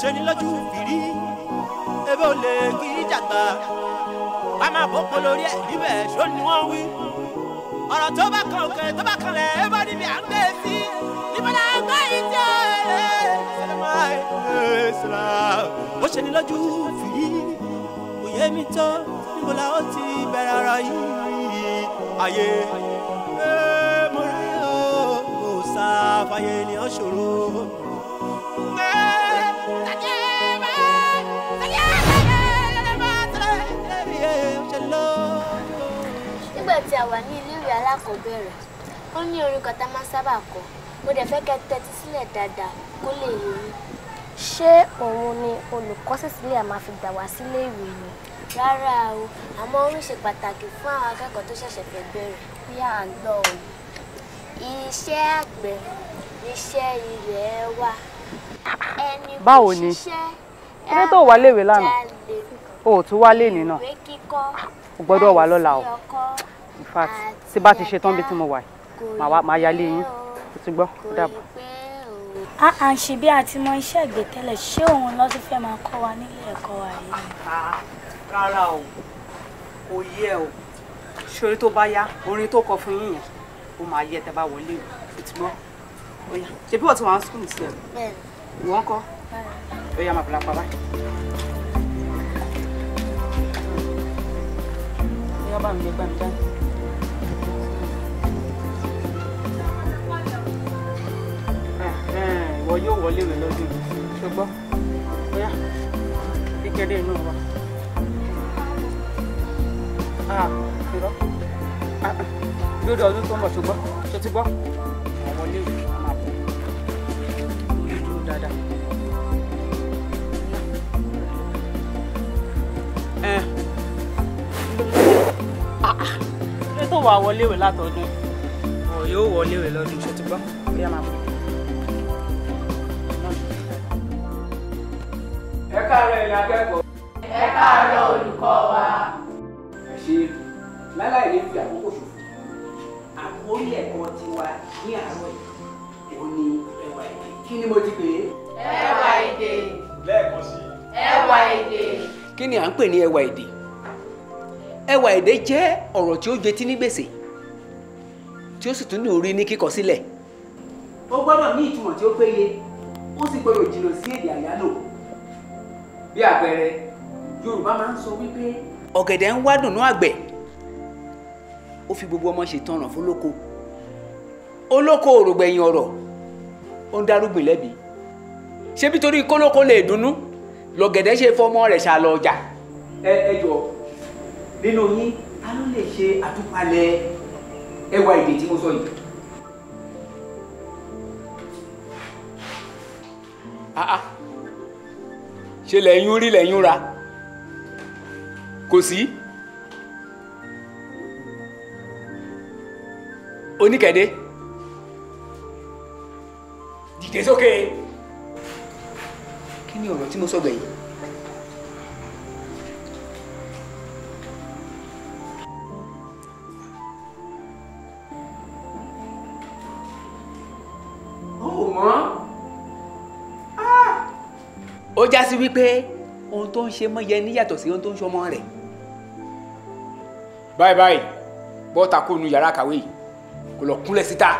ṣe ni lójú fìrí ebe ò lè kí jàgbá ká máa bó polo rí ẹ̀ níbẹ̀ ṣó ni wọ́n wí. ọ̀rọ̀ tó bá kan òkè tó bá kan lẹ̀ ẹ bá níbi à ń gbé sí níbọ̀dà ọgbà ìjọ ẹ̀rẹ́ sẹlẹ̀mà ẹ̀sìlá. ó ṣe ni lójú fìrí kò yé mi tó níbo la ó ti bẹ̀rẹ̀ ọ̀rọ̀ yìí ayé ẹ̀ mọ̀ra yóò sá fàyè ni ó ṣòro. nígbà tí a wà ní iléèwé alákọ̀ọ́bẹ̀rẹ̀ ó ní orin kan tá a máa sábà kọ mo dẹ̀ fẹ́ kẹ́ tẹ́tí sílẹ̀ dáadáa kó lè yé mi. ṣé òun ni olùkọ́ Cecilia máa fi gbà wá sílé ìwé ni. rárá o àmọ́ orin ṣe pàtàkì fún àwọn akẹ́kọ̀ọ́ tó ṣẹ̀ṣẹ̀ fẹ́ bẹ̀rẹ̀ bí à ń gbọ́ o. iṣẹ́ àgbẹ̀ iṣẹ́ ilẹ̀ wa ẹni kò ṣiṣẹ́ ẹni tó wà léwe lánàá o ò tún wá lé nínà o gbọ́dọ̀ wà lọ́la o fact tí bá ti ṣe tán bí tí mo wà màá yálé yín kò tún gbọ́ kó dàbọ̀. a à ń ṣe bí a ti mọ iṣẹ́ ìgbé tẹ́lẹ̀ ṣé òun ló ti fẹ́ máa kọ́ wa nílé ẹ̀kọ́ wa yìí. rárá o kò yẹ o ṣorí tó bá yá orin tó kọ fún yín yẹn ó máa yẹ tẹ́ bá wọlé o ìtumọ̀ oya ṣe bí wọ́n ti wà ní sukùl ní sílẹ̀ ìwọ́n kọ́ oya máa bìlà pa báyìí. oya bá mi lè gbà mí dáhùn. ìwọ yóò wọlé rẹ lọ́dún yìí ṣùgbọ́n bóyá kékeré inú wa ah, irọ́ lórí ah, ah. ọdún tó ń bọ̀ ṣùgbọ́n ṣe ti gbọ́ àwọn ilé ìwé máa bọ̀ dúró dáadáa. Eh. ṣé tó wà wọlé ìwé látọdún? ọ̀ yóò wọlé ìwé lọ́dún ṣe ti gbọ́ bóyá máa bọ̀. ẹ akẹ́kọ̀ọ́. ẹ olùkọ́ wa. ẹ ṣe láláì ní fi àkókò ṣòfò àkórí ẹ̀kọ́ tiwa ní àárọ̀ yìí òun ni ẹwà èdè kí ni mo ti pè é. ẹwà èdè. lẹ́ẹ̀kan sí. ẹwà èdè. kí ni à ń pè ní ẹwà èdè ẹwà èdè jẹ́ ọ̀rọ̀ tí ó ní gbèsè tí ó sì tún ní orí ní kíkọ sílẹ̀. ó gbọ́dọ̀ ní ìtumọ̀ tí ó péye ó sì bí àpẹẹrẹ Yorùbá máa ń sọ wípé. ọ̀gẹ̀dẹ̀ ń wá dùnú àgbẹ̀ ó fi gbogbo ọmọ ṣètọràn fólóko olóko òrògbẹ̀yìn ọ̀rọ̀ ó ń darúgbìn lẹ́bi ṣebí torí kólóko lè dunnú lọ̀gẹ̀dẹ̀ ṣe fọmọ rẹ̀ ṣàlọ ọjà. ẹ ẹ jọ nínú yín ta ló lè ṣe àtúpalẹ̀ ẹwà èdè tí mo sọ yìí. ah ah ṣe lẹ́yìn rí lẹ́yìn ra kò sí oníkẹ̀dé dìde sókè kí ni ọ̀rọ̀ tí mo sọ gbẹ̀yìn. Oh, mom ó já sí wípé ohun tó ń ṣe mọ́ yẹ níyàtọ̀ sí ohun tó ń ṣọmọ rẹ̀. báyìí báyìí bọ́ta kó nu yàrá kàwé yìí kó lọ kúnlẹ̀ síta.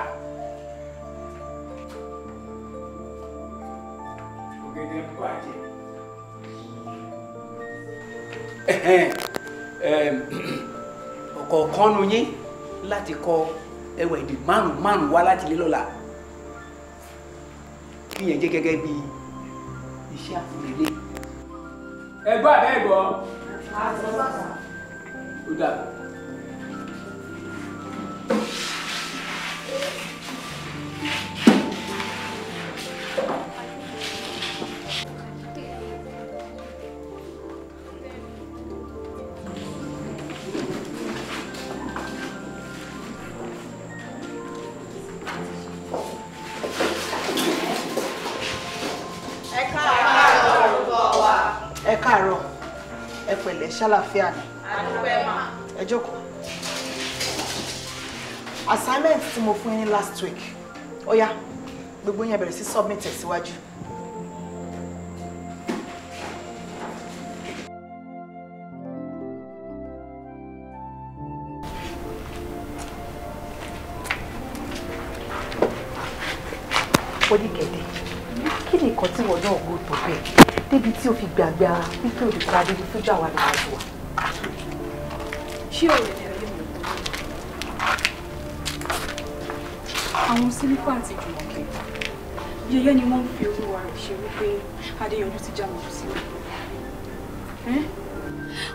ọ̀kọ̀ọ̀kan nu yín láti kọ ẹwà èdè márùn-ún márùn-ún wá láti ilé lọ́la kí yẹn jẹ́ gẹ́gẹ́ bíi iṣẹ́ àfúnilé. ẹ gbọ́ àbẹ́ ìgbọ́. àtúntò bàtà. ó dàbọ̀. ṣàlàfíà ni. àdúpẹ́ ẹ jókòó assignment tí mo fún yín last week ó yá gbogbo yẹn bẹ̀rẹ̀ sí submit ẹ̀ síwájú. onígẹ̀dẹ̀ kí ni nǹkan tí wọ́n náà gbọ́ tó bẹ́ẹ̀ débi tí o fi gbàgbé ara wípé olùkọ́ adébí fújà wà ní àjò wa. ṣé o lè tẹ̀lé mi? àwọn sílífà àti jùmọ̀kẹ́ yẹyẹ ni wọ́n ń fi owó wa ṣe wípé adéyanjú ti já mọ̀ sílẹ̀.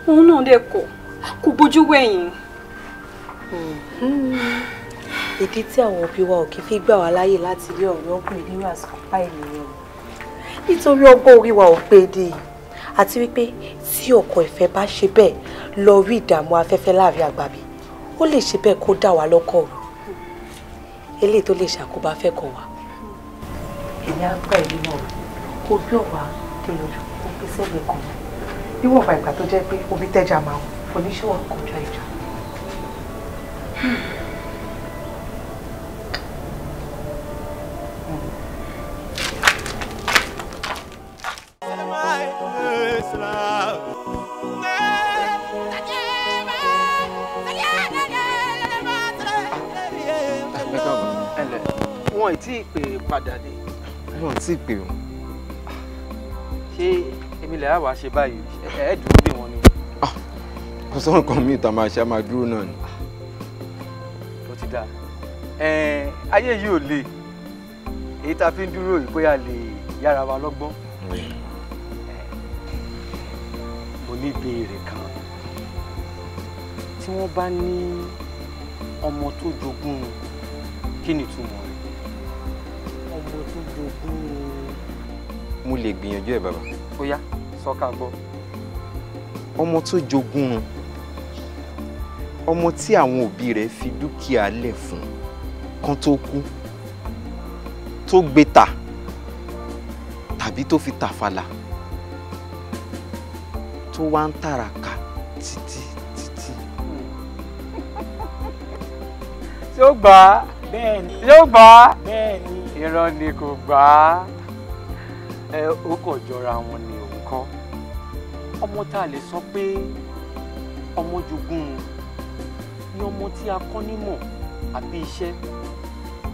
òun náà dẹ̀ kọ̀ kò bójú wẹ̀yìn. Hmm. Hmm. ìdí tí àwọn òbí wa ò kì í fi gbà wá láàyè láti rí ọ̀rẹ́ ọkùnrin nírú àsìkò báyìí nìyẹn nítorí ọgbọ́n orí wa ò pé dé àti wípé tí ọkọ ìfẹ́ bá ṣe bẹ́ẹ̀ lọ rí ìdààmú afẹ́fẹ́ láàrin àgbàbí ó lè ṣe bẹ́ẹ̀ kó dà wá lọ́kọ̀ rú eléyìí tó lè ṣàkóbá fẹ́kọ̀ wá. ìyá apá ìlú náà kò bí ọ̀wá dé lójú kó gbé sẹ́gbẹ̀ẹ́ kan níwọ̀nba ìgbà tó jẹ́ pé omi tẹ́jà máa ń foníṣòwò kọjá ìjà. padà dé. wọn ò tí ì pè wọn. ṣé èmi lè wá ṣe báyìí ẹ ẹ dúró dè wọn ni. Ah, kò sọ nǹkan míì tá a máa ṣe a máa dúró náà ni. Ah, ó ti dáa ayé yìí ò le èyí tá a fi ń dúró yìí bóyá lè yára wa lọ́gbọ́n. mo ní ìbéèrè kan tí wọ́n bá ní ọmọ tó jogún kí ni ìtumọ̀ rẹ̀ tún jogún o. mo lè gbìyànjú ẹ bàbá. ó yá sọ́ka gbọ́. ọmọ tó jogún run ọmọ tí àwọn òbí rẹ̀ fi dúkìá lẹ̀ fún kan tó kú tó gbé tà tàbí tó fi tàfàlà tó wá ń tàràkà títí títí. ṣé ó gbà bẹ́ẹ̀ ni. ṣé ó gbà bẹ́ẹ̀ ni irọ́ ni kò gbà á ẹ ó kàn jọra wọn ni òun kọ́ ọmọ tá a lè sọ pé ọmọ jogún ni ọmọ tí a kọ́ nímọ̀ àbí iṣẹ́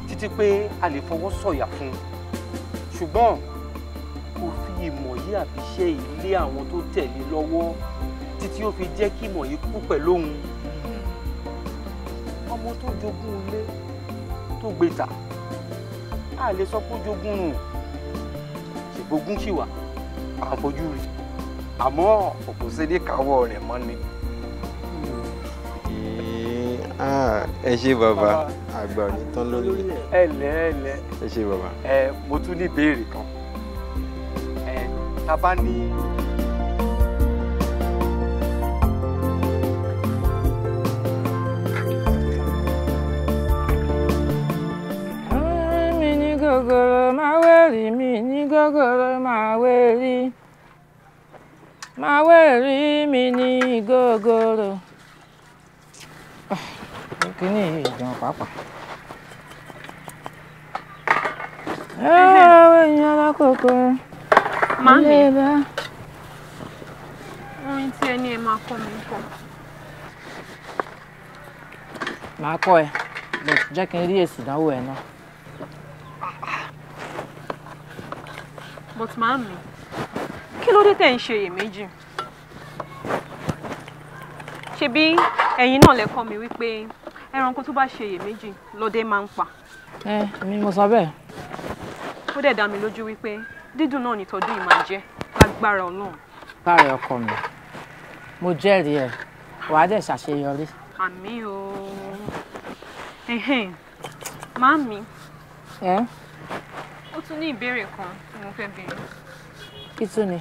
títí pé a lè fọwọ́ sọ̀yà fún un ṣùgbọ́n kò fi ìmọ̀ yìí àbí iṣẹ́ ilé àwọn tó tẹ̀lé lọ́wọ́ títí ó fi jẹ́ kí ìmọ̀ yìí kú pẹ̀lú òun ọmọ tó jogún ilé tó gbé tà a lè sọ pé ó jogún nù ṣègbógún sì wà àfojú rí àmọ́ òkùnsédé káwọ́ rẹ̀ mọ́ ni. ẹ ṣe bàbá àgbà ò ní tán lónìí. ẹ lẹ ẹ lẹ. ẹ ṣe bàbá. ẹ mo tún ní ìbéèrè kan ẹ tá a bá ní. máa wẹ̀rí mi ní ìgógóró. Ah, kíní yìí gan pàápàá. ẹ̀rọ èèyàn alákòókò ilé bá. orin tí ẹni ẹ máa kọ́ mi kọ́. màá kọ́ ẹ but jẹ́ kí n rí èsì ìdánwò ẹ náà. but màámi kí ló dé tẹ̀ ń ṣe iyèméjì ṣebí ẹ̀yin náà lẹ́kọ́ mi wípé ẹranko tó bá ṣe iyèméjì lọ́dẹ máa ń pa. ẹ mi mo sọ bẹ́ẹ̀. ó dẹ̀ dá mi lójú wípé dídùn náà nìtọ́jú yìí máa jẹ́ lágbára ọlọ́run. báàrẹ̀ ọkọ mi mo jẹ́rìí ẹ̀ wàá dẹ̀ ṣàṣeyọrí. àmì o màámi ó tún ní ìbéèrè kan tí mo fẹ́ béèrè. Kìtù ni.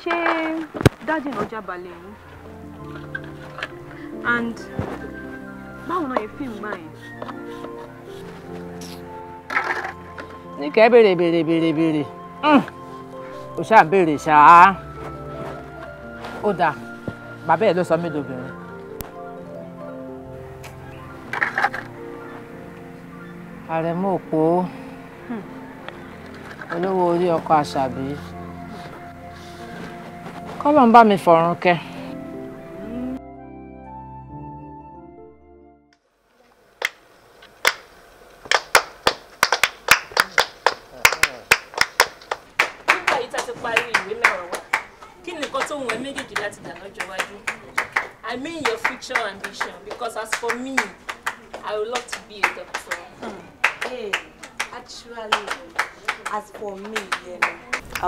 Ṣé dáàdì náà jábàlẹ̀ yín? And báwo náà yẹ fíìmù báyìí? Ní kẹ́ béèrè béèrè béèrè béèrè. Ó hmm. ṣáà béèrè ṣáá. Ó dáa, bàbá ẹ̀ ló sọ mí dobìnrin. àrẹ̀mú òpó olówó orí ọkọ àṣàbí kọ́lọ́ ń mi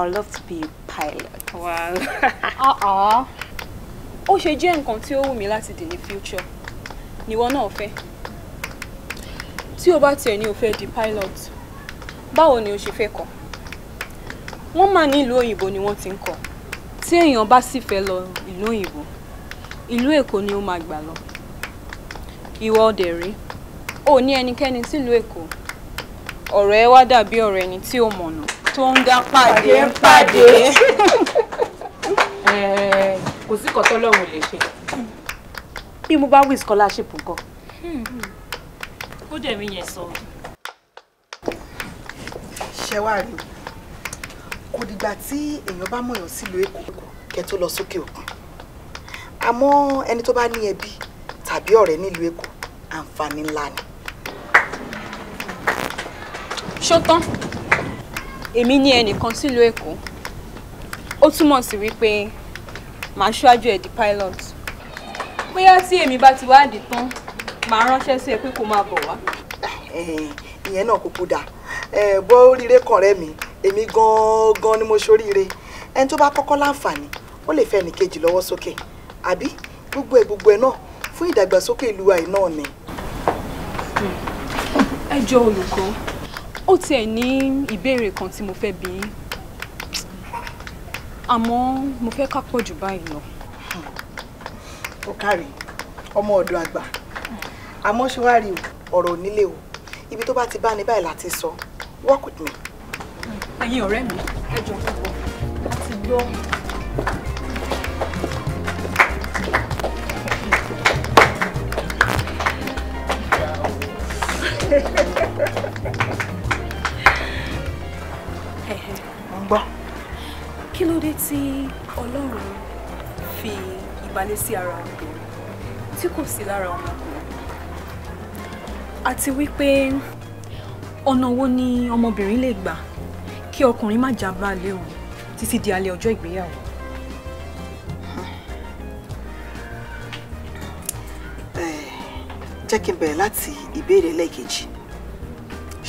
would love to be a pilot. Wow. uh-uh. Ó ṣe jẹ́ nǹkan tí ó wù mí láti dì ní future. Níwọ náà fẹ́. Tí o bá tiẹ̀ ní o fẹ́ di pilot, báwo ni o ṣe fẹ́ kọ́? Wọ́n máa ní ìlú òyìnbó ni wọ́n ti ń kọ́. Tí èèyàn bá sì fẹ́ lọ ìlú òyìnbó, ìlú Èkó ni ó máa gbà lọ. Ìwọ ọ̀dẹ̀ O ní ẹnikẹ́ni sílùú Èkó. Ọ̀rọ̀ ẹ wá dàbí ọ̀rọ̀ ẹni tí ò mọ̀nà tó ń dá pàdé ń pàdé. Eh, kò sí kọ́ tọ́lọ́run lè ṣe. bí mo bá wí scholarship nǹkan. Hmm. ó dẹ̀ mi yẹn sọ. ṣẹ́wáàrí kò dìgbà tí èèyàn bá mọ̀yàn sílùú èkó kẹ́ tó lọ sókè òkun àmọ́ ẹni tó bá ní ẹbí tàbí ọ̀rẹ́ nílùú èkó àǹfààní ńlá ni. ṣó tán èmi ní ẹnìkan sílùú èkó ó túmọ̀ sí wípé màá ṣáájú ẹ̀ di pilot bóyá tí èmi bá ti wádìí tán màá ránṣẹ́ sí ẹ pé kó máa bọ̀ wá. Eh, ìyẹn náà kúkú dáa eh, bó ríire kàn rẹ mi èmi gan-an ni mo ṣoríire ẹni tó bá kọ́kọ́ láǹfààní ó lè fẹ́ ẹnìkejì lọ́wọ́ sókè àbí gbogbo ẹ̀ gbogbo ẹ̀ náà fún ìdàgbàsókè ìlú àìnáà ni. ẹ jọ olùkọ́ ó tiẹ̀ ní ìbéèrè kan tí mo fẹ́ bi yín àmọ́ mo fẹ́ ká pọ̀ jù báyìí lọ. ó kárí ọmọ ọ̀dọ̀ àgbà àmọ́ ṣé wàá rí ọ̀rọ̀ nílé o ibi tó bá ti bá ní báyìí láti sọ work with me. ẹ̀yin ọ̀rẹ́ mi ẹ jọ fún wọn gbọ́ gbọ́. kí ló dé tí ọlọ́run fi ìbálẹ̀ sí ara obìnrin tí kò sí lára ọmọkùnrin àti wípé ọ̀nà wo ni ọmọbìnrin lè gbà kí ọkùnrin má já baálé òun títí di alẹ́ ọjọ́ ìgbéyàwó. jẹ́ kí n bẹ̀rẹ̀ láti ìbéèrè lẹ́ẹ̀kejì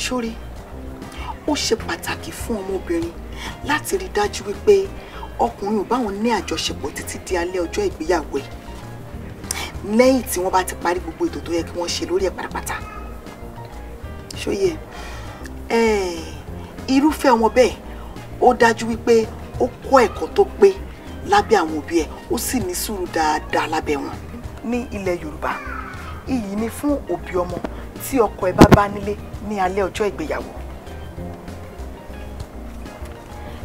sórí ó ṣe pàtàkì fún ọmọbìnrin láti rí dájú wípé ọkùnrin ò báwọn ní àjọṣepọ̀ títí di alẹ́ ọjọ́ ìgbéyàwó ẹ̀ lẹ́yìn tí wọ́n bá ti parí gbogbo ètò tó yẹ kí wọ́n ṣe lórí ẹ̀ pátápátá ṣóyè irúfẹ́ ọmọ bẹ́ẹ̀ ó dájú wípé ó kọ́ ẹ̀kọ́ tó pé lábẹ́ àwọn òbí ẹ̀ ó sì ní sùúrù dáadáa lábẹ́ wọn. ní ilẹ̀ yorùbá iyì ni fún òbí ọmọ tí ọkọ ẹ̀ bá bá nílé ní alẹ́ ọjọ́ ìgbéyàwó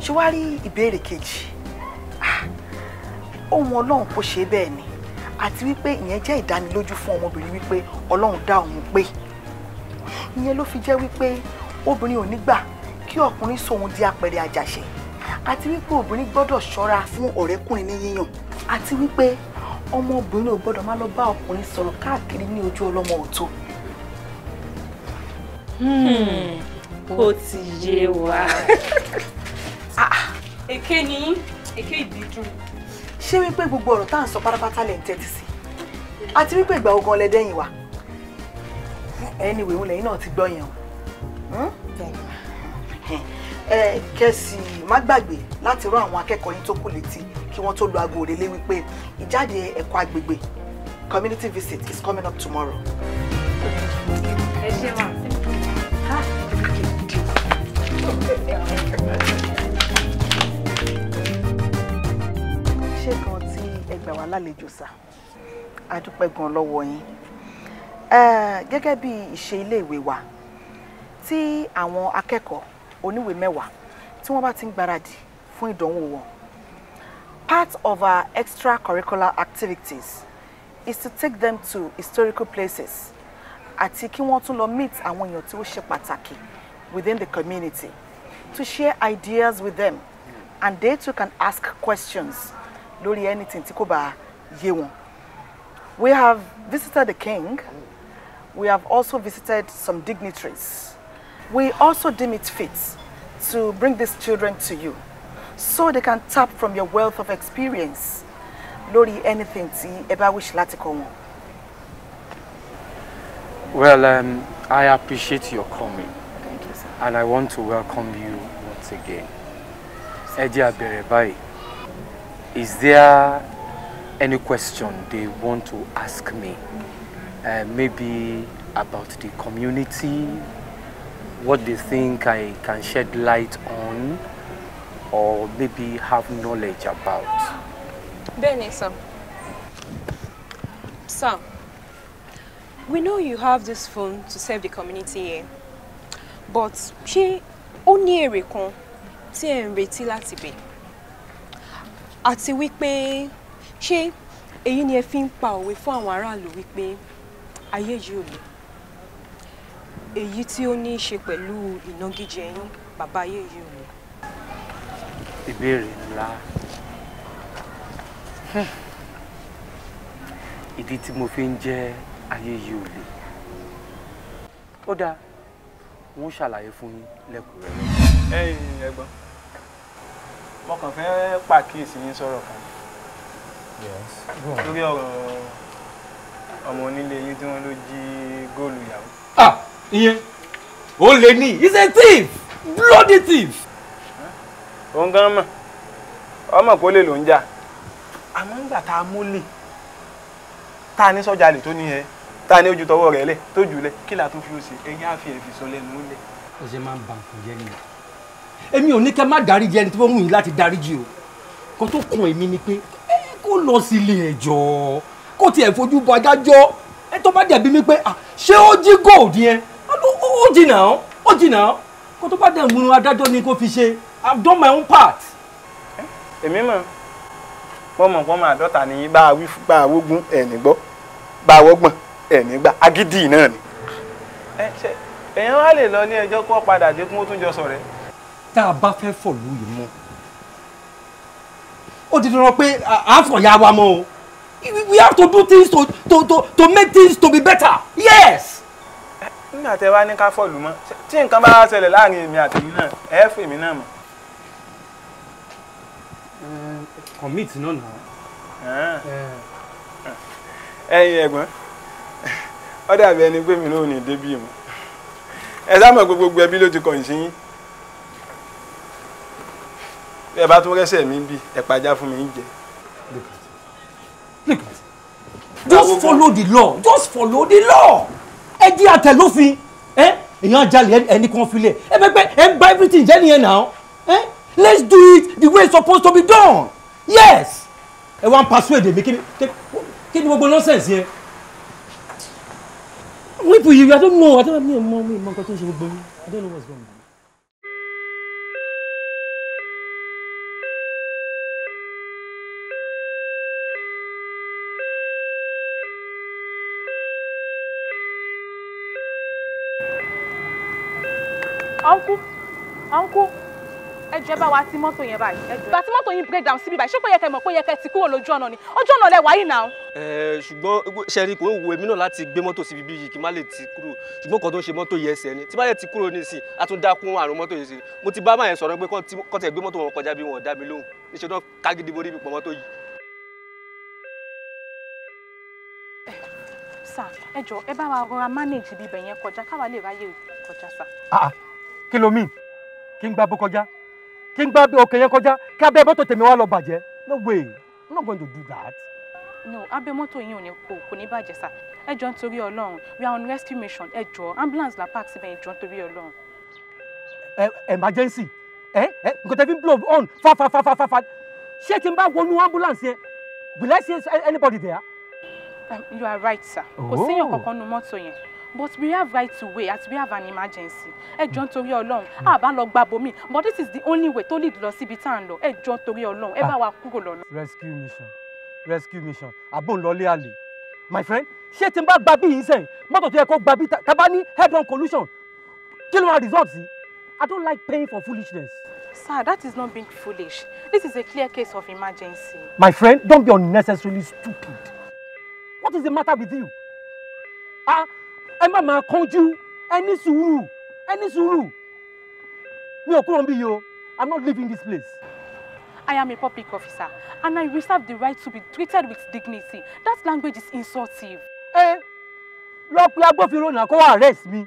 ṣé wàá rí ìbéèrè kejì ohun ah, ọlọ́run kò ṣe bẹ́ẹ̀ ni àti wípé ìyẹn jẹ́ ìdánilójú fún ọmọbìnrin wípé ọlọ́run dá òun pé ìyẹn ló fi jẹ́ wípé obìnrin ò ní gbà kí ọkùnrin sóhun di apẹ̀rẹ̀ àjàṣe àti wípé obìnrin gbọ́dọ̀ ṣọ́ra fún ọ̀rẹ́kùnrin ní yíyàn àti wípé ọmọbìnrin ò gbọ́dọ̀ má lọ bá ọkùnrin sọ̀rọ̀ káàkiri ní ojú ọlọ́mọ ọ̀tọ̀. Hmm, ó ti yé wa. Ah, ah. èké ni èké ìdídùn. ṣé wípé gbogbo ọ̀rọ̀ tá à ń sọ pátápátá lẹ̀ ń tẹ́tí sí àti wípé ìgbà ogun ọlẹ́dẹ́yìn wa anyway òun lẹ́yìn náà ti gbọ́ yẹn o hmm? ẹ kẹsì má gbàgbé láti rán àwọn akẹ́kọ̀ọ́ yín tó kù létí kí wọ́n tó lu aago òrèlé wípé ìjáde ẹ̀kọ́ agbègbè community visit is coming up tomorrow. ẹ ṣe wà. gbà wá lálejò sà a gan lọ́wọ́ yín gẹ́gẹ́ bí ìṣe iléèwé wa tí àwọn akẹ́kọ̀ọ́ oníwèé mẹ́wàá tí wọ́n bá ti ń gbáradì fún ìdánwò wọn part of our extracurricular activities is to take them to historical places àti kí wọ́n tún lọ meet àwọn èèyàn tí ó ṣe pàtàkì within the community to share ideas with them and they too can ask questions lórí anything tí kò bá yé wọn. We have visited the king. We have also visited some dignitaries. We also deem it fit to bring these children to you so they can tap from your wealth of experience lórí anything tí ẹ bá wish láti kọ́ wọn. Well, um, I appreciate your coming. Thank you, sir. And I want to welcome you once again. Ẹ jẹ́ Is there any question they want to ask me? Uh, maybe about the community, what they think I can shed light on, or maybe have knowledge about. Benny, sir. Sir, we know you have this phone to serve the community here, but she only a èrè kan a ẹ̀ ń retí àti wípé ṣé èyí ni ẹ fi ń pa òwe fún àwọn aráàlú wípé ayé yìí ò lè èyí tí ó ní í ṣe pẹ̀lú ìnagijẹ yín bàbá ayé yìí ò lè. ìbéèrè ńlá hmm. ìdí tí mo fi ń jẹ́ ayé yìí ò lè ó dáa wọ́n ṣàlàyé fún yín lẹ́kùnrẹ́rẹ́. ẹ̀yin ẹ̀gbọ́n mo kàn fẹ́ pàkíyèsí yín sọ̀rọ̀ kan lórí ọ̀rọ̀ ọmọ onílé yín tí wọ́n ló jí góòlù ìyàwó. ah ìyẹn o lè ní he's a thief bloody thief. òun gan mọ̀ ọmọ kò lè ló ń jà àmọ́ ńgbà tá a mólè tá a ní sọ́jà lè tó ní ẹ tá a ní ojú tọwọ́ rẹ̀ lẹ̀ tó jù lẹ̀ kí la tún fi ó ṣe ẹ̀yìn àfi ẹ̀fì sọ lẹ́nu lẹ̀. ó ṣe máa ń ba nǹkan jẹ́ nìyẹn èmi ò ní kẹ́ má dáríjì ẹni tí wọ́n mú yín láti dáríjì o kó tó kan èmi ni pé ẹ kó lọ sí ilé ẹjọ́ kó tiẹ̀ fojú bọ adájọ́ ẹ tó bá dẹ̀bi mi pé ṣé ó jí góòdù yẹn ó jìnnà ó jìnnà kó tó bá dẹ̀ mú adájọ́ ni kó fi ṣe I've done my own part. èmi mọ̀ wọ́n mọ̀ wọ́n mọ̀ àdọ́ta ni bá a wí bá a wógun ẹ̀ nígbọ́ bá a wọ́gbọ̀n ẹ̀ nígbà agídí náà ni. ẹ ṣe èèyàn wá lè lọ ní ẹjọ́ kó padà dé kó tún jọ sọ̀rọ̀ ẹ̀ tá a bá fẹ́ fọ̀lú yìí mọ́ ó di dandan pé à ń fọ̀yà wa mọ́ o we have to do things to to to to make things to be better yes. nígbà tẹ wá ní ká fọ̀lú mọ́ tí nǹkan bá ṣẹlẹ̀ láàrin èmi àtẹ̀yìn náà ẹ fún èmi náà mọ̀. commit náà nà. ẹ̀yin ẹ̀gbọ́n ó dàbí ẹni pé mi náà ò ní débi mọ́ ẹ sá mọ̀ pé gbogbo ẹbí ló ti kọ̀yìn sí yín ẹ bá tún rẹ́sẹ̀ mi bí ẹ pàjá fún mi jẹ. just follow the law just follow the law ẹ jí àtẹ̀lófin èèyàn jalè ẹni kan filẹ̀ ẹ bẹ pé ẹ ń ba everything jẹ́ nìyẹn náà let's do it the way it's supposed to be done yes ẹ wá ń persuade mi kí ni gbogbo nonsense yẹn wípé yìí i don't know i don't know i don't know what's going on. ọ̀nkú uncle, ẹjọ́ ẹ bá wa ti mọ́tò yẹn báyìí ẹjọ́ bá ti mọ́tò yín break down síbí báyìí ṣé kò yẹ kẹ́ mọ̀ pé yẹ kẹ́ ti kúrò lójú ọ̀nà ni ojú ọ̀nà lẹ wà yìí náà. ẹ ṣùgbọ́n ṣẹ́rí kò ń wo èmi náà láti gbé mọ́tò síbi bíi kí n má lè ti kúrò ṣùgbọ́n kan tó ń ṣe mọ́tò yẹn ẹsẹ̀ ni tí má lè ti kúrò nísìn a tún dákun àrùn mọ́tò yẹn sí mo ti bá má yẹn sọ̀rọ̀ pé kọ́ tẹ̀ gbé mọ́tò wọn kọjá bí wọn dá mi lóhùn níṣẹ́ náà kágídí borí mi pọ̀ mọ́tò yìí. sà ẹ jọ ẹ bá wa rọra manage bíbẹ̀ yẹn kọjá káwa lè ráyè kọjá sà kí ló mean kí n gbá bó kọjá kí n gbá òkè yẹn kọjá kí abẹ́ mọ́tò tèmi wá lọ bàjẹ́ no way i'm not going to do that. no abẹ́ mọ́tò yín ò ní kò kò ní bàjẹ́ sá ẹ jọ nítorí ọlọ́run we are on rescue mission ẹ jọ ambulance la park síbẹ̀ ẹ jọ nítorí ọlọ́run. ẹ emergency ẹ ẹ nǹkan tẹ́ fi blow on fa fa fa fa fa fa ṣé kí n bá wọnú ambulance yẹn will i see anybody there. Um, you are right sir kò síyàn kankan nu mọ́tò yẹn but we have right to wait as we have an emergency ẹ John, hmm. nítorí Ọlọ́run hmm. a bá lọ gba bomi but this is the only way tó lead lọ síbi tá à ń lọ ẹ jọ nítorí Ọlọ́run ẹ ah. wa kúrò lọ́nà. rescue mission rescue mission àbóńlọlé Ali, my friend ṣé tí n bá gba bí yìí sẹ́yìn mọ́tò tó yẹ kó gba bí tá bá ní head on collusion. kí ló máa result sí i don't like paying for foolishness. Sir, that is not being foolish. This is a clear case of emergency. My friend, don't be unnecessarily stupid. What is the matter with you? Ah, ẹ má máa kánjú ẹ sùúrù ẹ sùúrù mi ò kúrò níbí yìí o i'm not leaving this place. I am a public officer and I reserve the right to be treated with dignity. That language is insultive. Eh, lọ pe agbófinró náà kó wá arrest me.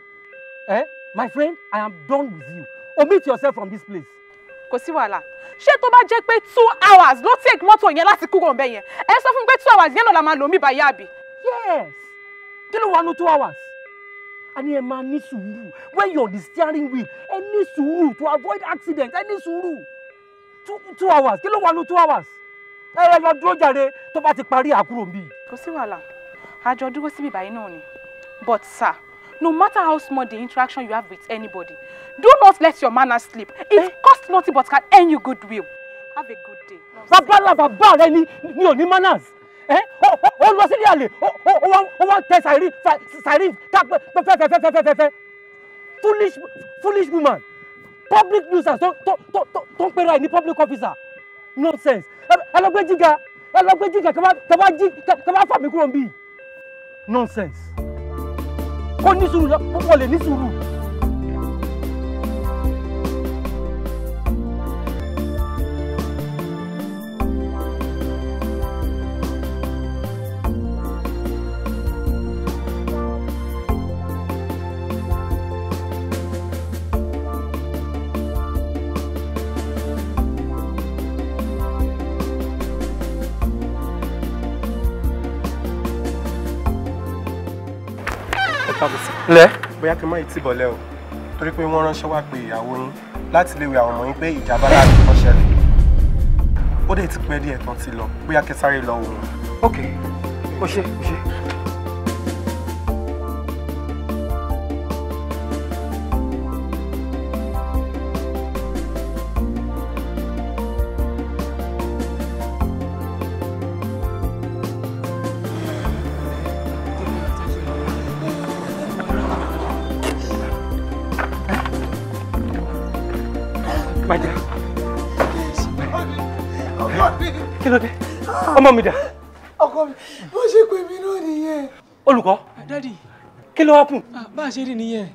Eh, my friend, I am done with you. Omit yourself from this place. Kò sí wàhálà. Ṣé tó bá jẹ́ pé two hours ló take mọ́tò yẹn láti kúrò ńbẹ̀ yẹn? Ẹ sọ fún mi pé two hours yẹn náà la máa lò mí báyìí àbí? Yes. Kí ló wà nú two hours? a ní ẹ máa ní sùúrù when you're on the steering wheel ẹ ní sùúrù to avoid accident ẹ ní sùúrù two two hours kí ló wà ní two hours ẹ ẹ lọ dúró jáde tó bá ti parí àkúrò mi. kò sí wàhálà àjọ dúró síbi ìbàyí náà ni but sir no matter how small the interaction you have with anybody do not let your manners slip it eh? costs nothing but can earn you goodwill have a good day. babalá bàbá rẹ ni ni ò ní manners ó lọ sílé àlè ó wá tẹ sàìrí sàìrí kápẹ́ fẹ́fẹ́fẹ́fẹ́fẹ́ foolish foolish woman public nuisance tó tó tó tó ń pera ẹ̀ ní public officer nonsense ẹ lọ gbé jíga ẹ lọ gbé jíga kẹ bá fà mí kúrò ń bì nonsense kó ní sùúrù wọ́n lè ní sùúrù. kábọ̀sì. lẹ́. bóyá kí n má yìí tì bọ̀lẹ́ o torí pé wọ́n ránṣẹ́ wá pé ìyàwó yín láti lè wẹ àwọn ọmọ yín pé ìjàmbá láàrin kan ṣẹlẹ̀ ó dẹ̀ ti pẹ́ díẹ̀ tán ti lọ bóyá kẹsàrè lọ òun. ok ó ṣe ó ṣe. ọmọ mi dà. ọkọ mi bó ṣe pè mí náà nìyẹn. olùkọ́. dádì. kí ló wá pùn. Ah, bá a ṣe rí nìyẹn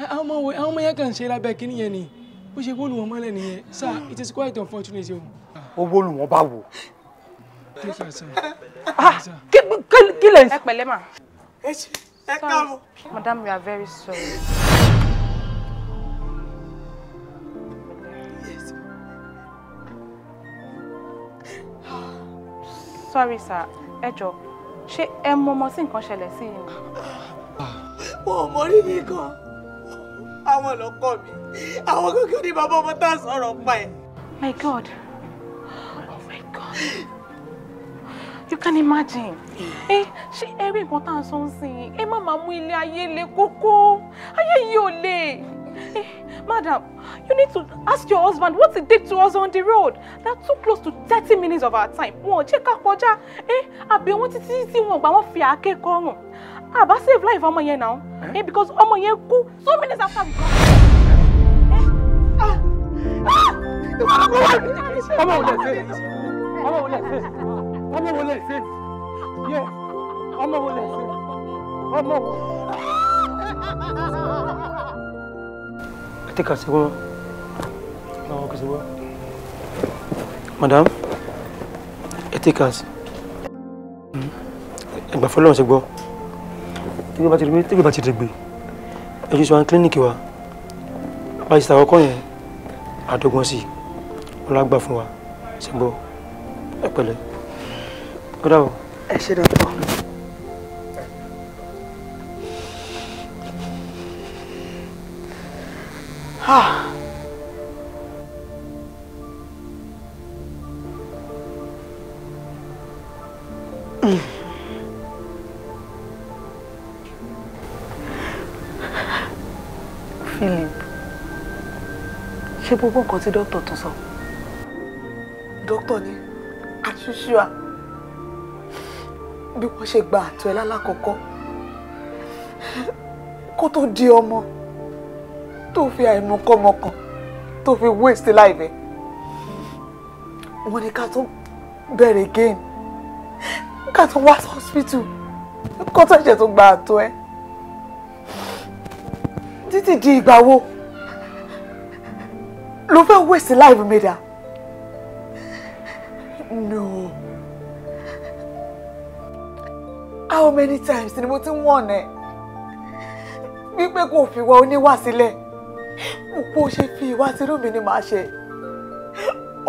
ah, àwọn ọmọ yẹn kàn ń ṣe lábẹ́ kí nìyẹn ni bó ṣe wọ́n lù wọ́n mọ́lẹ̀ nìyẹn sir it is quite unfortunate o. owó lù wọ́n bá wò. Ah, kí lè. ẹ pẹ̀lẹ́ mà. ẹ káàbọ̀. madam we are very sorry. sorry sir ẹ jọ ṣé ẹ mọ ọmọ tí nǹkan ṣẹlẹ̀ sí yìí ni. wọn ò mọ rí mi gan àwọn lọkọ mi àwọn kankan ní bàbá ọmọ tá a sọ̀rọ̀ pa ẹ. my god oh my god you can imagine ẹ hmm. eh, ṣé ẹ rí nǹkan tá a sọ ń sìn ẹ má máa mú ilé ayé le kókó ayé yìí ò le. Eh, madam, you need to ask your husband what he did to us on the road. That's too close to 30 minutes of our time. Wọ́n jẹ́ ká kọjá. Eh, àbí wọ́n títí títí wọn gbà wọ́n fi àáké kọ́ ọ̀rùn. Àbá save life ọmọ yẹn now. Eh? eh because ọmọ yẹn kú so minutes after we got. Come on, lẹ Come on, wo Come on, Ọmọ wo Come on, Ọmọ Come on. Katika siwa. Lawa ko siwa. Madam. Etikas. Hmm? Ẹgbà fọlọ́run ṣe gbọ́. Tí bá ti rí tí bá ti dègbè. Ẹjú sọ àwọn kílíníkì wa. Báyìí sàwọn ọkọ yẹn àdógún sí. Wọ́n lágbà fún wa. Ṣe gbọ́. Ẹ pẹ̀lẹ́. Ó dàbọ̀. Ẹ ṣe dàbọ̀. ṣé gbogbo nǹkan tí dókítà tún sọ. dókítà ní àṣùṣùà bí wọ́n ṣe gba àtọ̀ ẹ lálákọ̀ọ́kọ́ kó tó di ọmọ tó fi àìmọ̀kọ́mọ kan tó fi waste life ẹ̀ wọ́n ní ká tún bẹ̀rẹ̀ again ká tún wá hospital kó tó ṣe tó gba àtọ̀ ẹ títí di ìgbà wo ló fẹ́ waste life mi no how many times ni mo ti wọ̀n ẹ́ wípé kò fi wá oníwà sílẹ̀ bó ṣe fi ìwà tinú mi ni màá ṣe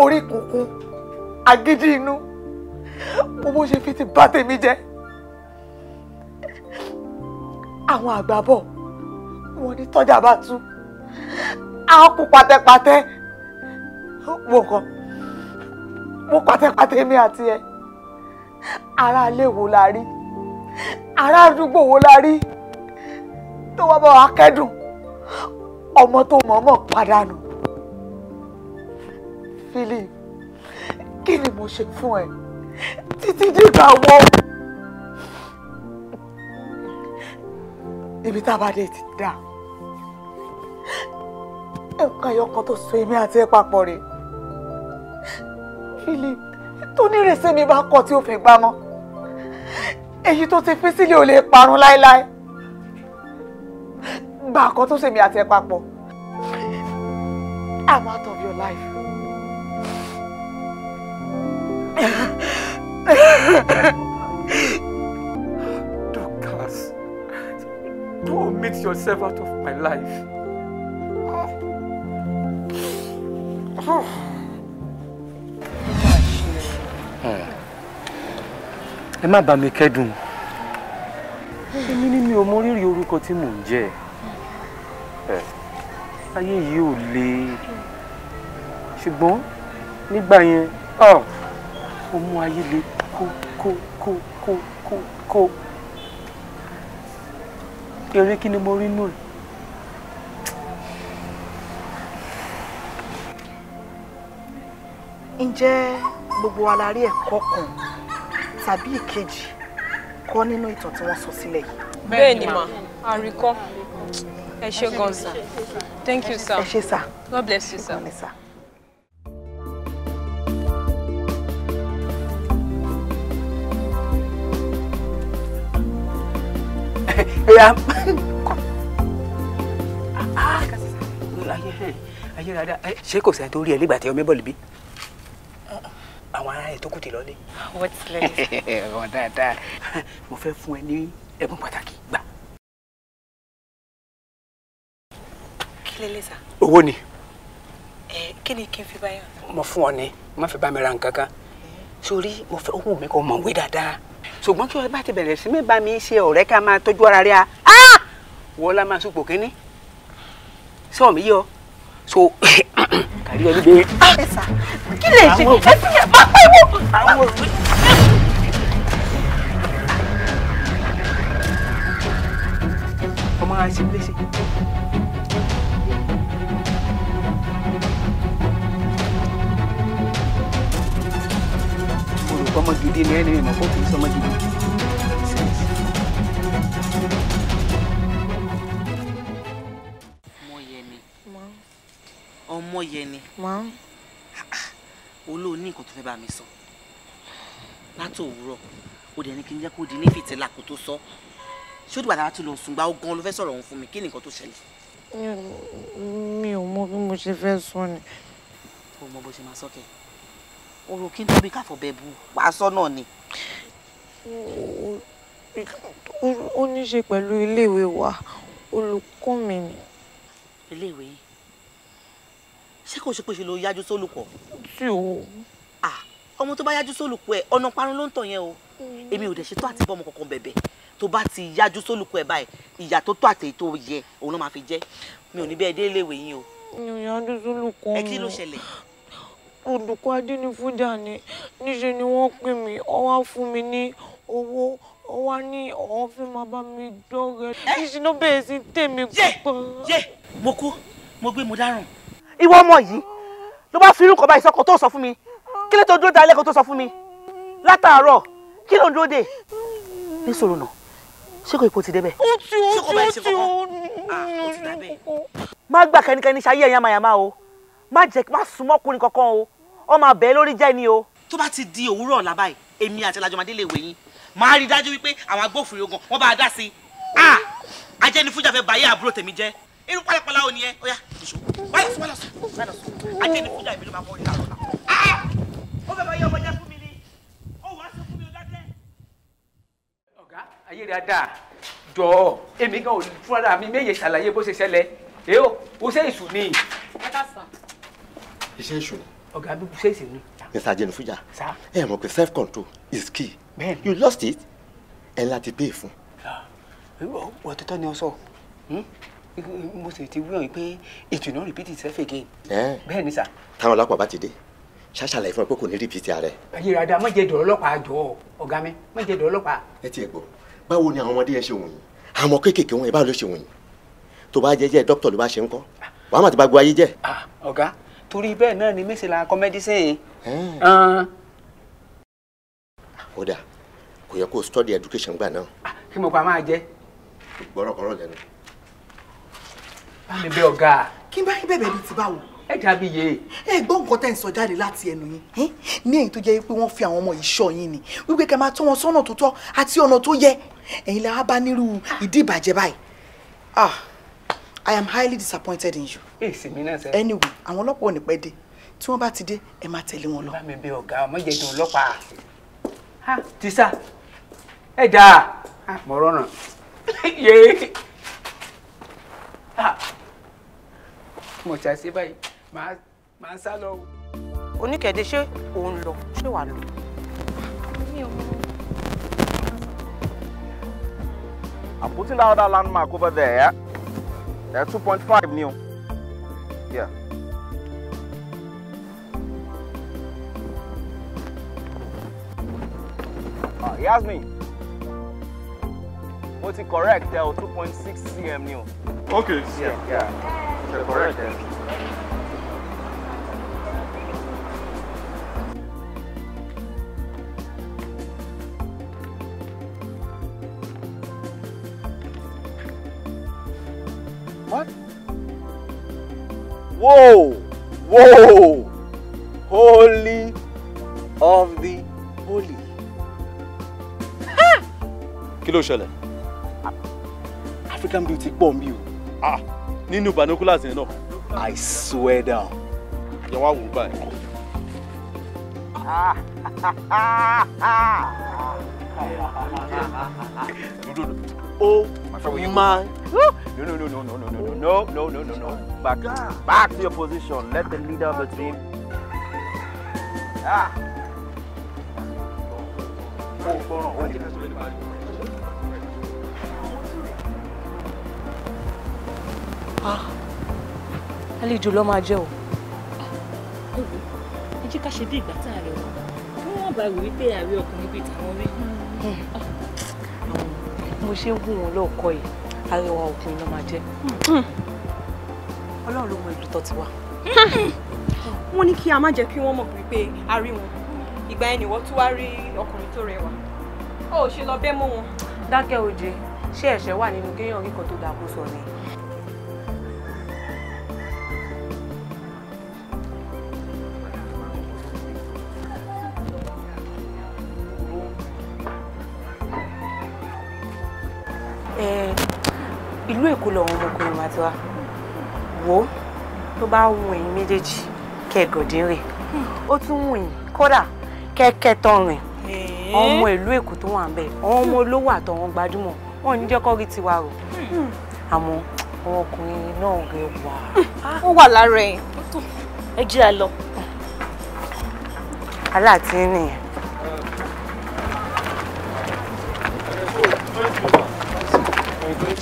orí kùnkùn agídí inú mo bó ṣe fi ti bá tèmi jẹ àwọn àgbà bọ̀ wọ́n ní tọ́jà bá tú á kú pátẹ́pátẹ́ wò kàn mú pátẹ́pátẹ́ mi àti ẹ ará ilé wo la rí ará àdúgbò wo la rí tó wá bá wa kẹ́dùn ọmọ tó mọ̀ọ́mọ̀ pàdánù Philip kí ni mo ṣe fún ẹ títí dìgbà wo ibi tá a bá dé ti dáa nǹkan ẹyọkan tó so èmi àti ẹ papọ̀ rè Philip tó nírèsí mi bá kọ̀ tí ó fi gbá mọ́ èyí tó ti fi sílẹ̀ ò lè parun láéláé gba nǹkan tó ṣèmi àti ẹ papọ̀ I'm out of your life. Dorcas, don't make yourself out of my life. ẹ má bá mi kẹ́dùn èmi ni mi ò mọ rírì orúkọ tí mò ń jẹ́ ayé yìí ò le ṣùgbọ́n nígbà yẹn ó mú ayé le kókókókókó eré kí ni mo rí nù ǹjẹ́ gbogbo wa la rí ẹ̀kọ́ kan tàbí ìkejì kọ́ nínú ìtàn tí wọ́n sọ sílẹ̀ yìí. bẹ́ẹ̀ ni mà á rí kọ́ ẹ ṣé gan sir thank you sir ẹ ṣé sir god bless you sir. ẹyà ayé ayé dada ṣé kò sẹ́ni tó rí ẹ nígbà tí ọmọ ẹ bọ̀ lè àwọn ará rẹ̀ tó kù ti lọ́lé. what's left. ọ̀hún dáadáa mo fẹ́ fún ẹ ní ẹ̀bùn pàtàkì gbà. kí lè lè sà. owó ni. ẹ kí ni kí n fi bá yàn. mo fún ọ ní má fi bá mi ra nǹkan kan sórí mo fẹ́ owó mi kò mọ̀ wé dáadáa ṣùgbọ́n kí wọ́n bá ti bẹ̀rẹ̀ sí mi bá mi ṣe ọ̀rẹ́ ká máa tọ́jú ara rẹ̀ a wọ́n la máa sùpò kínní sọ̀mí yọ so kàrí ẹni bẹ́ẹ̀. Ah, ẹ sà kí lè ṣe ẹ fi yà bá. Tahu. Kamu ngasih beli sih. Kau mah gini nih, ini mah kau bisa mah gini. Omo Yeni. Mom. olóòní nǹkan tó fẹ́ bá mi sọ látò òwúrọ̀ ó dẹ̀ ní kí n jẹ́ kó di ní fìtílà kó tó sọ ṣé ó dìgbà tá a ti lọ sùn gbà ó gan ló fẹ́ sọ̀rọ̀ òun fún mi kí ni nǹkan tó ṣẹlẹ̀. mi ò mọ bí mo ṣe fẹ́ sọ ni. o mọ bó ṣe máa sọ kẹ ọ̀rọ̀ kí n tó bí káfọ bẹ́ẹ̀ bu wàá sọ náà ni. ó ní í ṣe pẹ̀lú iléèwé wa olùkọ́ mi ni. iléèwé yìí ṣé kò ṣe pé ṣe ló yájú sólùkọ́. tí o. ọmọ tó bá yájú sólùkọ́ ẹ ọ̀nà parun ló ń tọ̀ yẹn o èmi ò dẹ̀ ṣe tó àti bọ́ ọmọ kankan bẹ̀bẹ̀ tó bá ti yájú sólùkọ́ ẹ báyìí ìyà tó tó àtẹ̀yí tó yẹ òun náà máa fi jẹ́ mi ò ní bẹ́ẹ̀ dé iléèwé yín o. ìyànjú sólùkọ́ mi ẹ kí ló ṣẹlẹ̀ olùkọ́ adínifújà ni níṣẹ́ ni wọ́n pè mí ọwá fún mi ní owó ọwá ní ọ̀hún fẹ́ máa bá mi dọ́rẹ̀ẹ́ níṣẹ́ ló bẹ̀rẹ̀ sí tèmi púpọ̀. mo kú mo gbé mo dáràn ìwọ ọmọ yìí ló bá fi irú kọ́ báyìí sọ́kọ tó sọ fún mi kí ló tó dúró dalẹ́ kó tó sọ fún mi látàárọ̀ kí ló ń dúró dé ní sòrò náà ṣé kò ipò ti débẹ̀. ó ti ó ti ah, ó ti ó. má gbà kẹ́nikẹ́ni ṣayé ẹ̀yàn mayama o má jẹ́ má súnmọ́ ọkùnrin kankan o ọmọ abẹ́ lórí jẹ́ ni o. tó bá ti di òwúrọ̀ ọ̀la báyìí èmi àti alájọmọdé lè wé yín màá rí i dájú wípé àwọn agbófinró gan wọ́n bá a dá sí i. Ah! ajẹ́nifújà fẹ́ báyé àbúrò tèmi jẹ́ irú pálapàla ò ní ẹ ó yá èso wálọ sí wálọ sí wálọ sí ajé ni fújà ìbílẹ̀ máa kọ́ ní kàrọ̀ náà. Ah, ah. ó fẹ́ bá yẹ ọmọ jẹ́ fún mi ni ó wàá sí fún mi ó dákẹ́. ọ̀gá ayé rẹ̀ á dáa jọ̀ọ́ èmi gan ò fúnra mi méye ṣàlàyé bó ṣe ṣẹlẹ̀ èyí ò kò ṣe èṣù ni. ẹ ká sàn. iṣẹ́ èṣù ni. ọ̀gá bí kò ṣe èṣù ni. mr jenufuja ẹ mọ̀ pé self control is key Man. you lost it ẹ láti pay fún. Ah, òtítọ́ ni o sọ hmm? mo sì ti wíwọ̀n pé it will not repeat itself again. bẹ́ẹ̀ ni sà. táwọn ọlọ́pàá bá ti dé ṣàṣàlàyé fún ẹ pé kò ní repeat ara ẹ. ayélujára má jẹ́ dọ̀rọ̀ ọlọ́pàá jọ ọ̀gá mi má jẹ́ dọ̀rọ̀ ọlọ́pàá. ẹ ti ẹ gbọ́ báwo ni àwọn ọmọdé yẹn ṣe wọ̀nyí àwọn kéékèèké wọn yẹn báwo ló ṣe wọ̀nyí tó bá jẹ́ jẹ́ dókítà ló bá ṣe ń kọ́ wàá má ti bá gbọ́ ayé jẹ́. Ah, ọ̀gá torí bẹ́ẹ̀ náà ni mẹ́sẹ̀ la kọ́ mẹ́dísìn. ó dà kò yẹ kó study education gbà náà. Ah, kí mo pa máa jẹ. gbọ́rọ̀kọ̀rọ̀ lẹ́nu mi bẹ ọ̀gá. kí n bá yín bẹ̀bẹ̀ bíi ti báwo. ẹ jàbí yé. ẹ gbọ́ nǹkan tẹ́ ń sọ jáde láti ẹnu yín ní èyí tó jẹ́ pé wọ́n fi àwọn ọmọ yìí ṣọ́ yín ni wípé kẹ́ máa tọ́ wọn sọ́nà tó tọ́ àti ọ̀nà tó yẹ ẹ̀yin làwa bá nírú ìdí ìbàjẹ́ báyìí. ah i am highly disappointed in you. èsì mi náà sẹ́. anyway àwọn ọlọ́pàá ò ní pẹ́ dé tí wọ́n bá ti dé ẹ máa tẹ̀lé wọn lọ. bá mi bẹ ọ̀gá mo ti àṣẹ báyìí màá sá lọ. oníkẹ̀dé ṣé òun lọ ṣé wàá lọ. I'm putting down that landmark over there, yeah? That's 2.5 new. Yeah. Uh, me. mo it correct ẹ o 2.6 cm new. Okay. Yeah, yeah. yeah. to correct What? Whoa! Whoa! Holy of the holy. Ha! Kilo ṣẹlẹ̀? African beauty bomb you. Ah! nínú binoculars yẹn náà. I swear down. Jẹ́ wá wò ó báyìí. Oh my! No no no no no no no no no no no no! no, Back back to your position. Let the leader of the team. Ah! Oh, oh, oh, oh. àlejò ló máa jẹ́ o. ẹ jẹ́ ká ṣe bí ìgbà tá a rẹ̀ wọ̀ kí wọ́n bá wí pé àárẹ̀ ọkùnrin bíi tàwọn rí. mo ṣe ń gùn wọn lọ́ọ̀kọ́ yìí àrẹwà ọkùnrin ló máa jẹ́ ọlọ́run ló mọ ìlú tó ti wá. wọ́n ní kí a má jẹ́ kí wọ́n mọ̀ wípé a rí wọn ìgbà ẹni wọ́n tún wá rí ọkùnrin tó rẹwà ó ṣe lọ bẹ́ẹ̀ mọ́ wọn. dákẹ́ òjé ṣé ẹ̀ṣẹ̀ wà nínú kéèyàn kíkan tó dáa kó sọ ni tiwa wo tó bá wù yín méjèèjì kẹgọdín rè ó tún wù yín kódà kẹkẹ tọrin ọmọ ìlú èkó tó wà ń bẹ ọmọ olówó àtọwọn gbajúmọ̀ wọn ní jẹ kọrí tiwa rò hmm. àmọ́ ọkùnrin náà rẹ wà. ó wà lára ẹ ẹ jí à lọ. aláàtí nìyẹn.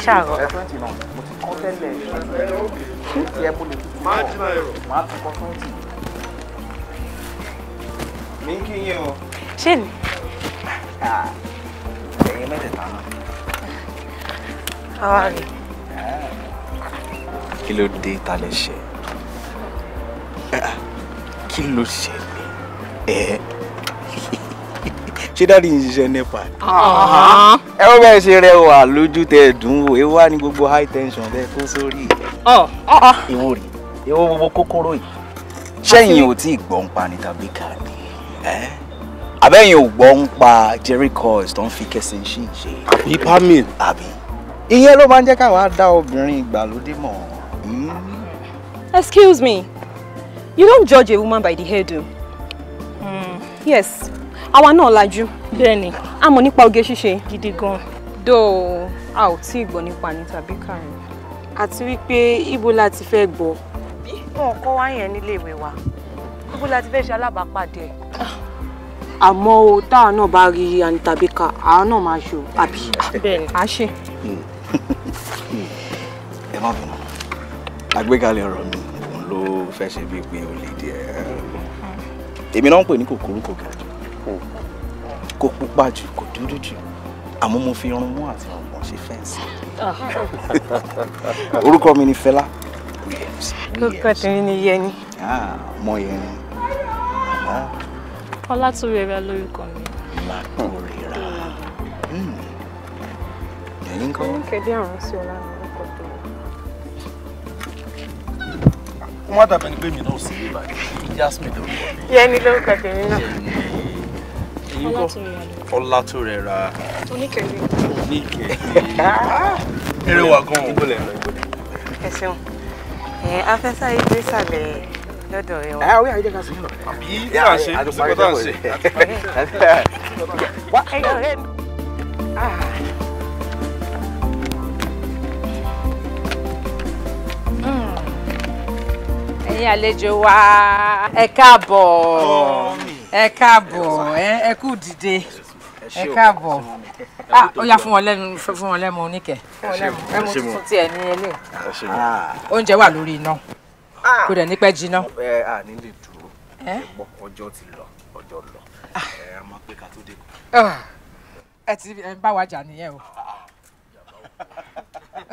ṣàrọ tẹ́lẹ̀ ṣéèkì ẹ mo lè tutù mọ́ màá tún kọ fún tì. mi kí yín o. ṣé ni. ẹ̀yin mẹ́tẹ̀ẹ̀ta náà. àwa rè. kí ló dé ta lè ṣe kí ló ṣe ẹ ṣé dáàdi ń ṣiṣẹ́ nepa. ẹ ó bẹ̀rẹ̀ ṣe rẹwà lójú tẹ dùn wò ẹ wá ní gbogbo high tension bẹ́ẹ̀ kó sórí ẹ̀. ìwò rè ìwò gbogbo kòkòrò yìí ṣẹ́yìn ò tí ì gbọ́n pa ni tàbí kà ni àbẹ́yìn ò gbọ́n pa jerry coils tó ń fi kẹsẹ̀ ń ṣe. àbí pamil. àbí ìyẹn ló máa ń jẹ́ káwa dá obìnrin ìgbàlódé mọ̀. Hmm? excuse me you don't judge a woman by the hairdo. Mm. yes àwa náà lajú. bẹ́ẹ̀ni. a mọ̀ nípa oge ṣíṣe. gidi gan. dóò a ò tí ì gbọ́ nípa ni tàbí kàrin. àti wípé ibo la ti fẹ́ gbọ́. bí wọn kọ́ wá yẹn nílé ìwé wa ibo la ti fẹ́ ṣe alábàápàdé ẹ̀. àmọ́ o táwa náà bá rí Anita-Baker àwa náà máa ṣe o àbí. bẹ́ẹ̀ni a ṣe. ẹ má bínú àgbékalẹ̀ ọ̀rọ̀ mi ló fẹ́ ṣe bíi pé o lè di ẹ̀ èmi náà ń pè ní kòkòrò kòkòrò kò pupa jù kò dúdú jù àmọ́ mo fi irun mú àti ọ̀gbọ̀n ṣe fẹ́ǹsì. orúkọ mi ni Fẹlá. orúkọ tèmi ni Yẹni. Ah, mọ Yẹni. Ọlátúrẹ̀rá lórúkọ mi. Látúrẹ̀rá. Hmm. Hmm. Yẹni ń kọ́. kéde àrùn sí ọlá mi lọ́kọ̀ tó. wọ́n dàbẹ̀ ni pé mi náà sì ní ìbàdàn ìdí lórúkọ mi. Yẹni lórúkọ tèmi náà ẹ̀yin kọ́ Ọlátòrẹ̀rà oníkèrè oníkèrè eré wa gan o gbọ́dọ̀ lọ ìgbọ́dọ̀. ẹ ṣeun ẹ afẹ́sà yìí dé sàlẹ̀ lọ́dọ̀ rẹ wa. Ah, àwọn yàrá ìjẹ́ ká sí. àbí yàrá ah, ṣe àdùpàrẹ́ tó ń ṣe. Ah. wá ẹyọ rẹ. Hmm. ẹ̀yin àlejò wa ẹ káàbọ̀ ẹ e ẹ kú dìde ẹ káàbọ̀ ah ó yá fún wọn lẹ́nu fún wọn lẹ́mu oníkẹ́ ẹ mú tuntun tí ẹ ní ilé ah. oúnjẹ Ah. lórí iná ah. kò dẹ̀ ní pẹ́ jiná. ẹ à ní lè dúró ọjọ́ ti lọ ojo lọ ah. ẹ a máa pé ká tó dé. ẹ ti bá wa jà nìyẹn o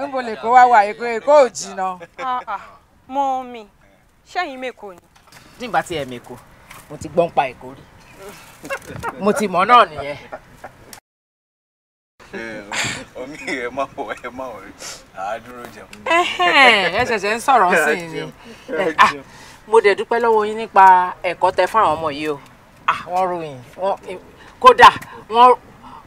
n bò lè kó wá wà èkó èkó ò jiná. mọ́ mi ṣẹ́yìn mẹ́kọ̀ọ́ ni. nígbà tí ẹ mẹ́kọ̀ọ́ mo ti gbọ́n pa èkó rí mo ti mọ̀ náà nìyẹn. omi ẹ má wọ ẹ má wọ àádúró jẹun. ẹ ṣẹ̀ṣẹ̀ ń sọ̀rọ̀ sí i ni mo dẹ̀ dúpẹ́ lọ́wọ́ yín nípa ẹ̀kọ́ tẹ fún àwọn ọmọ yìí o wọ́n ròyìn kódà wọ́n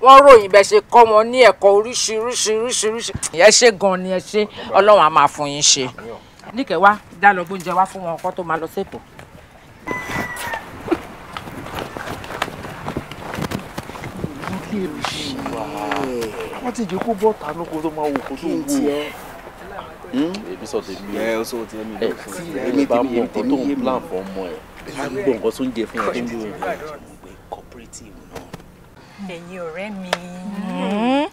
wọ́n ròyìn bẹ́ẹ̀ ṣe kọ́ wọn ní ẹ̀kọ́ oríṣiríṣi oríṣiríṣi. ẹ ṣe gan ni ẹ ṣe ọlọ́run á máa fún yín ṣe. níkẹ́ wá dá lọ gbóúnjẹ wá fún wọn ọkọ tó máa lọ sépò. kí n ṣe wọ́n ti jẹ́ kó bọ́ tánú kó tó máa wò kó tó wò hmm? èmi sọ tèmi ẹ ẹ sọ tèmi ẹ èmi bá mọ nǹkan tó ń plan fún ọmọ ẹ bá gbọ́ nǹkan tó ń jẹ fún ẹ tó ń gbé wọn. ẹ̀yin mi hmm.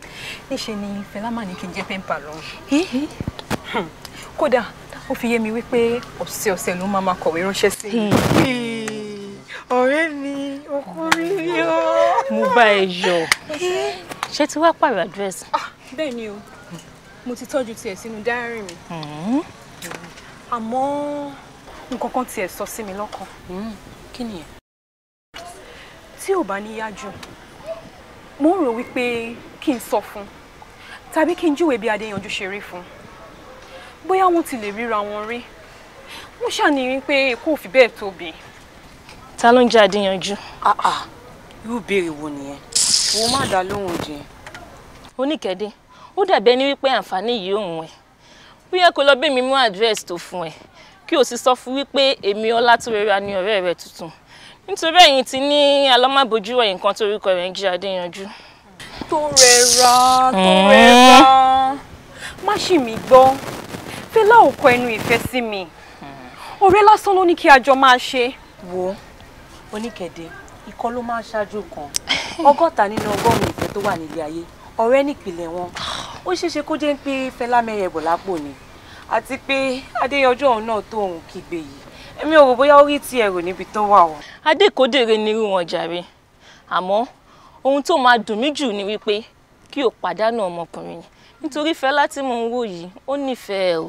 níṣẹ́ ni fẹlámà ní kí n jẹ́ pẹ́ńpà lọ kódà ó fi yé mi wípé ọ̀sẹ̀ ọ̀sẹ̀ ló máa máa kọ̀wé ránṣẹ́ sí i. Hmm ọ̀rẹ́ mi ọkùnrin yọ. mo bá ẹ yọ ṣé tí wàá pààrọ̀ àdírẹ́sì. Ah, bẹ́ẹ̀ ni o mo ti tọ́jú tiẹ̀ sínú dáárì mi hmm. àmọ́ nǹkan kan tiẹ̀ sọ sí mi lọ́kàn. Hmm. kí nìyẹn. tí ò bá ní jù mo ń rò wípé kí n sọ fún tàbí kí n júwe bí adéyanjú ṣe rí fún bóyá wọn ti lè ríra wọn rí wọn ṣàníyàn pé kò fi bẹ́ẹ̀ tóbi ta ló ń jẹ́ ah, ah, irú béèrè wo nìyẹn wo má dá lóhùn jẹ. oníkẹ́dé ó dàbí ẹni wípé àǹfààní yìí òun ẹ̀ bóyá kó lọ bí mi mú àdírẹ́sì tó fún ẹ kí o sì sọ fún wípé èmi ọlátúrẹ́ra ni ọ̀rẹ́ rẹ tuntun nítorí ẹ̀yin ti ní alọ́màbójú ẹ̀ nǹkan tó orúkọ rẹ̀ ń jẹ́ àdíyanjú. tó rẹra tó rẹra má ṣì mí gbọ́ fẹ́lá ò kọ ẹnu ìfẹ́ sí mi hmm. ọ̀rẹ́ lásán ló ní kí a jọ máa ṣe. wo oníkẹ̀dẹ̀ ikọ́ ló máa ń ṣáájú kan ọgọ́ta nínú ọgọ́rùn-ún ìfẹ́ tó wà nílé ayé ọ̀rẹ́ nípìnlẹ̀ wọn ó ṣeéṣe kó jẹ́ pé fẹlá mẹ́rẹ̀ẹ́bọ̀ lápò ni àti pé adéyanjú ọ̀hún náà tó òun kígbe yìí èmi ò rò bóyá ó rí ti ẹ̀rọ níbi tó wà o. adékòdèrè ni irú wọn jàre àmọ́ ohun tó máa dùn mí jù ni wípé kí o pàdánù ọmọkùnrin yìí nítorí fẹlá tí mò ń wò yìí ó nífẹ̀ẹ́ o.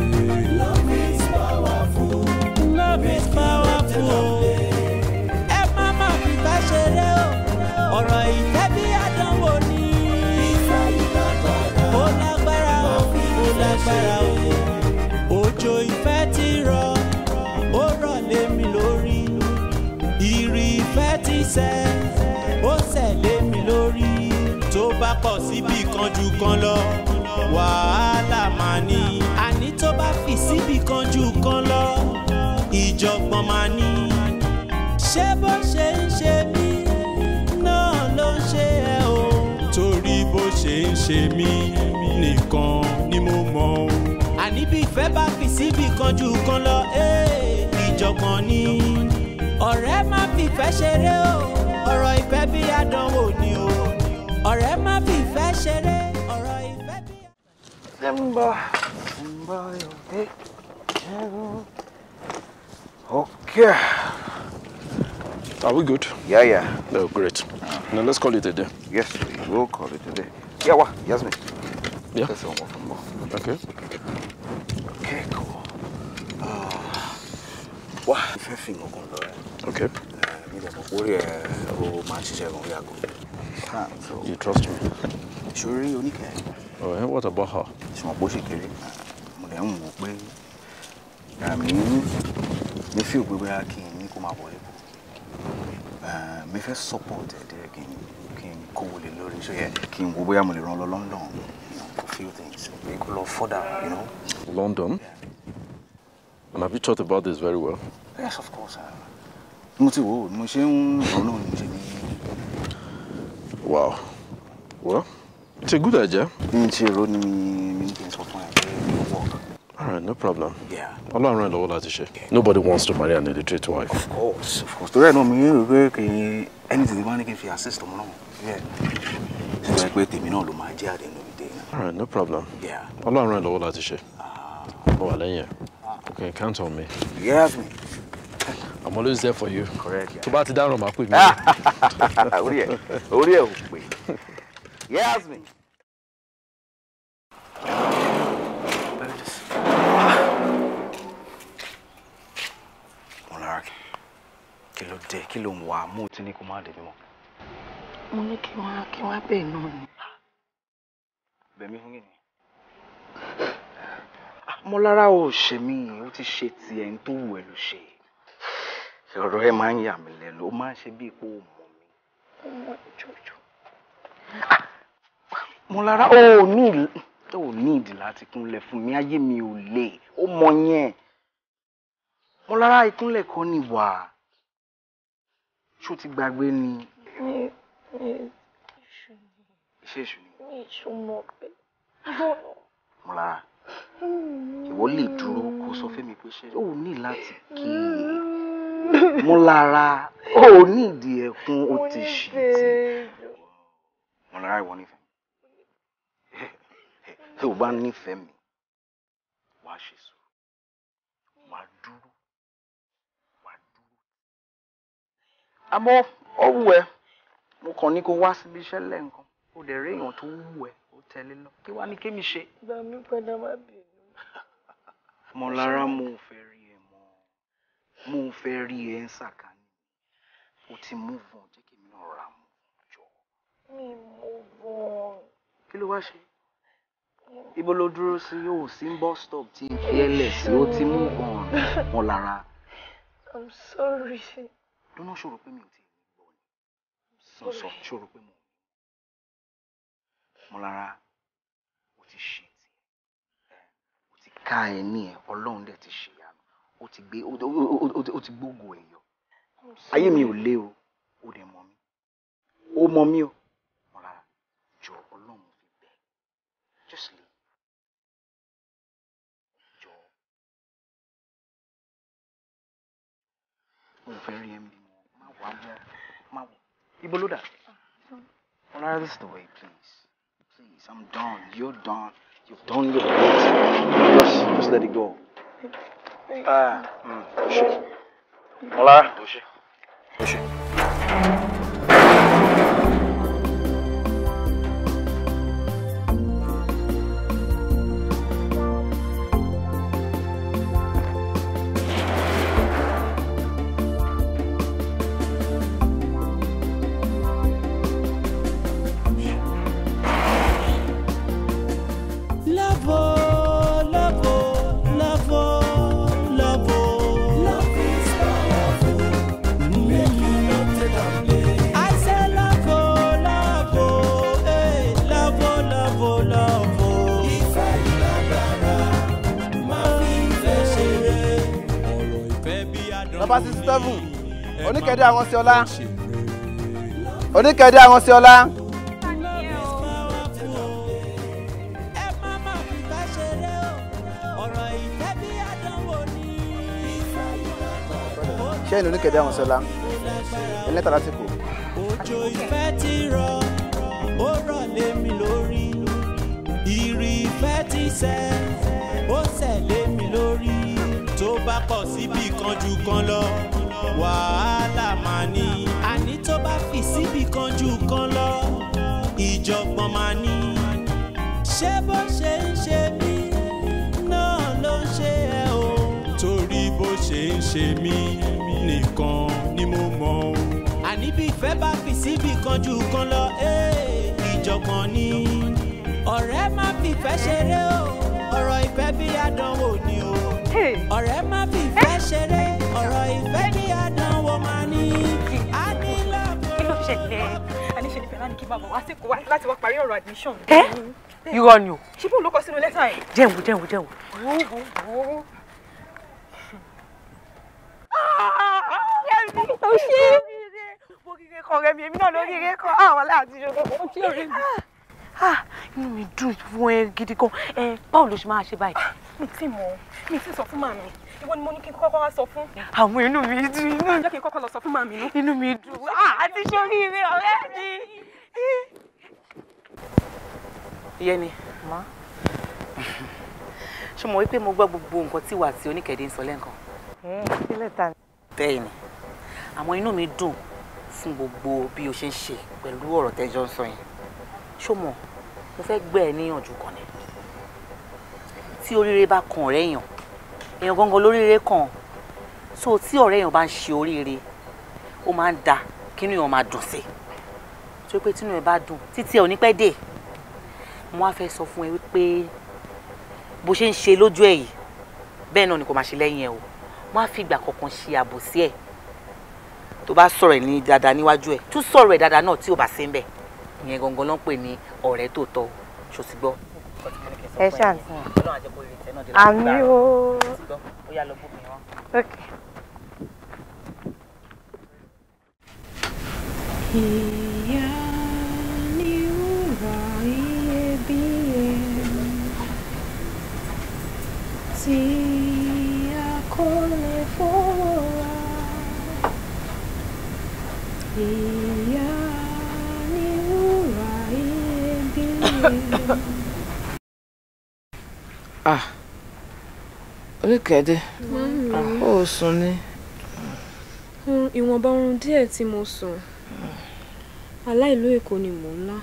pọ̀ síbi kan jù kan lọ wàhálà máa ní. àní tó bá fi síbi kan jù kan lọ ìjọ̀gbọ̀n máa ní. ṣé bó ṣe ń ṣe mí náà ló ń ṣe ẹ o. torí bó ṣe ń ṣe mí nìkan ni mo mọ̀ o. àní bí ìfẹ́ bá fi síbi kan jù kan lọ eh, ìjọ̀gbọ̀n ni. ọ̀rẹ́ má fìfẹ́ ṣeré o ọ̀rọ̀ ìfẹ́ bí àdánwò ni o ọ̀rẹ́ má fi ìfẹ́ ṣeré ọ̀rọ̀ ìfẹ́ bí. ṣé ń bọ̀ ń bọ̀ òde ẹ̀rùn. Okay. Are we good? Yeah, yeah. No, oh, great. Now let's call it a day. Yes, we will call it a day. Yeah, what? Yes, me. Yeah. That's one more, one Okay. Okay, cool. Uh, ah. wá fi nǹkan kan lọ rẹ̀. Okay. Eh, mi ò mọ̀ pé ó rí ẹ̀ ó máa ṣiṣẹ́ ìrànlọ́wọ́ yàgò so you trust me. you Ṣorí oníkẹ́. Ọ̀rẹ́ oh, what about her? She's my ṣe kéré, mo lè ń wò pé I mean? mi feel òpè bóyá kí n ní kó máa bọ̀ lẹ́kọ̀ọ́. Eh, mi fẹ́ support ẹ̀ dẹ́rẹ́ kí n kí n kówó lè lórí ṣó yẹ London for few things. Pé kó lọ further, you know. London? Yeah. And have you thought about this very well? Yes, of course. Mo ti wò ó, mo ṣe wow well it's a good idea. n ṣe èrò ni mi ní kí n sọ fún all right no problem. ọlọ́run ràn lọ́wọ́ láti ṣe. nobody wants to marry an illiterate wife. of course of course torí ẹ̀ náà mi ń rò anything tí wọ́n ní kí n fi assist ọmọ náà ṣe waiting. tèmi náà ló máa jẹ́ àdéhùn òbí dé. all right no problem. Yeah. ọlọ́run ràn lọ́wọ́ láti ṣe. Ah. mo wà lẹ́yìn ẹ̀ you ah. Okay, count on me. Yeah. me. I'm always there for you. Correct. Tó bá ti dáhùn máa pè mí. Orí ẹ̀ orí ẹ̀ ò me. Monarch, kí ló dé kí ló ń wá mú tí ní kó Mo ní kí wọ́n kí wọ́n bẹ̀ náà ni. Bẹ̀mí fún kí ni? Ah, Mọ́lára ò ṣe mí, ó ti ṣe tiẹ̀ ń tó wù ẹ́ ló ṣe ọ̀rọ̀ ẹ máa ń yà mí lẹ́nu ó máa ń ṣe bí ipò mọ̀ mí ọmọ ìjọjọ. Ah, mo lára ó ní ó ní ìdí láti kúnlẹ̀ fún mi ayé mi ò lè ó mọ yẹn mo lára ìkúnlẹ̀ kan ní wà ṣó ti gbàgbé ni. ṣé èṣù ni. èṣù mọ̀ pé. mo lára hmm. ìwọ lè dúró kó sọ fún mi pé ṣe ó ní láti kí i. Hmm. Múlára ó ní ìdí ẹ̀kún ó ti ṣì tí. Múlára ìwọ nífẹ̀ẹ́ mi. Ṣé o bá nífẹ̀ẹ́ mi? Wàá ṣe sùúrù. Wàá dúró. Wàá dúró. Àmọ́ ó wù ẹ́, mo kàn ní kó wá síbi iṣẹ́ lẹ́ǹkan. O dẹ̀ rí èèyàn tó wù ẹ́, ó tẹ̀lé lọ. Kí wàá ní kémi ṣe? Gbà mí padà má bínú. Mọ̀lára mo fẹ́ rẹ̀ mo ń fẹ́ rí ẹ ń sàkánì o ti move on jẹ́ kí mi náà ra mú jọ. mi move on. kí ló wá ṣe ibo ló dúró sí yóò sí bus stop tí n fi ẹlẹ̀ sí ó ti move on mọ́ lára. i'm sorry. dúnà ṣòro pé mi ò tí ì gbọ́ ni mo sọ ṣòro pé mo mọ́ lára o ti ṣe tiẹ̀ o ti ká ẹ ní ẹ ọlọ́run dẹ̀ ti ṣe o ti gbé o ti gbógo ẹ̀ yọ ayé mi ò lé o o dẹ̀ mọ̀ mi o mọ̀ mi o mọ̀ra jọ ọlọ́run fi bẹ́ẹ̀ just leave. mo fẹ́ rí ẹ̀mí mo má wà mọ́ má wọ. ibo ló dà? Ah, Ọlára this is the way please please I'm done you're done you've done your best just just let it go. 哎，嗯，是，我来，不是，不是。nọ́mbà sixty seven oníkẹ́dẹ́ àwọn sí ọlá oníkẹ́dẹ́ àwọn sí ọlá. ṣẹ́yìn oníkẹ́dẹ́ àwọn sí ọlá ẹlẹ́ta lásìkò. òjò ìfẹ́ ti rọ̀ ó rọ̀ lé mi lórí ìrì ìfẹ́ ti sẹ́ ó sẹ̀ lé tó bá pọ̀ síbì kan jù kan lọ wàhálà máa ní. àní tó bá fi síbì kan jù kan lọ ìjọ̀gbọ̀n máa ní. ṣé bó ṣe ń ṣe mí náà ló ń ṣe ẹ́ o. torí bó ṣe ń ṣe mí nìkan ni mo mọ̀ o. àní bí ìfẹ́ bá fi síbì kan jù kan lọ eh, ìjọ̀gbọ̀n ní. ọ̀rẹ́ má fìfẹ́ ṣeré o ọ̀rọ̀ ìfẹ́ bí àdánwò ni o ọ̀rẹ́ má fi ìfẹ́ eh? ṣeré ọ̀rọ̀ ìfẹ́ bí àdánwò máa ní. kí ló ṣẹlẹ̀ aníṣẹ́ni fẹ́lá ni kí bàbá wá sí kó láti wá parí ọ̀rọ̀ admission. Eh? ẹ irọ́ ni o. ṣé bóun ló kọ sínú lẹ́tà yẹn. jẹ́wò jẹ́wò jẹ́wò. mo kí kí rẹ mi èmi náà ló kí àwọn aláàtúnṣe kò kí òrè mi. Ah, inú mi dùn fún ẹ gidi gan ẹ báwo ló ṣe máa ṣe báyìí. Ah, mi ti mọ mi ti sọ fún màmí ìwọ ni mo ní kí n kọ́kọ́ wá sọ fún. àwọn inú mi dùn inú. jẹ́ kí n kọ́kọ́ lọ sọ fún màmí nú. inú mi dùn àti ah, sórí ire ọ̀rẹ́ mi. yẹmi ṣe mọ̀ wípé mo gbọ́ gbogbo nǹkan tí wà tí oníkẹ̀dé ń sọ lẹ́ǹkan. bẹ́ẹ̀ ni àmọ́ inú mi dùn fún gbogbo bí o ṣe ń ṣe pẹ̀lú ọ̀rọ̀ tẹ́jọ́ ń sọ yẹn ṣó mọ̀ mo fẹ́ gbẹ́ ẹ níyànjú kan ni tí oríire bá kan ọ̀rẹ́ èèyàn èèyàn gangan lóríire kan so tí ọ̀rẹ́ èèyàn bá ń ṣe oríire ó máa ń da kínú èèyàn máa dùn sí tó pé tínú ẹ bá dùn títí ẹ ò ní pẹ́ dé mo wá fẹ́ sọ fún ẹ wípé bó ṣe ń ṣe lójú ẹ yìí bẹ́ẹ̀ náà ni kò máa ṣe lẹ́yìn ẹ o mo wá fi ìgbà kankan ṣe àbòsí ẹ tó bá sọ̀rọ̀ ẹ ní dáadáa níwájú ẹ tún sọ̀rọ̀ ẹ dáadáa náà tí ò bá sí ń bẹ̀ ìyẹn gangan ló ń pè ní ọ̀rẹ́ tó tọ́ ṣó ti gbọ́. ẹ ṣàǹtì àmì o. ìyá ni ó rà iyebíye tí a kò lè fọwọ́ ra. ah oríkèédé mm. ó sùn ni. Hmm, ìwọ̀nba oorun díẹ̀ tí mo sùn aláìlú èkó ni mò ń lá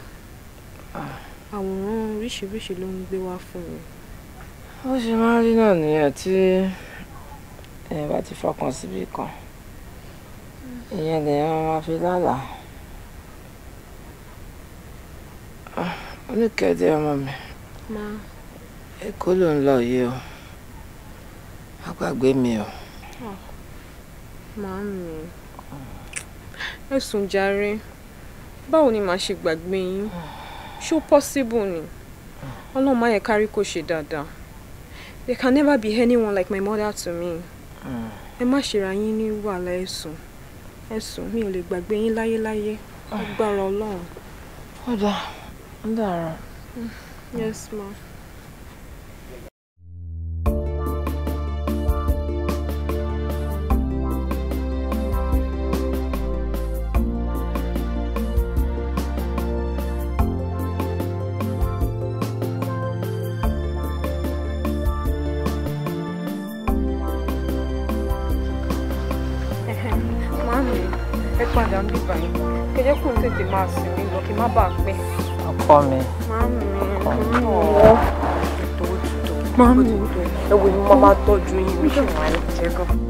ah. àwòrán oríṣiríṣi ló ń gbé wá fún mi. ó ṣe máa ń rí náà nìyẹn tí ẹ bá ti fọkàn síbi kan ìyẹn lèèyàn máa fi lálàá. Ah oníkẹ́dé ọmọ mi èkó ló ń lọ yìí o má gbàgbé mi o. Ah, màámi ẹ sùn jàre báwo ni màá ṣe gbàgbé yín ṣó possible ni ọlọ́run má yẹ kárí kó ṣe dáadáa there can never be anyone like my mother to me hmm. ẹ má ṣera yín ní wàhálà ẹ sùn ẹ sùn mi ò lè gbàgbé yín láyéláyé agbára ọlọ́run. ọ̀dà. Oh, Dara. Hum, yes, ma'am. Mami, ẹ padà ń bíbá yín. Kẹ́jẹ́ kùn tètè máa sinmi me kí n má bàa ọkọ mi. mommy. Mommy, mommy. ni mo máa tọ́jú yín mi.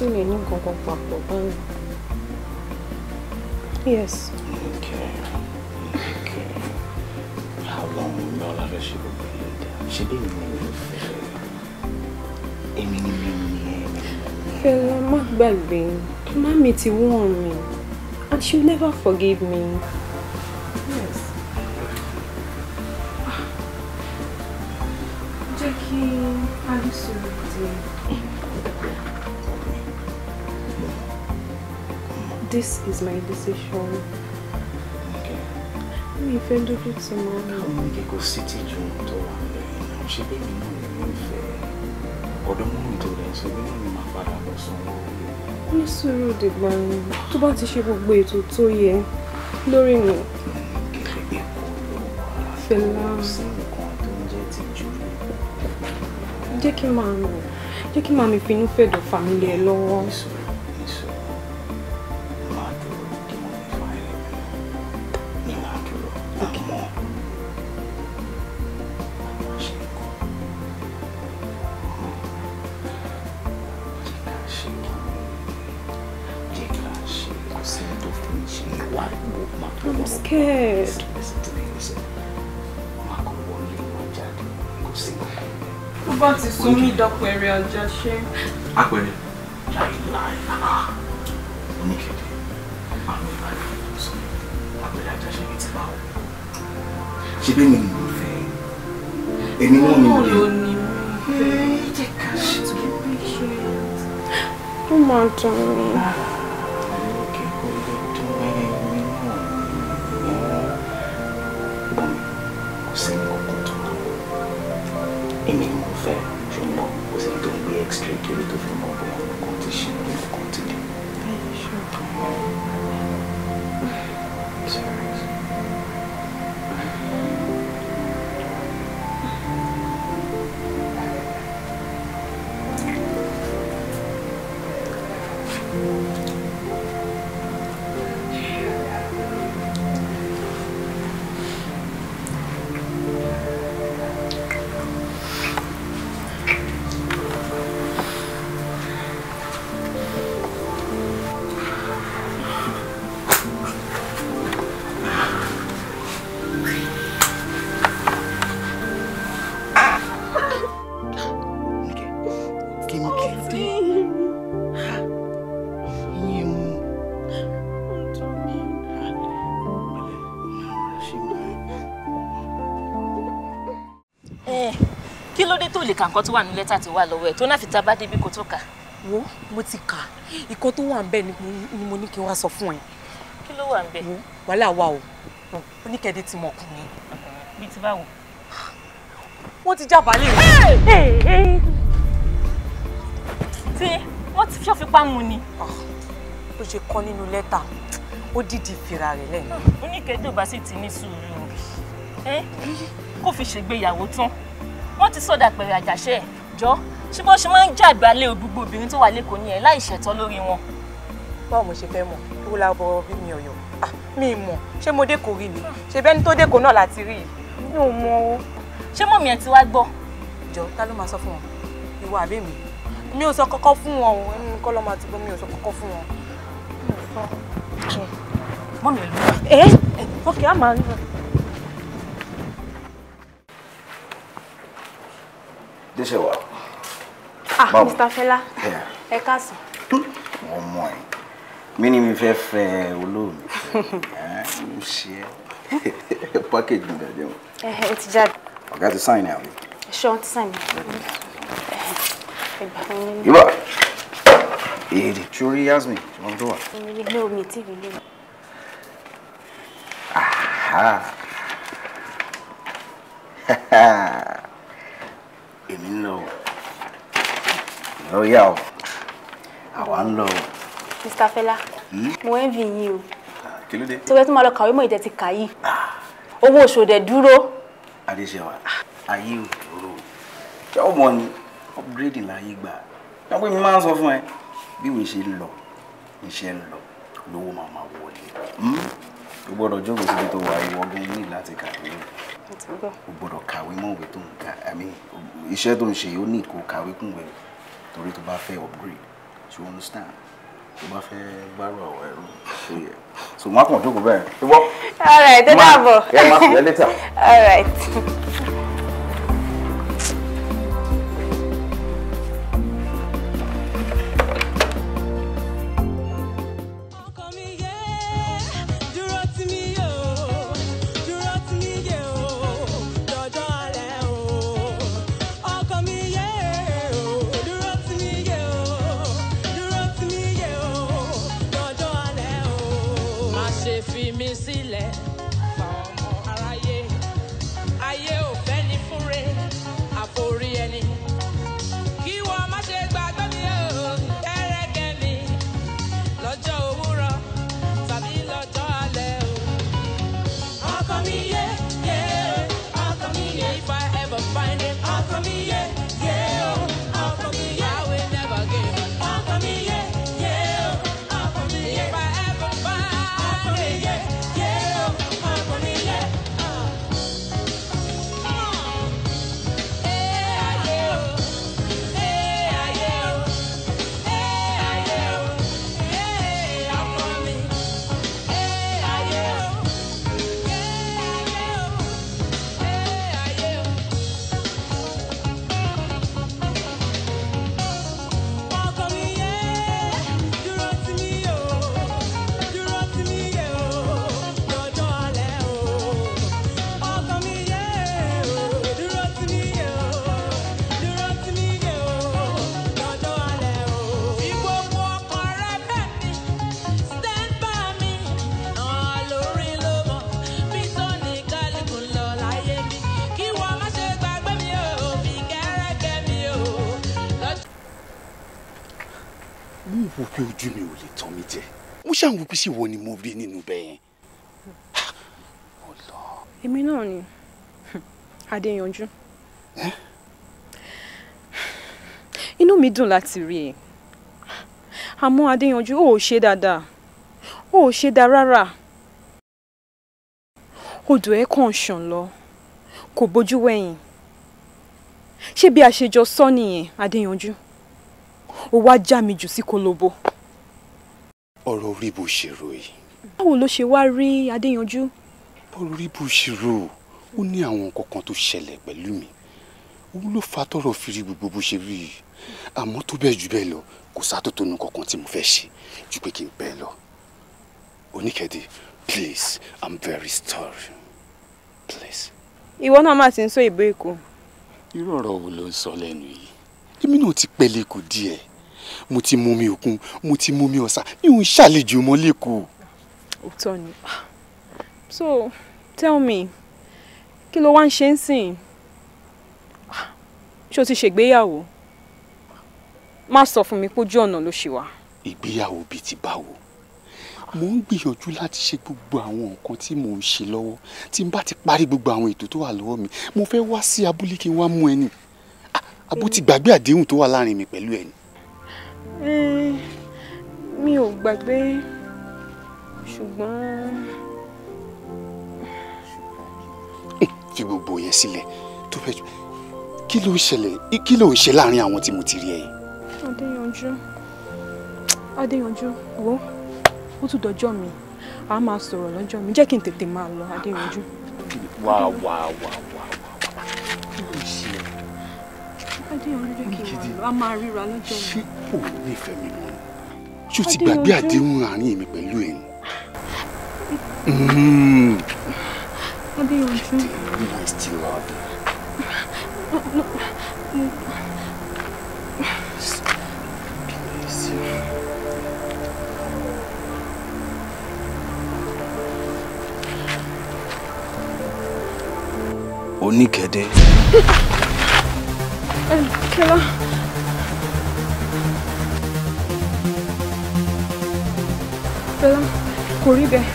tí ní nǹkan kan papọ̀ báyìí. yes. okay okay how long ni ọlá fẹ́ ṣe gbogbo ilé ìdá ṣé bí ni mo fẹ́ èmi ni mi ni èmi. fẹlẹ má gbàgbé má mi ti wọ́n mi and she will never forgive me. my decision. mi fẹ́ dójú tì mọ́. àwọn kíkọ́ sí ti ju tó wà lẹ́yìn náà ṣe bẹ́ẹ̀ mi náà ní ìfẹ́ ọ̀dọ́mọ́rùn tó rẹ̀ ṣe bẹ́ẹ̀ náà ni màá padà lọ sanwó. ní sùúrù dìgbà tó bá ti ṣe gbogbo ètò tó yẹ lórí mi. Hmm, fẹlá jẹ́ kí màá mi jẹ́ kí màá mi finú fẹ̀dọ̀ fàmílì ẹ lọ́wọ́. dọ́kun eré ọjọ́ ṣe. apẹẹrẹ láìláì oníkéde àwọn ìbàdàn sọ apẹẹrẹ àjàṣe mi ti bá wọ. ṣé bẹ́ẹ̀ ni mi ò fẹ́ èmi náà ni mo lè. ó máa dùn mí. ka nǹkan tó wà ní lẹ́tà tó wà lọ́wọ́ ẹ̀ tó náà fi ta bá débi kó tó kà. wo mo ti kà ìkan tó wà ń bẹ ni mo ní kí n wá sọ fún ẹ. kí ló wà ń bẹ. wo wàhálà wà o oníkẹ́dẹ́ ti mọ ọkùnrin. bí ti báwo. wọ́n ti jábàálẹ̀ rẹ̀. tí wọ́n ti fẹ́ fipá mu ni. Ah, bó ṣe kọ́ nínú lẹ́tà ó dìdì fìrà rẹ̀ lẹ́nu. oníkẹ́dẹ́ ò bá sì ti ní sùúrù kó fi ṣègbéyàwó tán wọ́n ti sọ̀dà pẹ̀rẹ̀ àjàṣe ẹ̀ jọ́ ṣé bó ṣe máa ń jàgbálẹ̀ gbogbo obìnrin tó wà lẹ́kọ̀ọ́ ni ẹ̀ láì ṣẹ̀tọ́ lórí wọn. báwo mo ṣe fẹ́ mọ̀ ewu la bọ̀ bí mi ọ̀yọ́ mi mọ̀ ṣé mo dẹ́kọ̀ọ́ rí ni ṣe bẹ́ni tó dẹ́kọ̀ọ́ náà láti rí mi ò mọ o. ṣé mọ̀mí ẹ̀ ti wá gbọ́. jọ ta ló máa sọ fún wọn ìwọ àbí mi mi ò sọ kọ́kọ́ fún wọn o ẹnu kọ́ lọ́ máa ti mi ò sọ kọ́kọ́ fún wọn. mọ̀mí ẹ̀ ló ẹ ẹ ókè á máa rí wọn. ṣẹ̀ṣẹ̀ wà. ah Mr. Fela ẹ káàsán. ọmọ ẹ mi ni mi fẹ́ fẹ́ olóòmì ń ṣe ẹ package mi dàjẹ́ wọn. ẹ ẹ ti jáde. ọ̀gá ti sáìn ní àwìn. ṣé wọn ti sáìn ní àwìn. ìbá èrè sórí yasmin ṣùgbọ́n tó wà. ilé omi tí ìlú lè. Aha. èmi ń lọ lọ́ọ́yà o àwa ń lọ o. Mr. Fela hmm? mo ń vi yín o ah, kí ló dé. tí wọ́n tún máa lọ kàwé mọ́ ìdẹ́ ti kà yìí ah. owó oṣù dẹ̀ dúró. adéṣèwà ayé ò dúró ṣé ọmọ ni upgrading láyé gbà wọn pé mi máa ń sọ fún ẹ bí mi ṣe ń lọ iṣẹ́ ń lọ lówó máa wọlé hmm? o gbọ́dọ̀ jókòó síbi tó wà ìwọ gan láti kàwé o gbọ́dọ̀ kàwé mọ́ ìwé tó ń ka i mean iṣẹ́ tó ń ṣe ó need kó kàwé kún ìwé torí tó bá fẹ́ upgrade you understand tó bá fẹ́ gbárù àwọn ẹ̀rọ tó yẹ so wọn á kàn jókòó bẹ́ẹ̀. all right ẹ dáàbò all right. ṣáà ń wípé sí wo ni mo rí nínú bẹ́ẹ̀ yẹn. èmi náà ni adéyanjú inú mi dùn láti rí ẹ àmọ́ adéyanjú ò ṣe dáadáa ò ṣe dáa rárá odò ẹ kàn ṣàn lọ kò bójú wẹ̀yìn ṣé bí a ṣe jọ sọ nìyẹn adéyanjú ó wá já mi jù sí kolobo ọ̀rọ̀ orí bó ṣe rò yìí. báwo ló ṣe wá rí adéyanjú. ọ̀rọ̀ orí bó ṣe rò ó ní àwọn nǹkan kan tó ṣẹlẹ̀ pẹ̀lú mi òun ló fa tọrọ firi gbogbo bó ṣe rí yìí àmọ́ tó bẹ́ẹ̀ jù bẹ́ẹ̀ lọ kò sátótónu kankan tí mo fẹ́ ṣe ju pé kí n bẹ́ẹ̀ lọ. oníkẹ́dẹ́ please i'm very sorry please. ìwọ náà má ti ń sọ ìbò èkó. irú ọ̀rọ̀ wo ló ń sọ lẹ́nu yìí èmi náà ti pẹ̀lẹ́ kù díẹ̀ mo ti mu mi mo ti mu mi mi ò ṣàlejò mọ́ lẹ́kọ̀ọ́. òótọ́ ni ah, so tell me kí ló wá ń ṣe ń sìn ah, ṣé o ti ṣègbéyàwó má sọ fún mi pé ojú ọ̀nà ló ṣì wà. ìgbéyàwó bíi ti báwo mo ń gbìyànjú láti ṣe gbogbo àwọn nǹkan tí mò ń ṣe lọ́wọ́ tí n bá ti parí gbogbo àwọn ètò tó wà lọ́wọ́ mi mo fẹ́ wá sí abúlé kí n wá mú ẹni àbó ah, gbàgbé àdéhùn tó wà láàrin mi pẹ̀lú ẹni. Eh, mi ò gbàgbé ṣùgbọ́n. fi gbogbo yẹn sílẹ̀ tó fẹ́ jù kí ló ṣẹlẹ̀ kí ló ṣe láàrin àwọn tí mo ti rí ẹ adéyanjú adéyanjú wo ó tún dọjọ́ mi a máa sọ̀rọ̀ lọ́jọ́ mi jẹ́ kí n tètè máa lọ adéyanjú. wà wà wà wà wà kí ló ṣe ṣé kò nífẹ̀ẹ́ mi mọ́ ṣó ti gbàgbé àdéhùn àárín èmi pẹ̀lú ẹ̀ ni. Hmm. Adéyanjú. I still love you. No, no, Killer. Bella, kò rí bẹ́ẹ̀.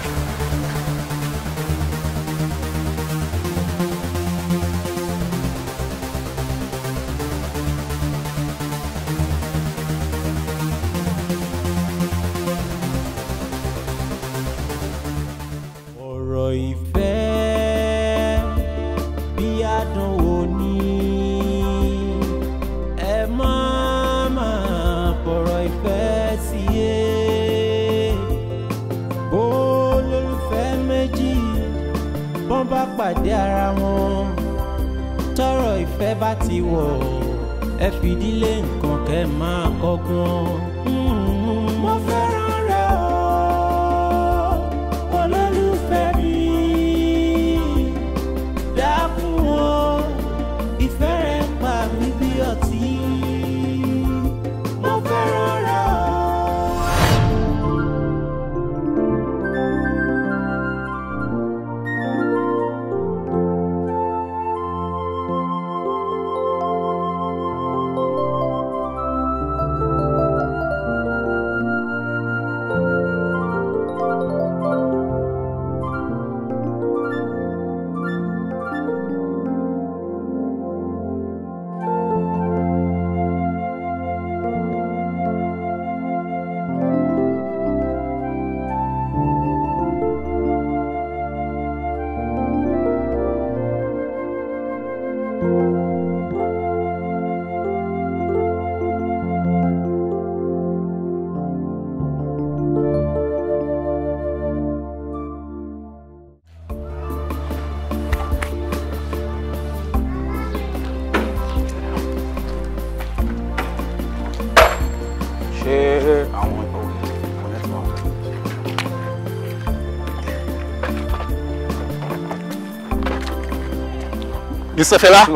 Mr. Fela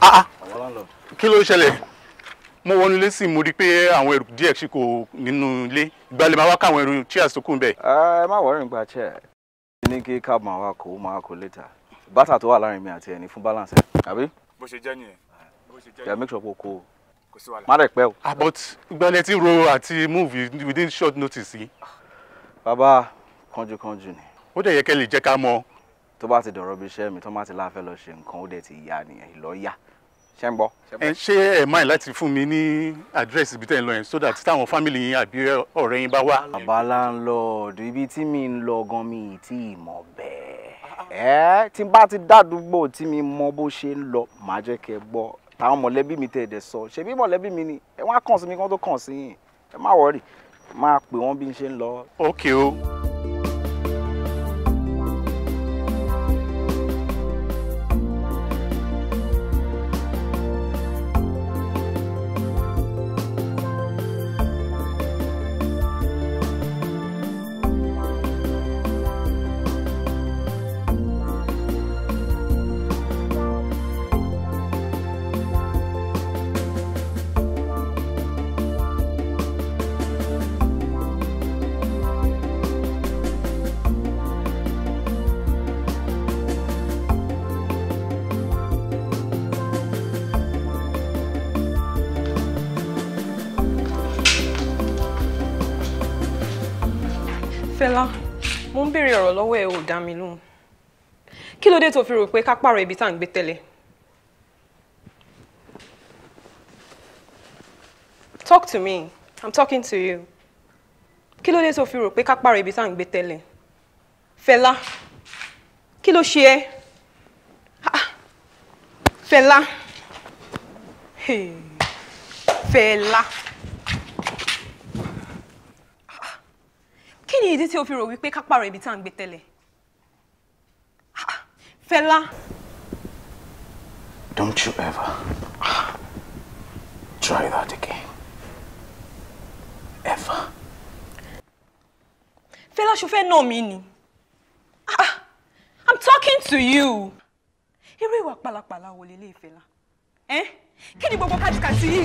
ah, ah. kí ló ń ṣẹlẹ̀ mo wọnú ilé sí mo rí i pé àwọn ẹrù díẹ̀ sì kò nínú ilé ìgbàlẹ̀ máa wá ká àwọn ẹrù chairs tó kù ń bẹ̀. ẹ má wọrí nípa chair ní kí cab máa wá kó máa kó later bàtà tó wà láàrin mi àti ẹni fún balance ẹ àbí. bó ṣe jẹ́ nìyẹn bó ṣe jẹ́ nìyẹn. make sure kó kó o má rẹ̀ pẹ́ o. Ah, but ìgbàlẹ̀ ti ro àti move within short notice yìí. bàbá kanjúkanjú ni. ó dẹ̀ yẹ kẹ́ lè jẹ́ ká mọ̀ tó bá ti dọ̀rọ̀ bí iṣẹ́ mi tó má ti láfẹ́ lọ ṣe nǹkan ó dẹ̀ ti yá nìyẹn lọ yá ṣe ń gbọ́. ẹ ṣé ẹ máa láti fún mi ní àdírẹ́sì ibi tẹ́ ń lọ yẹn so that táwọn fámìlì yín àbí ọ̀rẹ́ yín bá wá. bàbá láńlọ́ọ̀dù ibi tí mi ń lọ gan mi ì tí ì mọ̀ bẹ́ẹ̀ ẹ tí n bá ti dádúgbò tí mi mọ bó ṣe ń lọ màá jẹ́ kẹ́ gbọ́ táwọn mọ̀lẹ́bí mi tẹ̀ dẹ̀ sọ ṣebí mọ̀lẹ́bí mi ni ẹ wá kàn sí mi kí wọ́n tó kàn sí yín ẹ má wọ̀rì máa pè wọ́n bí n ṣe ń lọ. ókè o. Okay, oh. sọ̀rọ̀ lọ́wọ́ ẹ ò dá mi lóhùn kí ló dé tó fi rò pé ká pààrọ̀ ibi tá à ń gbé tẹ́lẹ̀ talk to me i'm talking to you kí ló dé tó fi rò pé ká pààrọ̀ ibi tá à ń gbé tẹ́lẹ̀ Fẹlá kí ló ṣe ẹ́ Fẹlá Fẹlá. Hey. Fẹlá. kí ni ìdí tí o fi rò wípé ká pààrọ̀ ibi tá à ń gbé tẹ́lẹ̀ Fẹlá. Don't you ever try that again. Ever. Fẹlá ṣo fẹ́ nà mí ni ah, I'm talking to you. irú ìwà pàlàpàlà wo lélẹ́yìí Fẹlá eh? kí ni gbogbo kájúkájú yìí.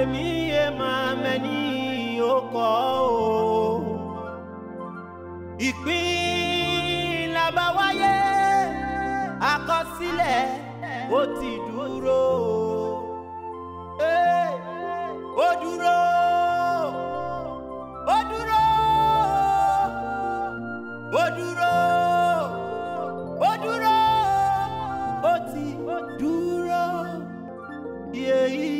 èmi yé máa mẹ́ni òkò o ìpín làbá wáyé àkọsílẹ̀ ó ti dúró ó dúró ó dúró ó dúró ó dúró ó ti dúró yéyí.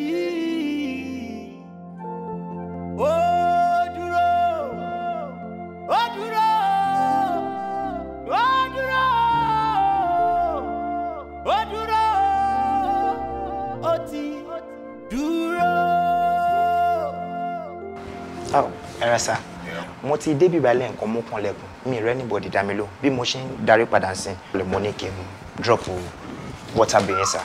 ẹ̀rọ sá mo ti débi ìbàlẹ̀ nǹkan mú kan lẹ́kùn mi rẹ́ ní bọ̀dì dàmí ló bí mo ṣe ń darí padà sí i lè mo ní kí n drop water bill yẹn sá.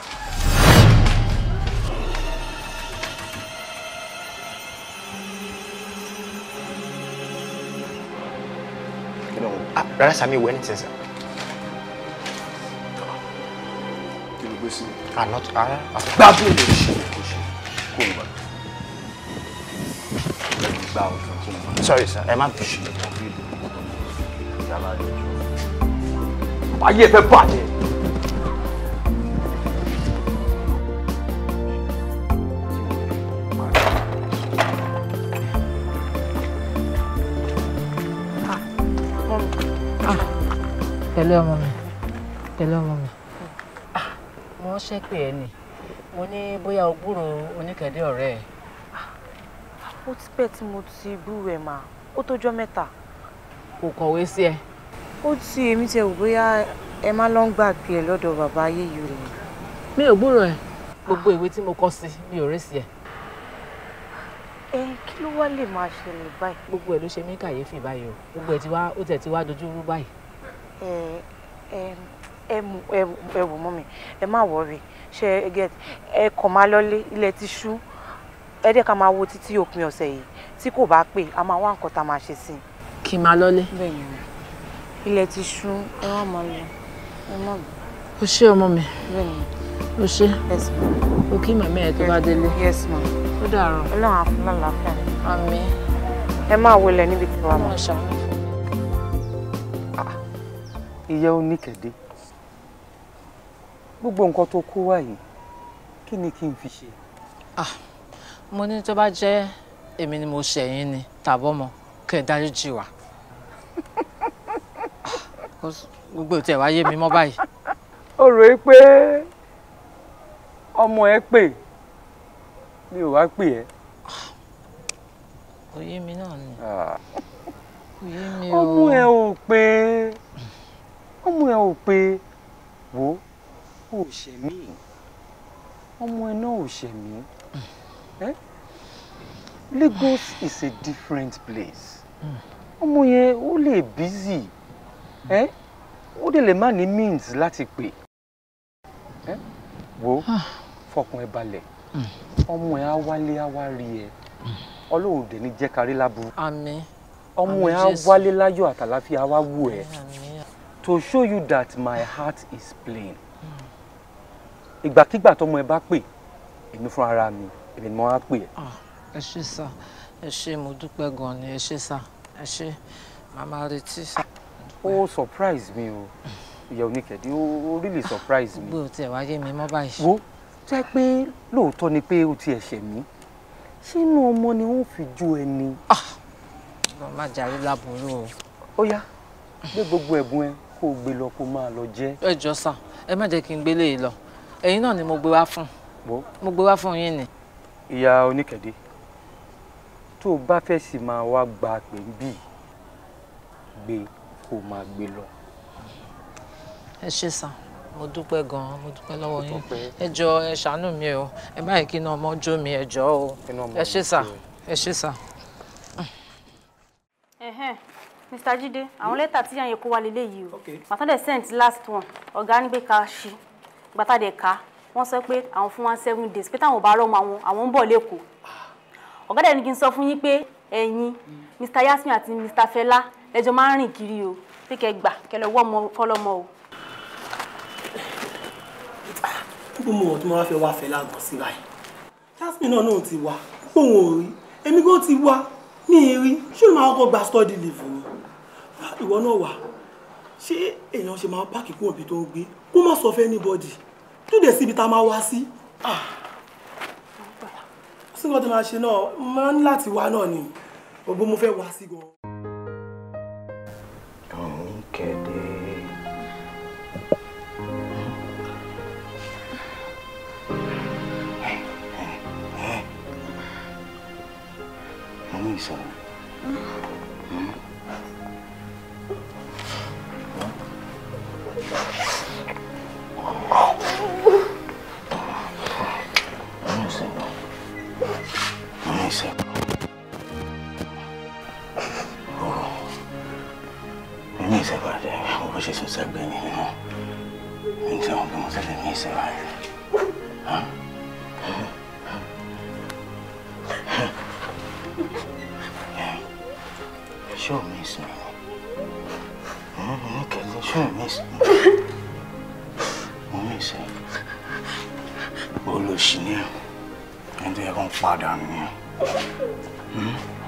Ah, rárá sá mi wọ ẹni kí ló gbé sí. àná ara. gbàgbé lè ṣe kó ṣe kó ìbàdàn. gbà sorry sir ẹ má bì. ayé fẹ́ bàjẹ́. pẹ̀lú ọmọ mi pẹ̀lú ọmọ mi. Ah, mo ń ṣépè ẹ ni mo ní bóyá o gbúròó oníkẹ̀dé ọ̀rẹ́ ẹ̀ ó ti pẹ́ tí mo ti bú rẹ̀ mà ó tójọ́ mẹ́ta. kò kọ̀wé sí ẹ. ó ti èmi tẹ wò bóyá ẹ má lọ ń gbàgbé ẹ lọ́dọ̀ bàbá ayé yìí rẹ̀. mi ò gbúrò ẹ gbogbo ìwé tí mo kọ sí mi ò rí sí ẹ. ẹ kí ló wá lè máa ṣẹlẹ̀ báyìí. gbogbo ẹ ló ṣe mí kàyéfì báyìí o gbogbo ẹ ti wá ó tẹ̀ ti wá dojú rú báyìí. ẹ ẹ ẹ wò mọ́ mi ẹ má wọrí ṣe ẹ kàn máa lọ́lé ilẹ̀ ti ṣú ẹ dẹ́ ká máa wo títí òpin ọ̀sẹ̀ yìí tí kò bá pè a máa wá nǹkan tá a máa ṣe sí i. kì í máa lọlé. bẹ́ẹ̀ni ilẹ̀ ti ṣú ẹ wá máa lọ ẹ má bọ. o ṣé ọmọ mi o ma. o kí màmí ẹ tó bá délé ó dàárọ̀. Ọlọ́run á fún lálàáfíà. àmín. ẹ máa wọlé níbi tí wàá mọ. Ah, ìyá oníkẹ̀dé gbogbo nǹkan tó kó wá kí ni kí n fi ṣe. ah mo ní tó bá jẹ́ èmi ni mo ṣẹ̀yìn ni tàbọ́mọ kẹ́ ẹ dáríjì wá ah, gbogbo tẹ̀ wá yé mi mọ́ báyìí. ó rò é pé ọmọ ẹ pè mi ò wá pè ẹ́. Ah, kò yé mi náà ni ah. kò yé mi o. ọmọ ẹ ò pé ọmọ ẹ ò pé wo ò ṣẹ̀mí ọmọ ẹ náà ò ṣẹ̀mí. Eh? Lagos is a different place. Omo yẹn o le busy. Eh? o de le má means lati pè. Eh? Wo ah. fọkàn ẹ balẹ̀. Hmm. Ọmọ ẹ á wálé á wá rí ẹ. Hmm. Ọlọ́run dẹ̀ ní jẹ́ kárí láburú. Àmín. Ọmọ ẹ á wálé láyọ̀ àtàláfíà á wá wù ẹ. To show you that my heart is plain. Hmm. Ìgbàkígbà tọmọ ẹ bá pè, èmi fún ara mi èmi ni mo pè ẹ́. ẹ ṣé sà ẹ ṣé mo dúpẹ́ gan ni ẹ ṣé sà ẹ ṣé màmá retí sà. ó surprise mi o ìyá oníkẹ̀dí ó really surprise ah, mi. gbogbo tiẹ̀ wáyé mi mọ́ báyìí. wo jẹ́ pé lóòótọ́ ni pé o ti ẹ̀ṣẹ̀ mi sínú ọmọ ni wọ́n fi ju ẹni. Ah! ọ̀rọ̀ má jàre láburú o. ó yá gbé gbogbo ẹ̀bùn ẹ kó o gbé lọ kó o máa lọ jẹ. ẹ jọ sà ẹ má jẹ́ kí n gbélé e lọ ẹ̀yin náà ni mo gbé wá fún mo gbé wá fún yín ni ìyá oníkẹ̀dé tó o bá fẹ́ sì máa wá gba pè ń bì gbé kó o máa gbé lọ. ẹ ṣe sàn mo dúpẹ́ gan-an mo dúpẹ́ lọ́wọ́ yín ẹ jọ ẹ ṣàánú mi o ẹ báyìí kí iná ọmọ jó mi ẹ jọ o ẹ ṣe sà ẹ ṣe sà. Mr. Jide àwọn hmm? lẹ́tà tí yàn yẹn kó wa lélẹ́yìí o màtọ́dẹ̀ sent last one ọ̀gá nígbè ká ṣí gbàtà dẹ̀ ká wọ́n sọ pé àwọn fún wa seven days pé táwọn ò bá rọ́ọ̀mù àwọn àwọn ń bọ̀ lẹ́kọ̀ọ́ ọ̀gá dẹ̀ ni kí n sọ fún yín pé ẹ̀yin Mr Yasmin àti Mr Fela lẹ́jọ́ máa ń rìn kiri o pé kẹ́ gbà kẹ́ lọ wọ́ ọmọ fọlọ́mọ o. púpọ̀ mọ̀ tí mo bá fẹ́ wá Fela gan sí báyìí Yasmin náà náà ti wá gbóhùn òrí èmi kò ti wá ní eré ṣé o máa kọ́ gba study leave ni ìwọ náà wà ṣé èèyàn ṣe máa páàkì kúrò bí tó ń gbé kó má sọ fẹ́ anybody tó dé síbi tá a máa wá sí ah. sí nǹkan tó máa ṣe náà máa ń láti wá náà ni ògbó mo fẹ́ wá sí gan. ọ̀hún kẹ̀dẹ̀. àwọn ìsọ̀rọ̀. bó ṣe sùn sẹ́gbẹ́ ni hàn ní tí wọ́n bí mo tẹ́lẹ̀ ní ìsìn báyìí. Sure miss me. Mm-hmm, okay, sure miss me. Mo miss ẹ. Olóṣì ni ẹ. Ẹni tó yẹ kó ń padà Mm-hmm.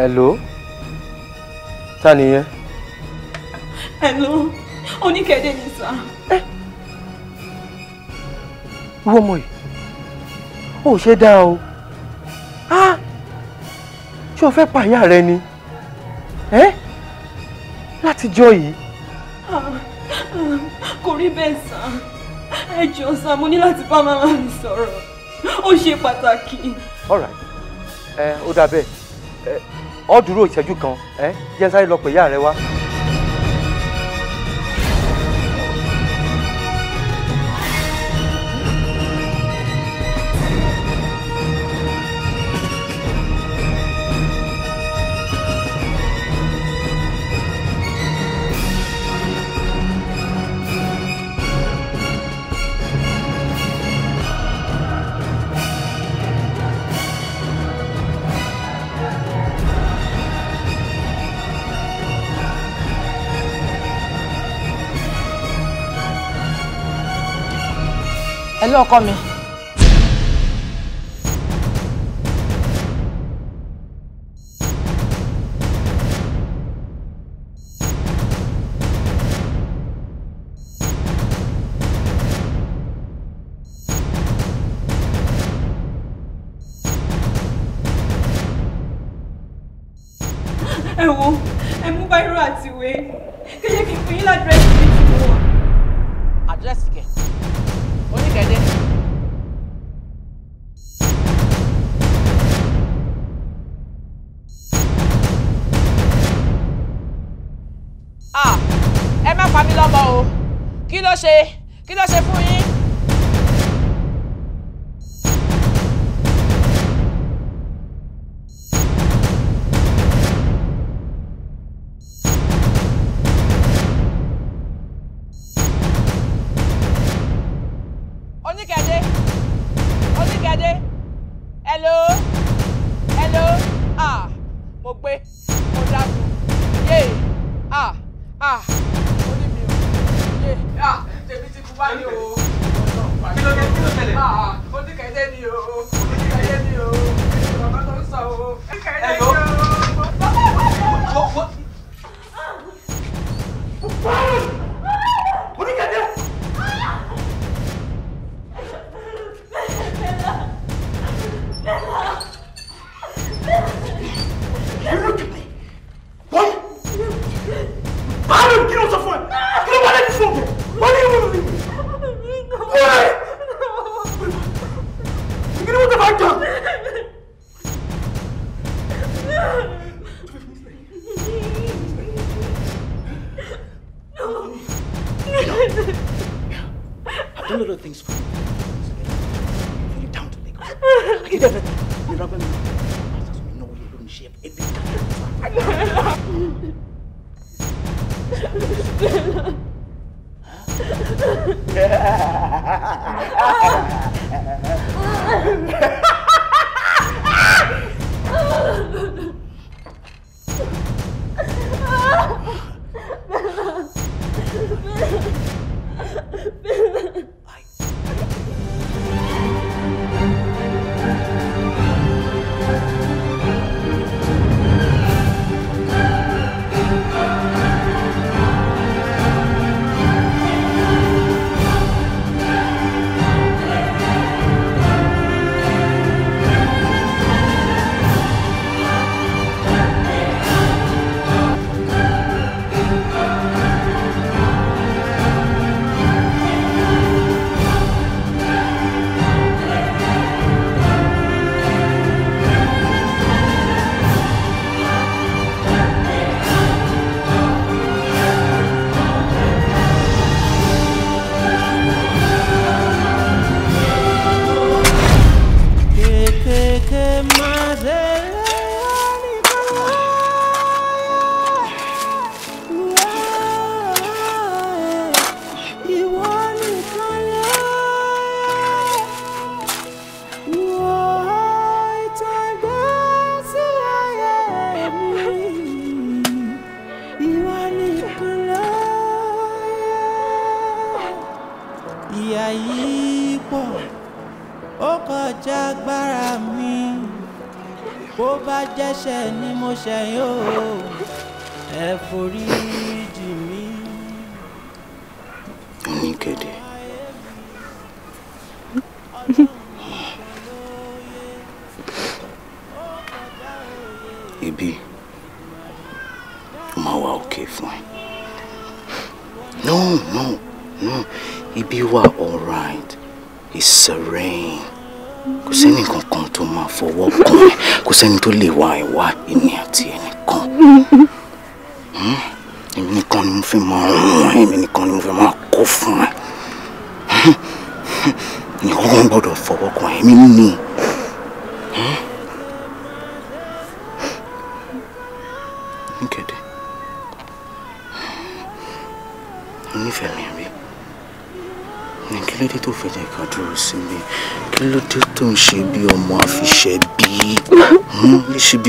Hello? Ta ni yẹn? Hello? Oníkẹ́dé ni sà. Ẹ́ wọ́n ọmọ yìí, ó ṣe dáa o. Ah, ṣé o fẹ́ pààyà rẹ ni? Ẹ́ látijọ́ yìí. Ah, ah rí bẹ́ẹ̀ sa. Ẹ jọ̀ọ́ sà, mo ní láti bá màmá mi sọ̀rọ̀. Ó ṣe pàtàkì. All right. Ẹ ó dà bẹ́ẹ̀ ọ dúró ìṣẹ́jú kan ẹ jẹ́ sáré lọ pè ìyá rẹ wá. pẹ̀lú ọkọ mi. Ha ha ha ha ha!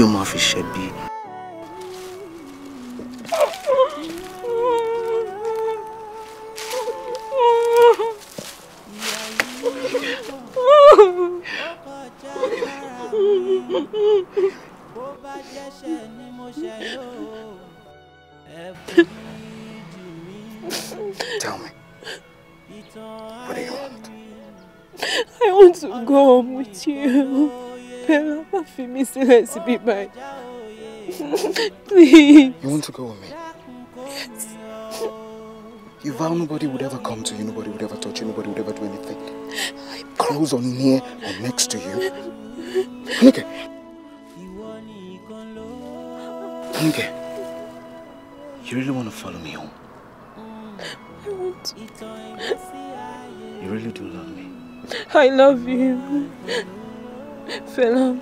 ó máa fi ṣẹ̀bi be Please. You want to go with me? Yes. You vow nobody would ever come to you, nobody would ever touch you, nobody would ever do anything. Close or near or next to you. Nigga. Nigga. You really want to follow me home? I want to. You really do love me? I love you. Philip.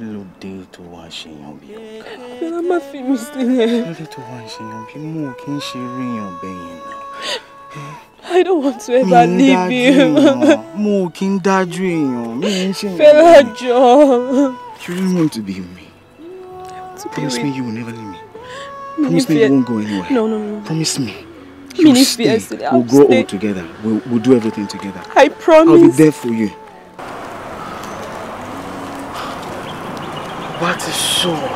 kí ló dé tó wá ṣèyàn bí ọ̀gá. ẹ má fi mí sílẹ̀. kí ló tó wá ṣèyàn bí mo kì í ṣe rí èèyàn bẹ́yẹn náà. I don't want to ever leave you. mo kì í dájú èèyàn mi ń ṣe. Fẹ́lá jọ. You really want to be with me? To be Promise with... me you will never leave me. me Promise me you won't go anywhere. No, no, no. Promise me. You'll stay. We'll grow stay. old together. We'll, we'll do everything together. I promise. I'll be there for you. má ti sọ̀rọ̀.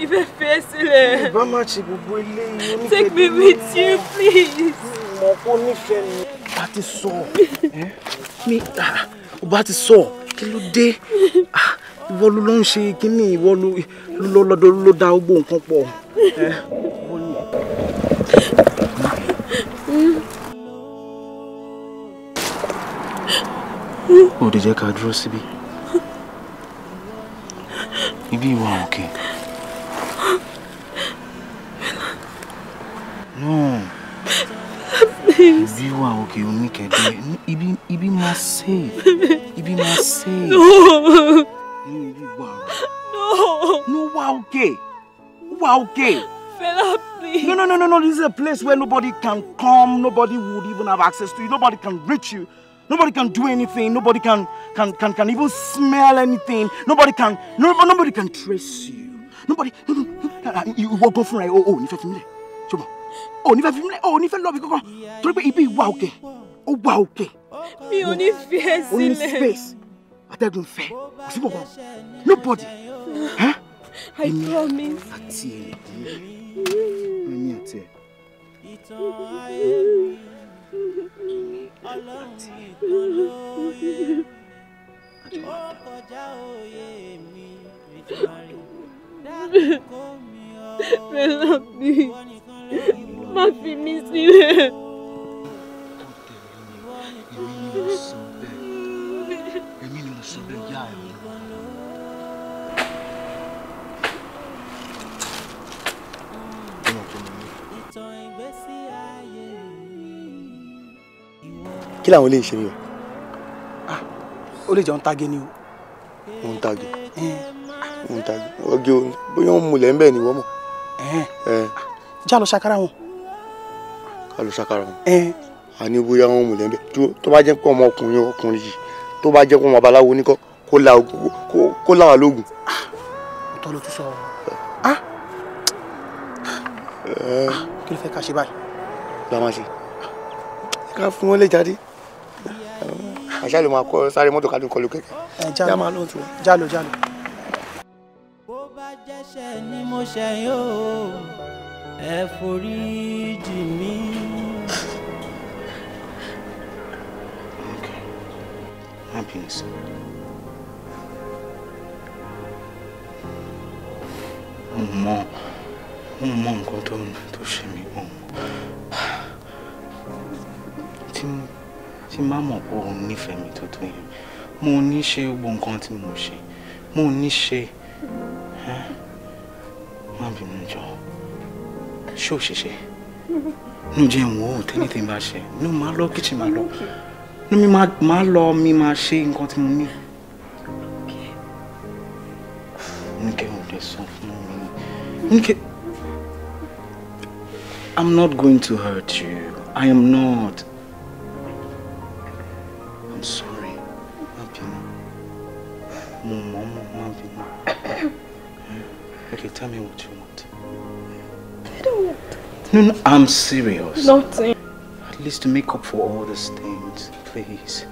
mi fẹ́ fẹ́ sílẹ̀. ìbá má ṣe gbogbo ilé yìí Take me with you please. mo kò nífẹ̀ẹ́ mi. bá ti sọ mi ah, bá ti sọ kí ló dé ah, ìwọ ló ló ń ṣe kínní ìwọ ló ló ló dá gbogbo nǹkan pọ̀. ó dẹ̀ jẹ́ ká dúró síbí ibi ìwà No. Ibi wà òkè oníkẹ̀dẹ́. Ibi ibi máa save. Ibi máa save. No. No ibi wà No. No wà òkè. Wà òkè. No no no no no this is a place where nobody can come nobody would even have access to you nobody can reach you. Nobody can do anything. Nobody can, can, can, can even smell anything. Nobody can, no, nobody can trace you. Nobody, ah, ah, you walk off right. Oh, oh, nífẹ̀ẹ́ fi mí oh, lẹ̀. oh, nífẹ̀ẹ́ fi mí Oh, nífẹ̀ẹ́ lọ bí kankan. Torí pé be ìwà òkè. Ó wà òkè. Mi ò ní fi ẹ́ sílẹ̀. O ní space. Atẹ́gùn fẹ́. Kò sí bọ̀bọ̀. Nobody. Huh? I promise. I ẹ̀. Èmi àti ẹ̀ ọlọ́run nìkan ló yẹ má fi mí sílẹ̀. kí làwọn lè ṣe yẹn. ah ó lè jọ ń tagé ni o. ó ń tagé ó ń tagé ọgẹ o bóyá ó ń mulẹ̀ ń bẹ̀ ni wọ́n mọ̀. Ah, já lọ ṣakara wọn. ká lọ ṣakara wọn. àní bóyá wọn mulẹ̀ ń bẹ̀ tó bá jẹ́ pé ọmọ ọkùnrin ọkùnrin yìí tó bá jẹ́ pé ọmọ babaláwo ní kọ́ kó láwa lóògùn. ọ̀tọ̀ ah, ló tún sọ ọ́ ah. kí ló fẹ́ ká ṣe báyìí. la máa ṣe ká fún wọn lè jáde àṣà ló máa kọ sáré mọ́tò ká tó kọlu kẹ̀kẹ́. ẹ jalo jalo jalo. bó bá jẹ́sẹ̀ ni mo ṣe yóò ẹ forí jì mí. Happiness. mo mọ mo mọ nǹkan tó ṣe mí gan tí mo tí má mọ̀ pé òun nífẹ̀ẹ́ mi tó tó yẹn mo ní ṣe gbogbo nǹkan tí mo ṣe mo ní ṣe má bínú jọ ṣé ò ṣe nu jẹ́ ìwọ̀n ò tẹ́lẹ̀ tẹ́lẹ̀ bá ṣe nu máa lọ kíchìn máa lọ nu mi máa lọ mi máa ṣe nǹkan tí mo ní. Nike ò lè sọ fún mi. Nike. I'm not going to hurt you. I am not. sorry. Má bínú. Mo mọ̀ Okay, tell me what you want. I don't want. No, no, I'm serious. Nothing. At least to make up for all these things, please.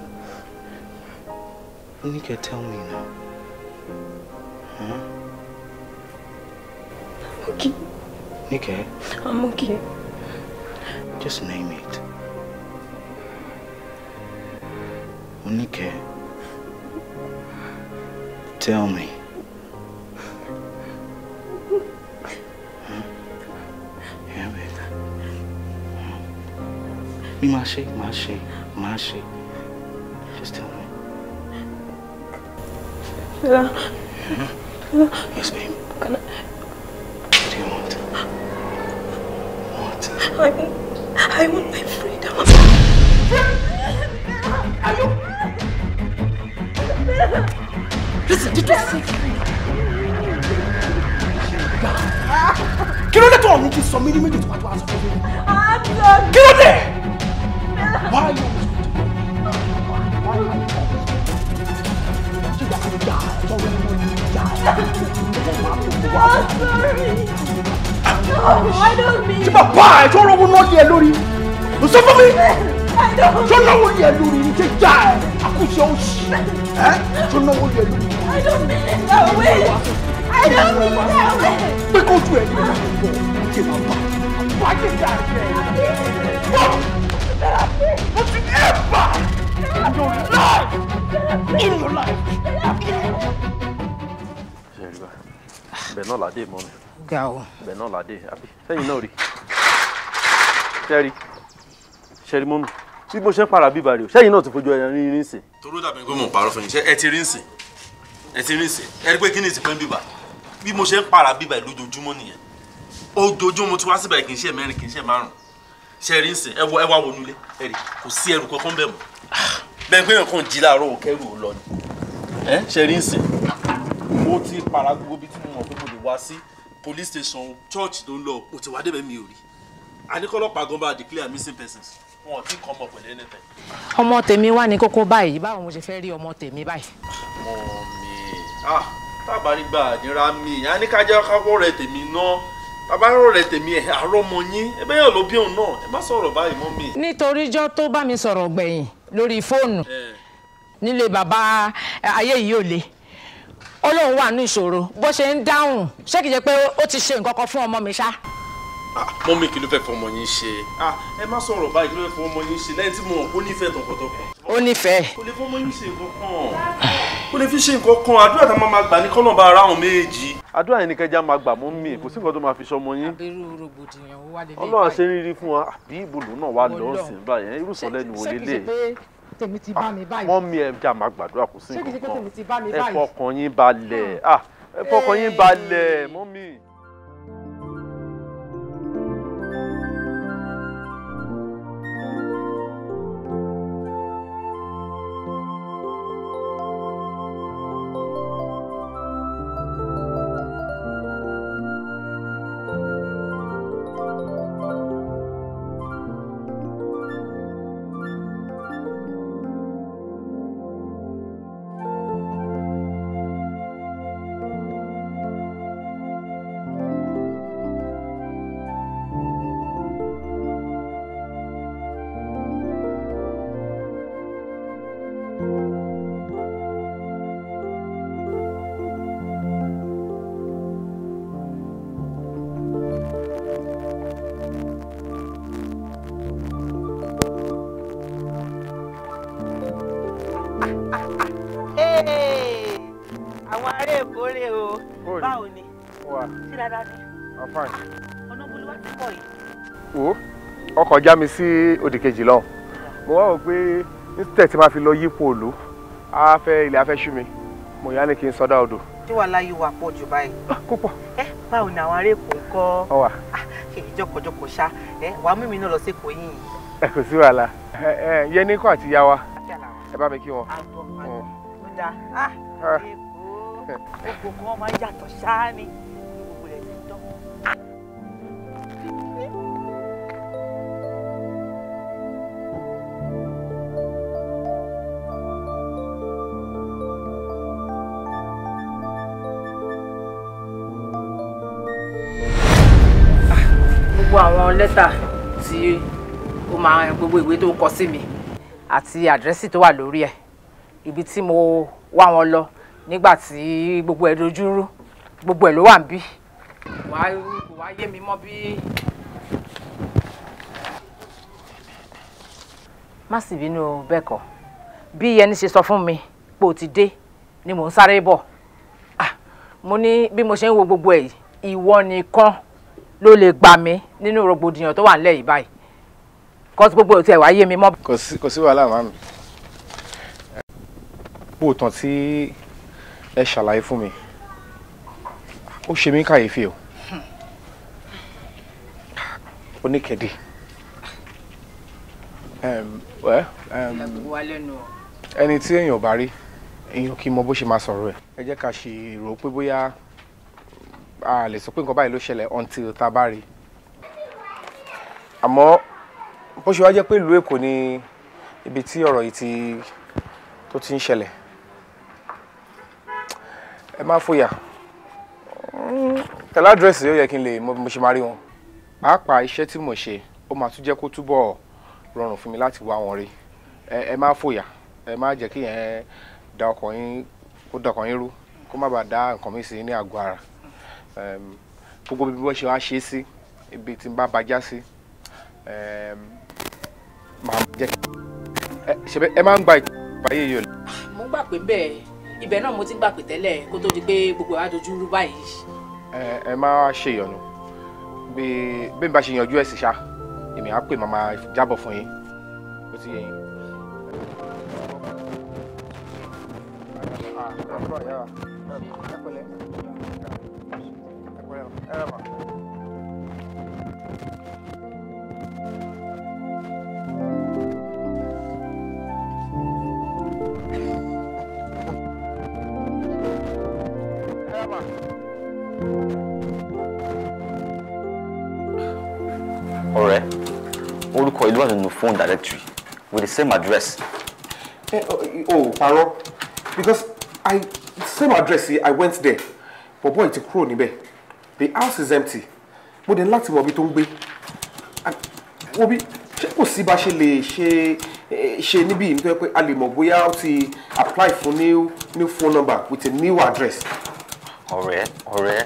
You need tell me now. Huh? I'm okay. Nike? I'm okay. Just name it. Unike, tell me. Mi máa ṣe, máa ṣe, máa ṣe. Just tell me. Fela. Hmm? Yes, babe. Can I... What do you want? What? I... kí ló dé tó ọ̀run ti sọ mí ní méjì tó wá tó wá sọ fún mi. kí ló dé. why you why you ṣe ìyàwó ìyá sọ̀rọ̀ ẹ̀rọ ìyá ṣe bàbá ẹ̀ tó rọ́wọ́ náà lé ẹ lórí ló sọ fún mi tó náwó lé ẹ lórí ní ṣe já ẹ àkúṣe ó ṣì ẹ tó náwó lé ẹ lórí. I don't mean that way. I don't mean that way. Pé kó ju ẹni náà ń bọ̀, ó jẹ́ máa bá. Wá jẹ́ ìjà rẹ̀. Wọ́n mo ti ní ẹ̀bà in your life. In your life. Ṣé rí báyìí? Bẹ́ẹ̀ náà làdé mọ́ mi. Ga o. Bẹ́ẹ̀ náà làdé àbí. Sẹ́yìn náà rí. Ṣé rí? Ṣé rí mọ́ mi? Bí mo ṣe ń para bíbá rè o, sẹ́yìn náà ti fojú ẹran rí rí ń sìn. Toró dàbí pé mò parọ́ fún yín, ṣé ẹ ti rí ń sìn? ẹ ti rí ìsìn ẹ rí pé kí ni ìsìn kan bíbà bí mo ṣe ń para bíbà lójoojúmọ́ nìyẹn ojoojúmọ́ tí wá síbà kì í ṣe mẹ́rin kì í ṣe márùn ṣe rí ìsìn ẹ wọ ẹ wá wọnú ilé ẹ rí kò sí ẹrù kankan bẹ́ẹ̀ mọ́ bẹ́ẹ̀ pé nǹkan jí láàárọ̀ òkẹ́rù ò lọ ni ẹ ṣe rí ìsìn mo ti para gbogbo bí tí mo mọ̀ pé mo lè wá sí police station church tó ń lọ o ti wá débẹ̀ mi ò rí àníkọ́lọ́pàá gan bá declare missing persons wọn ò tí kọ́ ọmọ pẹ̀lú ẹni tẹ̀. ọmọ tèmi wà ní kókó báyìí báwo mo ṣe fẹ́ rí ọmọ tèmi báyìí tábàárí ah, gbà nira mi ìyá ní kájá káwọ́ rẹ tèmi náà tabarọ rẹ tèmi ẹ àrọmọ yín ẹbẹ yàn ló bí òun náà ẹ má sọ̀rọ̀ báyìí mọ́ mi. nítorí jọ tó bá mi sọ̀rọ̀ gbẹ̀yìn lórí fóònù nílé bàbá ayé yìí ò le ó lóun wà ní ìṣòro bó ṣe ń dáhùn ṣé kìí jẹ́ pé ó ti ṣe nǹkan kan fún ọmọ mi ṣá mọ́mí kí ló fẹ́ fọmọ yín ṣe ẹ má sọ̀rọ̀ báyìí kí ló fẹ́ fọmọ yín ṣe lẹ́yìn tí mo mọ̀ kó nífẹ̀ẹ́ tọkàntọkàn. ó nífẹ̀ẹ́. kò lè fọmọ yín ṣe nǹkan kan kò lè fi ṣe nǹkan kan àdúrà tá a máa gbà ní kọ́nà bá ara àwọn méjì. àdúrà yẹn ni kẹjá máa gbà mọ́ mí kò sí nǹkan tó máa fi sọmọ yín. abirú rògbòdìyàn wà lélẹ́yìn. ọlọ́run ṣe rírí fún wa àbí ìbòlù náà wà lọ́sìn báyẹn irú sọ̀lẹ́nu wò lélẹ̀ tèmi ti bá mi ah, báyìí. mọ́mí ẹ jẹ́ àmà gbàdúrà kò sí nǹkan kan ah, ẹ fọkàn yín balẹ̀ wo ọkọ̀ já mi sí òdì lọ mo wá pé instead tí mafi fi lọ yípo òlu á ilé ilẹ̀ ṣú mi mo yá ni kí n sọdá odò. tí wàá láyé wà pọ̀ jù báyìí. púpọ̀. Ah, ẹ báwo ni àwọn ará ń kọ́. ọ wà. Ah, jọkọjọkọ wàá náà lọ sí yìí. ẹ kò sí wàhálà ẹ ẹ àti wa ẹ bá mi kí àwọn lẹ́tà tí ó máa gbogbo ìwé tó ń kọ sí mi àti àdírẹ́sì tó wà lórí ẹ̀ ibi tí mo wá wọn lọ nígbà tí gbogbo ẹ̀ dojú rú gbogbo ẹ̀ ló wà ń bí. wàá wàá yé mi mọ́ bí. má sì bínú bẹ́ẹ̀ kọ́ bí ẹni ṣe sọ fún mi pé o ti dé ni mò ń sáré bọ̀ ah mo ní bí mo ṣe ń wo gbogbo ẹ̀ ìwọ nìkan ló lè gbà mí nínú rògbòdìyàn tó wà nílẹ̀ yìí báyìí kò sí gbogbo òtí ẹ̀ wá yé mi mọ́. kò sí wàhálà màmí bóòtàn tí ẹ ṣàlàyé fún mi ó ṣe mí kàyéfì o oníkèdè ẹni tí èèyàn bá rí èèyàn kì í mọ bó ṣe máa sọ̀rọ̀ ẹ̀ ẹ jẹ́ ká ṣe rò ó pé bóyá a lè sọ pé nǹkan báyìí ló ṣẹlẹ̀ until tá a bá rí i àmọ́ bó ṣe wá jẹ́ pé ìlú Èkó ni ibi tí ọ̀rọ̀ yìí ti tó ti ń ṣẹlẹ̀ ẹ má fòyà tẹ̀lé àdírẹ́sì yóò yẹ kí n lè mọ bí mo ṣe máa rí wọn pàápàá iṣẹ́ tí mo ṣe ó máa tún jẹ́ kó túbọ̀ rọrùn fún mi láti wá wọn rí ẹ má fòyà ẹ má jẹ́ kí yẹn da ọkàn yín kó da ọkàn yín rú kó má bàa dá nǹkan mi sí ní àgọ́ ara gbogbo bí wọ́n ṣe wá ṣe sí ibi tí n bá bàjá sí màá jẹ́ kí ẹ máa ń gba ìgbàyè yìí o. mo gbà pé bẹ́ẹ̀ ibẹ̀ náà mo ti gbà pé tẹ́lẹ̀ kó tó di pé gbogbo wa dojú rú báyìí. ẹ má ṣe ìyọnu bí bí n bá ṣe yanjú ẹ̀ sì ṣá èmi á pè màmá jábọ̀ fún yín bó ti yẹ yín. Thank ah, you ọ̀rẹ́ orúkọ ìlú wà nínú phone directory with the same address. Eh, o oh, oh, oh, parọ́ because i same address i went there but boy ti kúrò níbẹ̀ the house is empty mo dẹ̀ ní láti mọ ibi tó ń gbé wo bí ṣé kò sí bá ṣe lè ṣe eh, ṣe níbí yìí nítorí pé a lè mọ̀ bóyá ó ti apply fún new new phone number with a new address. ọ̀rẹ́ ọ̀rẹ́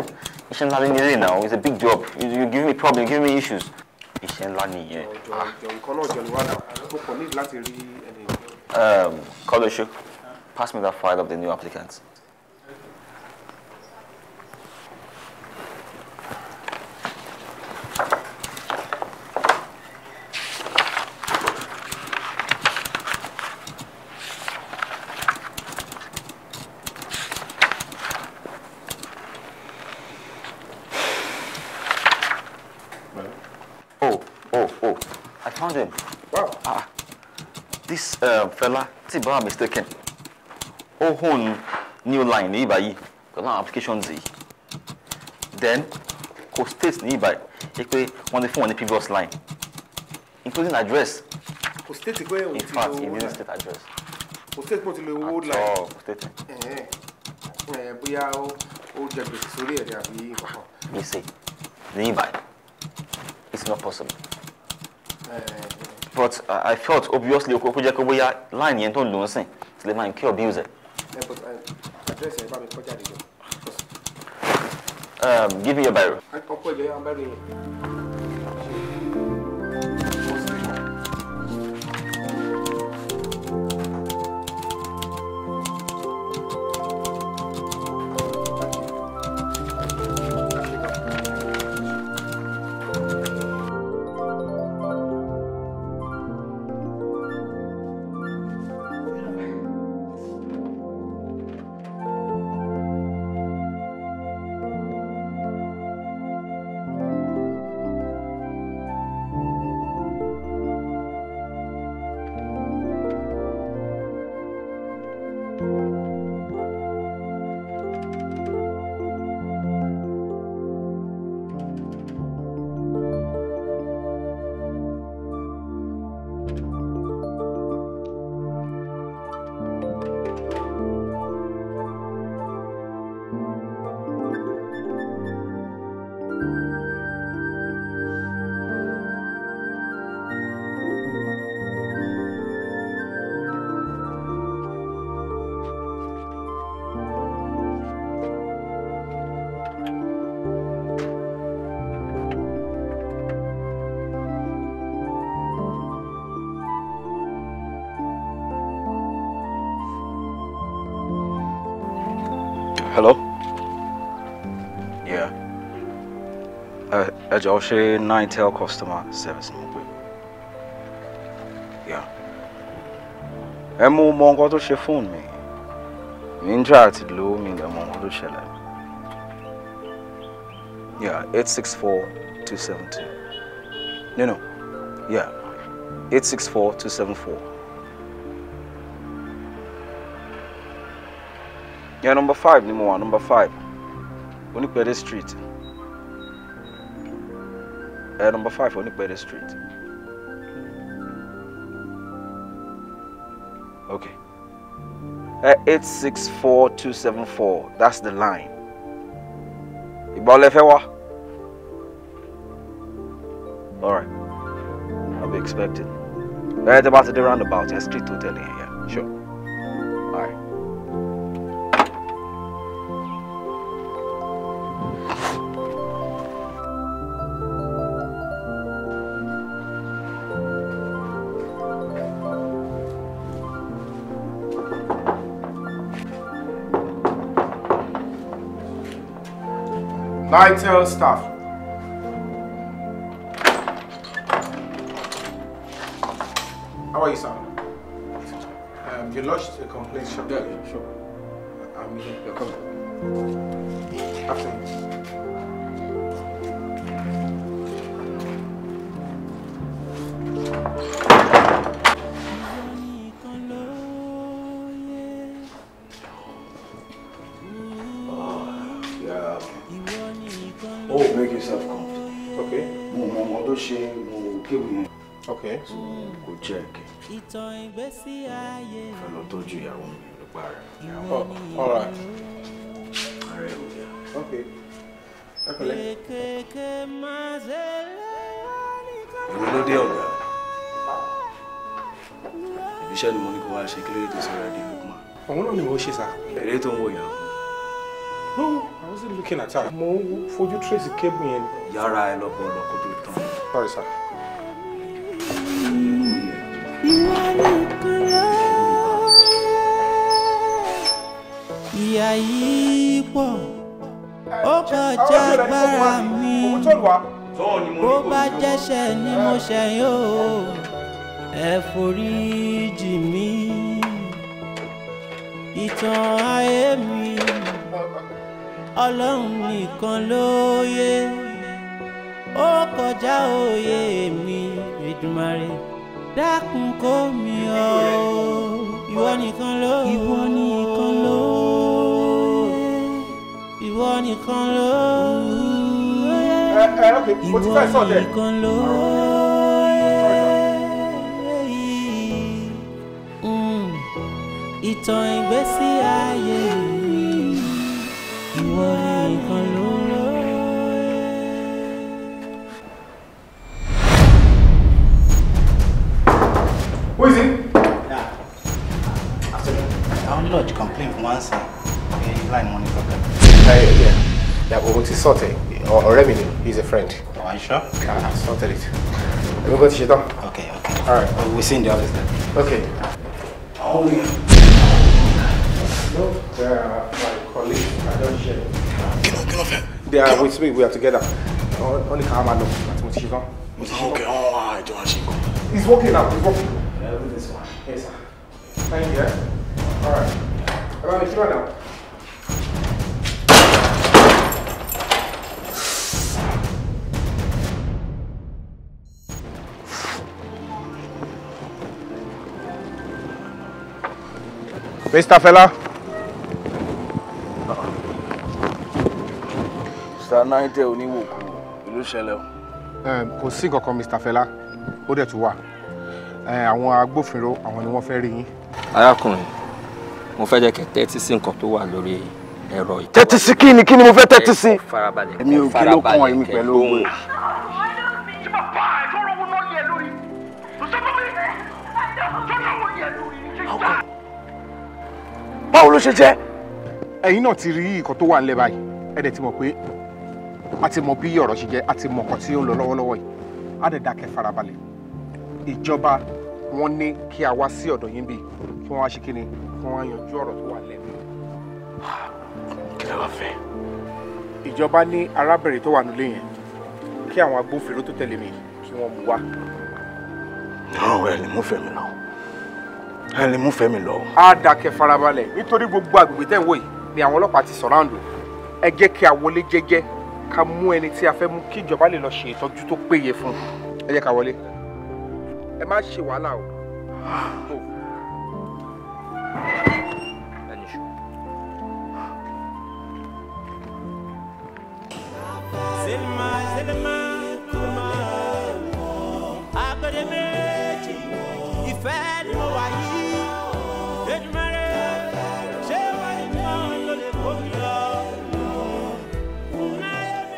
iṣẹ́ ńlá ní ilé náà it's a big job you, give me problem you give me issues iṣẹ́ ńlá nìyẹn. ọjọ́ nǹkan náà jọ ni wà náà ní láti rí ẹni. Um, kọ́lọ́ṣù pass me that file of the new applicants. Oh, I found him. Wow. Ah, this uh, fella, tí bá mistaken, Oh, new line ní ìbáyìí pẹ̀lú àwọn applications Then, kò state ní ìbáyìí ṣe pé wọ́n ti fún previous line including address. Kò state pé òun ti lo owó line. In fact, he didn't state address. Kò state pé òun ti lo owó Eh, eh. Eh, state. Bóyá ó jẹ gbèsè sórí ẹ̀rẹ̀ àbí ìkọ̀kan. Gbèsè ní ìbáyìí. It's not possible but i felt obviously o kò jẹ́ pé bóyá line yẹn tó lò ń sìn ti lè máa ń kí ọ̀bí ọ̀sẹ̀. address yẹn bá um, give me your biro. ẹ jọ ṣe nitel customer service ni mo pè yeah ẹ mú mọ nǹkan tó ṣe fóònù mi mi ń jà àti lò mí lè mọ nǹkan tó ṣẹlẹ̀ yeah eight six four two seven two no no yeah eight six four two seven four. Yeah, number five, ni mo wà, number five. Onípẹ̀dẹ̀ street. Uh, number five, Onipere Street. Okay. Uh, eh, 864274. That's the line. Ibalefewa. Alright. I'll be expected. Eh, right about the roundabout, a street hotel here. vital stuff. Okay. kò jẹ́ ẹ̀kẹ́ fẹ́ lọ tọ́jú ìyàwó mi nípa rẹ̀ ara ẹ̀ ò yá. èmi ló dé ọ̀gá ìbíṣẹ́ ni mo ní kó wá ṣe kílódé tó sọ̀rọ̀ ẹ̀dín lókùnmá. òun náà ni mo ṣe sá. èrè tó ń wò yàn. no i wasn't looking at her. mo fojú tracy kébù yẹn. yàrá ẹ lọ bọ̀ ọ̀lọ́kọ̀ tó tán. sorry sir. ìyá yìí pọ̀ ó agbára mi bó bá jẹ́ṣẹ̀ ni mo ṣẹ̀ yóò ẹ forí ìtàn ayé mi ọlọ́run nìkan ló yé ó kọjá òye mi Èdùmàrè dákun kó mi ọ ìwọ nìkan ló ìwọ nìkan. nìkan ló ìwọ nìkan ló hmm, ìtàn ìgbésí ayé ìwọ nìkan ló. Who is it? Yeah. After that, I only lodge complaint from one side. Yeah, you line money for that. Hey, yeah. Yeah, we but what is sorted? Or, or Remini, he's a friend. Oh, are you sure? Yeah, I ah, sorted it. Let me go to Shaitan. Okay, okay. Alright. Oh, we'll see in the office then. Okay. Oh, yeah. No, there are my colleagues. I don't share. Get off, get off here. They are with me. We are together. Only Kahama knows. That's what she's on. Okay, oh, I don't actually He's working now. He's working. Yeah, with this one. Yes, sir. Thank you. Eh? Alright. Everyone, it's you now. Mr. fella, Mr. Naite oníwòkú ìlú ṣẹlẹ̀ o. Eh, kò sí nǹkan kan Mr. Fela, ó dẹ̀ tún wà. Eh, àwọn agbófinró àwọn ni wọ́n fẹ́ rí yín. Arákùnrin, mo fẹ́ jẹ́ kẹ́ tẹ́tí sí nǹkan tó wà lórí ẹ̀rọ ìtẹ́wọ́. Tẹ́tí sí kí ni kí ni mo fẹ́ tẹ́tí sí? Farabalẹ̀ kẹ́ farabalẹ̀ kẹ́ lóhùn. báwo ló ṣe jẹ́. ẹ̀yin náà ti rí nǹkan tó wà nílẹ̀ báyìí ẹ dẹ̀ ti mọ̀ pé a ti mọ bí ọ̀rọ̀ ṣe jẹ́ a ti mọ nǹkan tí ó ń lọ lọ́wọ́lọ́wọ́ yìí á dẹ̀ dákẹ́ farabalẹ̀ ìjọba wọn ní kí a wá sí ọ̀dọ̀ yín bíi kí wọ́n wá ṣe kíni kí wọ́n yanjú ọ̀rọ̀ tó wà lẹ́nu. kí ló wàá fẹ́. ìjọba ní arábìnrin tó wà nílé yẹn kí àwọn agbófinró tó tẹ̀lé mi kí wọ́n mú wá. náà wẹ́ẹ̀ ni mo fẹ́ mi náà ẹ lè mú fẹ́mi lọ. á dákẹ́ farabalẹ̀ nítorí gbogbo àgbègbè tẹ̀ ń wò yìí ni àwọn ọlọ́pàá ti sọ̀ráǹdù ẹ jẹ́ kí a wọlé jẹ́jẹ́ ká mú ẹni tí a fẹ́ mú kí ìjọba lè lọ ṣe ìtọ́jú tó péye fún un ẹ jẹ́ ká wọlé ẹ má ṣe wàhálà o. Zelma, Zelma.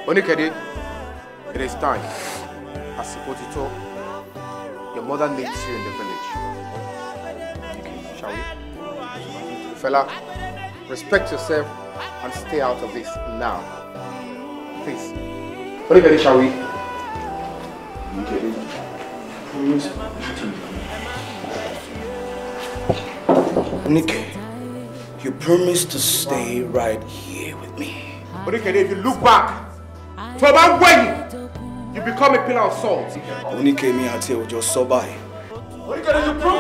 Onikede, it is time. As Sipotito, your mother needs you in the village. shall we? Fella, respect yourself and stay out of this now. Please. Onikede, shall we? Onikede, you promised to stay right here with me. Onikede, if you look back, tó bá wẹ̀yìn you become a pillar of salt. oníkèémí àti òjò sọ báyìí. oníkèémí you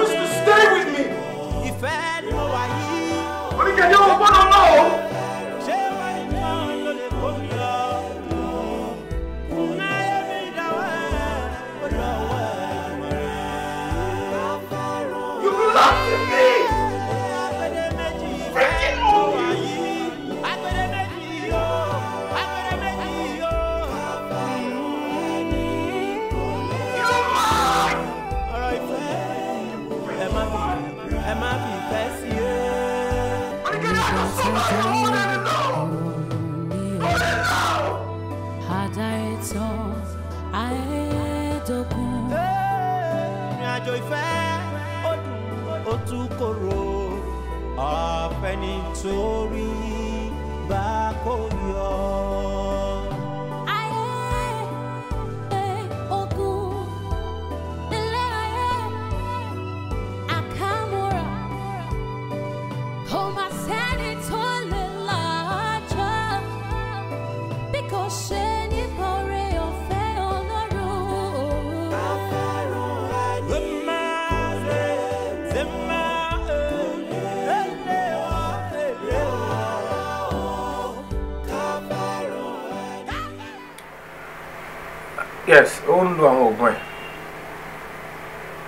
lo àwọn oògùn ẹ̀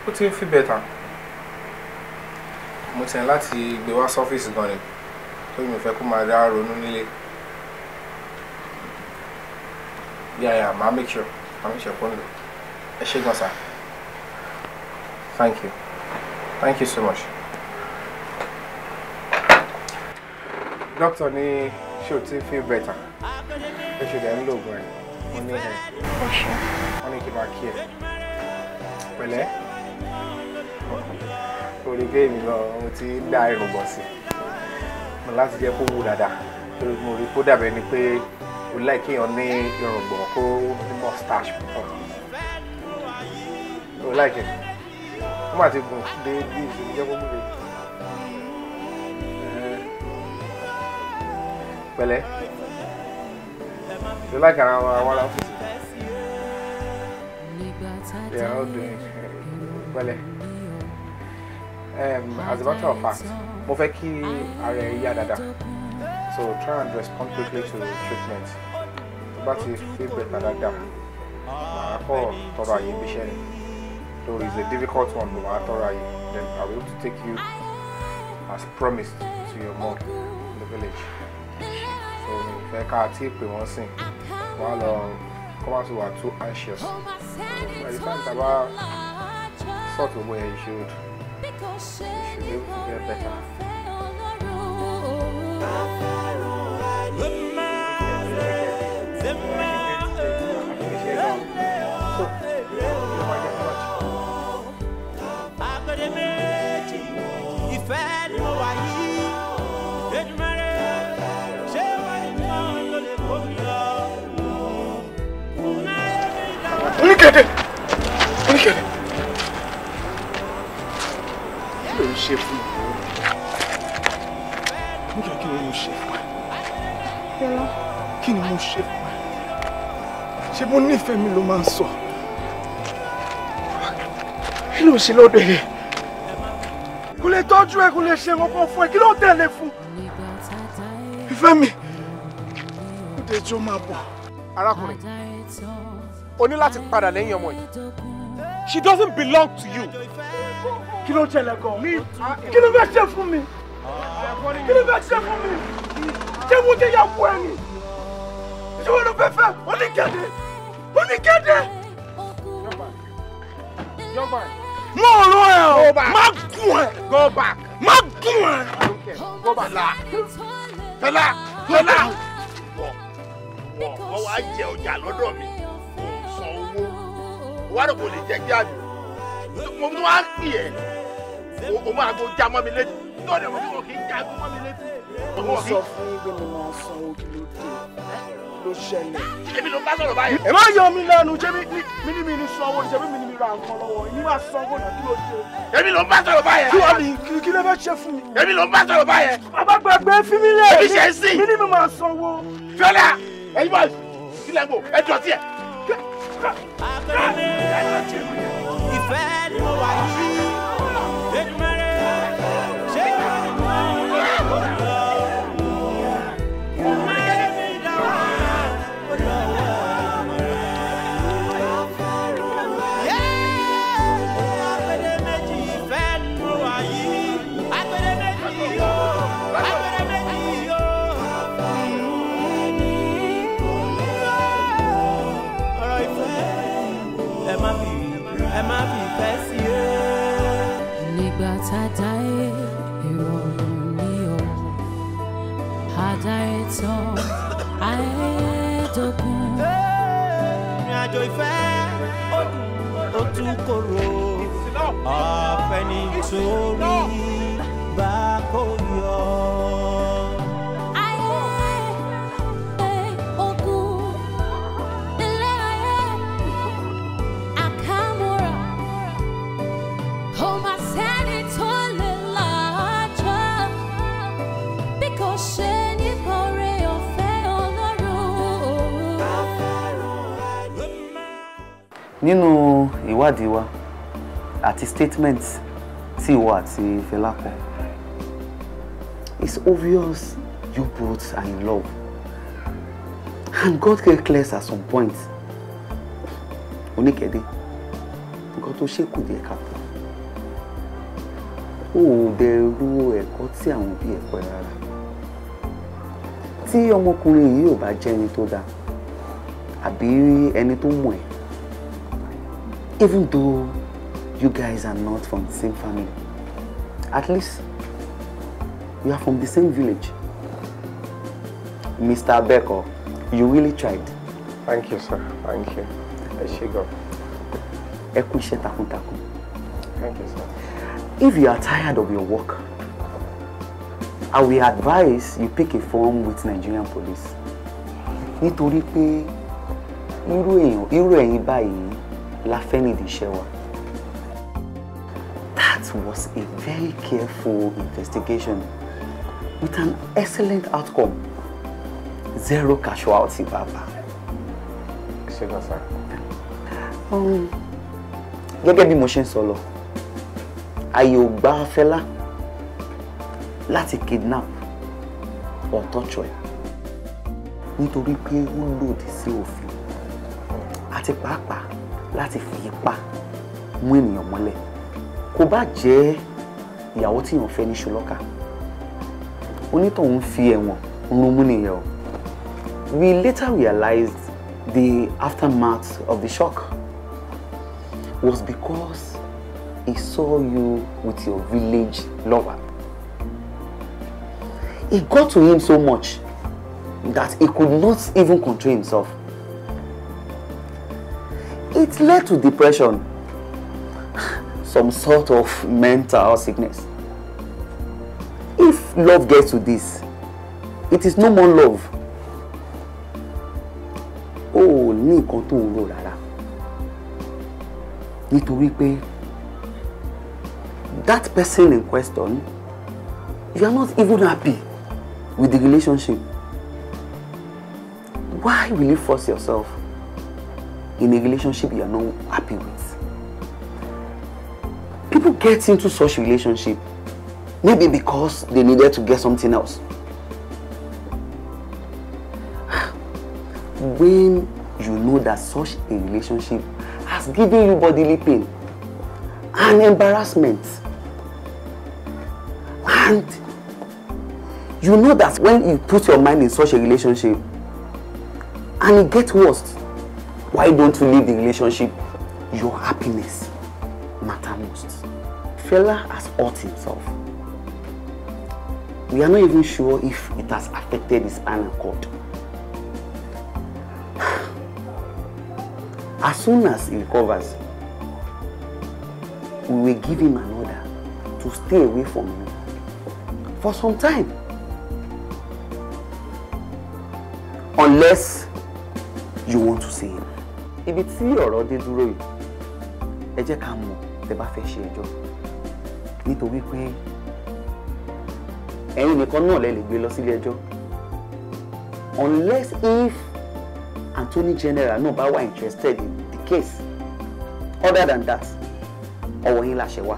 ó ti ń fi bẹ́tà mo tẹ̀ láti gbé wá sọ́fíìsì gan ni tó mi fẹ́ kó máa dá ronú nílé bí àyà máa make sure máa make sure kó ń lò ẹ ṣé gan sa thank you thank you so much. doctor ní ṣé o ti feel better? ẹ ṣe dẹ̀ ń lo oògùn ẹ̀ wọ́n ní ẹ̀ wọ́n ní kí n máa kí ẹ pẹ̀lẹ́ orí géèmì gan mo ti ń dá irun bọ̀ sí mo láti jẹ́ kó wù dáadáa torí mo rí kó dàbẹ̀ ni pé o láì kéèyàn ní irun bọ̀ kó ní mustache púpọ̀ o láì kẹ́ ó mà ti gùn dé bí ìṣèlú jẹ́ kó mú You like our, our outfit? Yeah, all doing well. Um, as a matter of fact, moveki are kí ara So try and respond quickly to treatment. But if ti feel better dáadáa, I call tọrọ àyè Though it's a difficult one, but màá tọrọ àyè. Then I will to take you as promised to your mom in the village. So mo fẹ́ ká àti ìpè wọ́n sìn wà á lọ kọ́ máa too anxious by the time taba sort gbogbo yẹn you should you should be able to get better. The man, the man. oníkẹ̀dẹ̀ oníkẹ̀dẹ̀ kí ló ń ṣe fún mi mo jẹ́ kí ló ń ṣe fún ẹ kí ni mo ṣe fún ẹ ṣé mo nífẹ̀ẹ́ mi ló máa ń sọ kí ló ń ṣe lọ́dọ̀ ẹ̀ kò lè tọ́jú ẹ kò lè ṣe kankan fún ẹ kí ló ń tẹ̀lé fún ìfẹ́ mi ó dé jó máa bọ̀ arákùnrin o ní láti padà lẹ́yìn ọmọ yìí she doesn't belong to you. kí ló ṣẹlẹ̀ gan mi kí ló fẹ́ ṣe fún mi kí ló fẹ́ ṣe fún mi ṣé mo jẹ́ ìyàwó ẹ̀ ni ṣé wọ́n ló fẹ́ fẹ́ oníkẹ́dẹ́ oníkẹ́dẹ́. mo rọ ẹ o má gùn ẹ má gùn ẹ. Bọ́lá Bọ́lá Bọ́lá wọ́n wá jẹ ọjà lọ́dọ̀ mi wá rò kò lè jẹ́ kí àbí mo tún wá pì ẹ́ o máa kó já mọ́ mi létí tó lè mo tún wọ́n kì í já mọ́ mi létí. mo sọ fún yín pé mo ló ṣẹlẹ̀. ṣébi ló bá sọ̀rọ̀ báyìí. ẹ má yọ mi lẹ́nu ṣé mi ní mi ní sanwó ṣé mi ní mi ra nǹkan lọ́wọ́ yín máa sanwó náà kí ló dé. èmi ló bá sọ̀rọ̀ báyìí. kí wọ́n ní kí ló fẹ́ ṣe fún mi. èmi ló bá sọ̀rọ̀ báyìí. bàbá gbàgbé fi mí lẹ̀. èmi ṣe é sí. mi ní mi máa sanwó. fiọ́lá ẹ̀yin bá sílẹ̀ ń bò ẹ̀ dọ̀tí ìfẹ́ ni mo wà yìí. àtúkòrò ọ̀fẹ́ ni torí bá kò yọ. nínú ìwádìí wa àti statement tí ìwọ àti Fẹlá kọ it's obvious you both are in love and God get clear at some point oníkẹ́dé nǹkan tó ṣe kù díẹ̀ káàpọ̀ ó bẹ̀rù ẹ̀kọ́ tí àwọn òbí ẹ̀ pẹ́ rárá tí ọmọkùnrin yìí ò bá jẹ́ ẹni tó dáa àbí ẹni tó mọ̀ ẹ́ even though you guys are not from the same family, at least you are from the same village. Mr. Beko, you really tried. Thank you, sir. Thank you. I should go. Thank you, sir. If you are tired of your work, I will advise you pick a form with Nigerian police. Nítorí pé irú èèyàn irú ẹ̀yin báyìí Laughing in the shower. That was a very careful investigation with an excellent outcome. Zero casualty, Baba. Ṣé gbọ́ sá? Um, gẹ́gẹ́ bí mo ṣe ń sọ lọ, àyè ò gbà Fẹlá láti kidnap or torture ẹ̀ nítorí pé ó lòdì sí òfin àti pàápàá láti fi ipá mú ènìyàn mọ́lẹ̀ kò bá jẹ́ ìyàwó tí èèyàn fẹ́ ní ṣùlọ́kà onítọ̀hún fi ẹ̀wọ̀n runmú nìyẹn o we later realized the aftermath of the shock was because he saw you with your village lover it got to him so much that he could not even control himself it led to depression, some sort of mental sickness. If love gets to this, it is no more love. O ò ní nǹkan tó ń rò rárá nítorí pé that person in question you are not even happy with the relationship. Why will you force yourself? in a relationship you are not happy with. People get into such relationship maybe because they needed to get something else. When you know that such a relationship has given you bodily pain and embarrassment and you know that when you put your mind in such a relationship and it gets worse Why don't you leave the relationship? Your happiness matter most. Fella has hurt himself. We are not even sure if it has affected his spinal cord. As soon as he recovers, we will give him an order to stay away from you for some time. Unless you want to see him. ibi tí ọ̀rọ̀ dé dúró yìí ẹ jẹ́ ká mọ̀ tẹ́ bá fẹ́ ṣe ẹjọ́ nítorí pé ẹ̀yin nìkan náà lẹ lè gbé lọ sílé ẹjọ́ unless if attorney general náà bá wà interested in the case other than that ọwọ́ yín láṣẹ wà.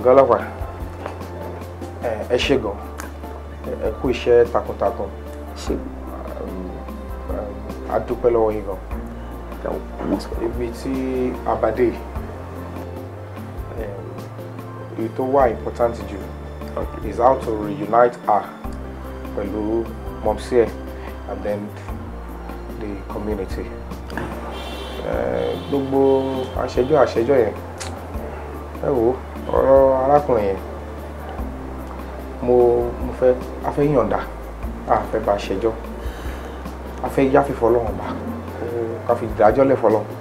ọ̀gá ọlọ́pàá ẹ ṣé gan ẹ kú iṣẹ́ takuntakun. ṣé gan a dúpẹ́ lọ́wọ́ yín gan ibi tí abadé eh, èyí tó wà important jù is how to reunite her pẹ̀lú mọ̀mísí ẹ̀ and then the community eh, gbogbo àṣẹjọ́ àṣẹjọ́ yẹn ẹ wo ọ̀rọ̀ arákùnrin yẹn mo mo fẹ́ afẹ́ yọ̀ǹda àfẹ́ bá ṣẹjọ́ a fẹ́ yáfi fọlọ́run bá ká fi dájọ́ lẹ̀ fọlọ́run.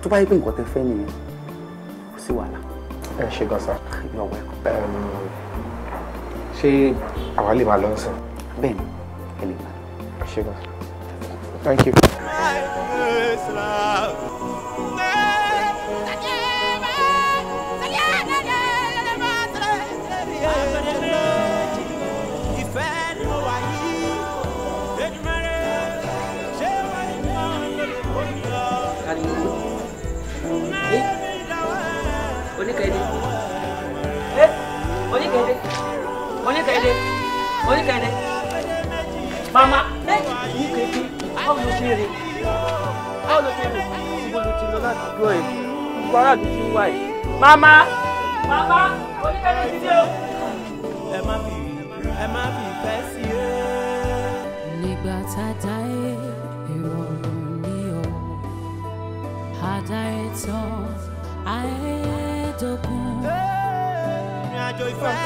tó bá yẹ pé nǹkan tẹ fẹ́ nìyẹn kò sí wàhálà. ẹ ṣe gan sa. yọ wẹ. ṣé àwa lè máa lọ sí. bẹ́ẹ̀ni ẹ lè máa. ṣe gan sa. thank you. oníkẹ̀dé oníkẹ̀dé oníkẹ̀dé mama oníkẹ̀dé báwo ló ṣe rè báwo ló ṣe rè ibo ló ti lọ láti gbọ́ ẹ̀ gbogbo ará àdúgbò wa ẹ̀ mama mama oníkẹ̀dé ti dé o. ẹ má fi ẹ má fi ìfẹ́ sí i. nígbà tá a dá ẹ ìrọ̀rùn ní ọ àdáyé tán àyè e dógún. Hey! ìrìnàjò ìfẹ́.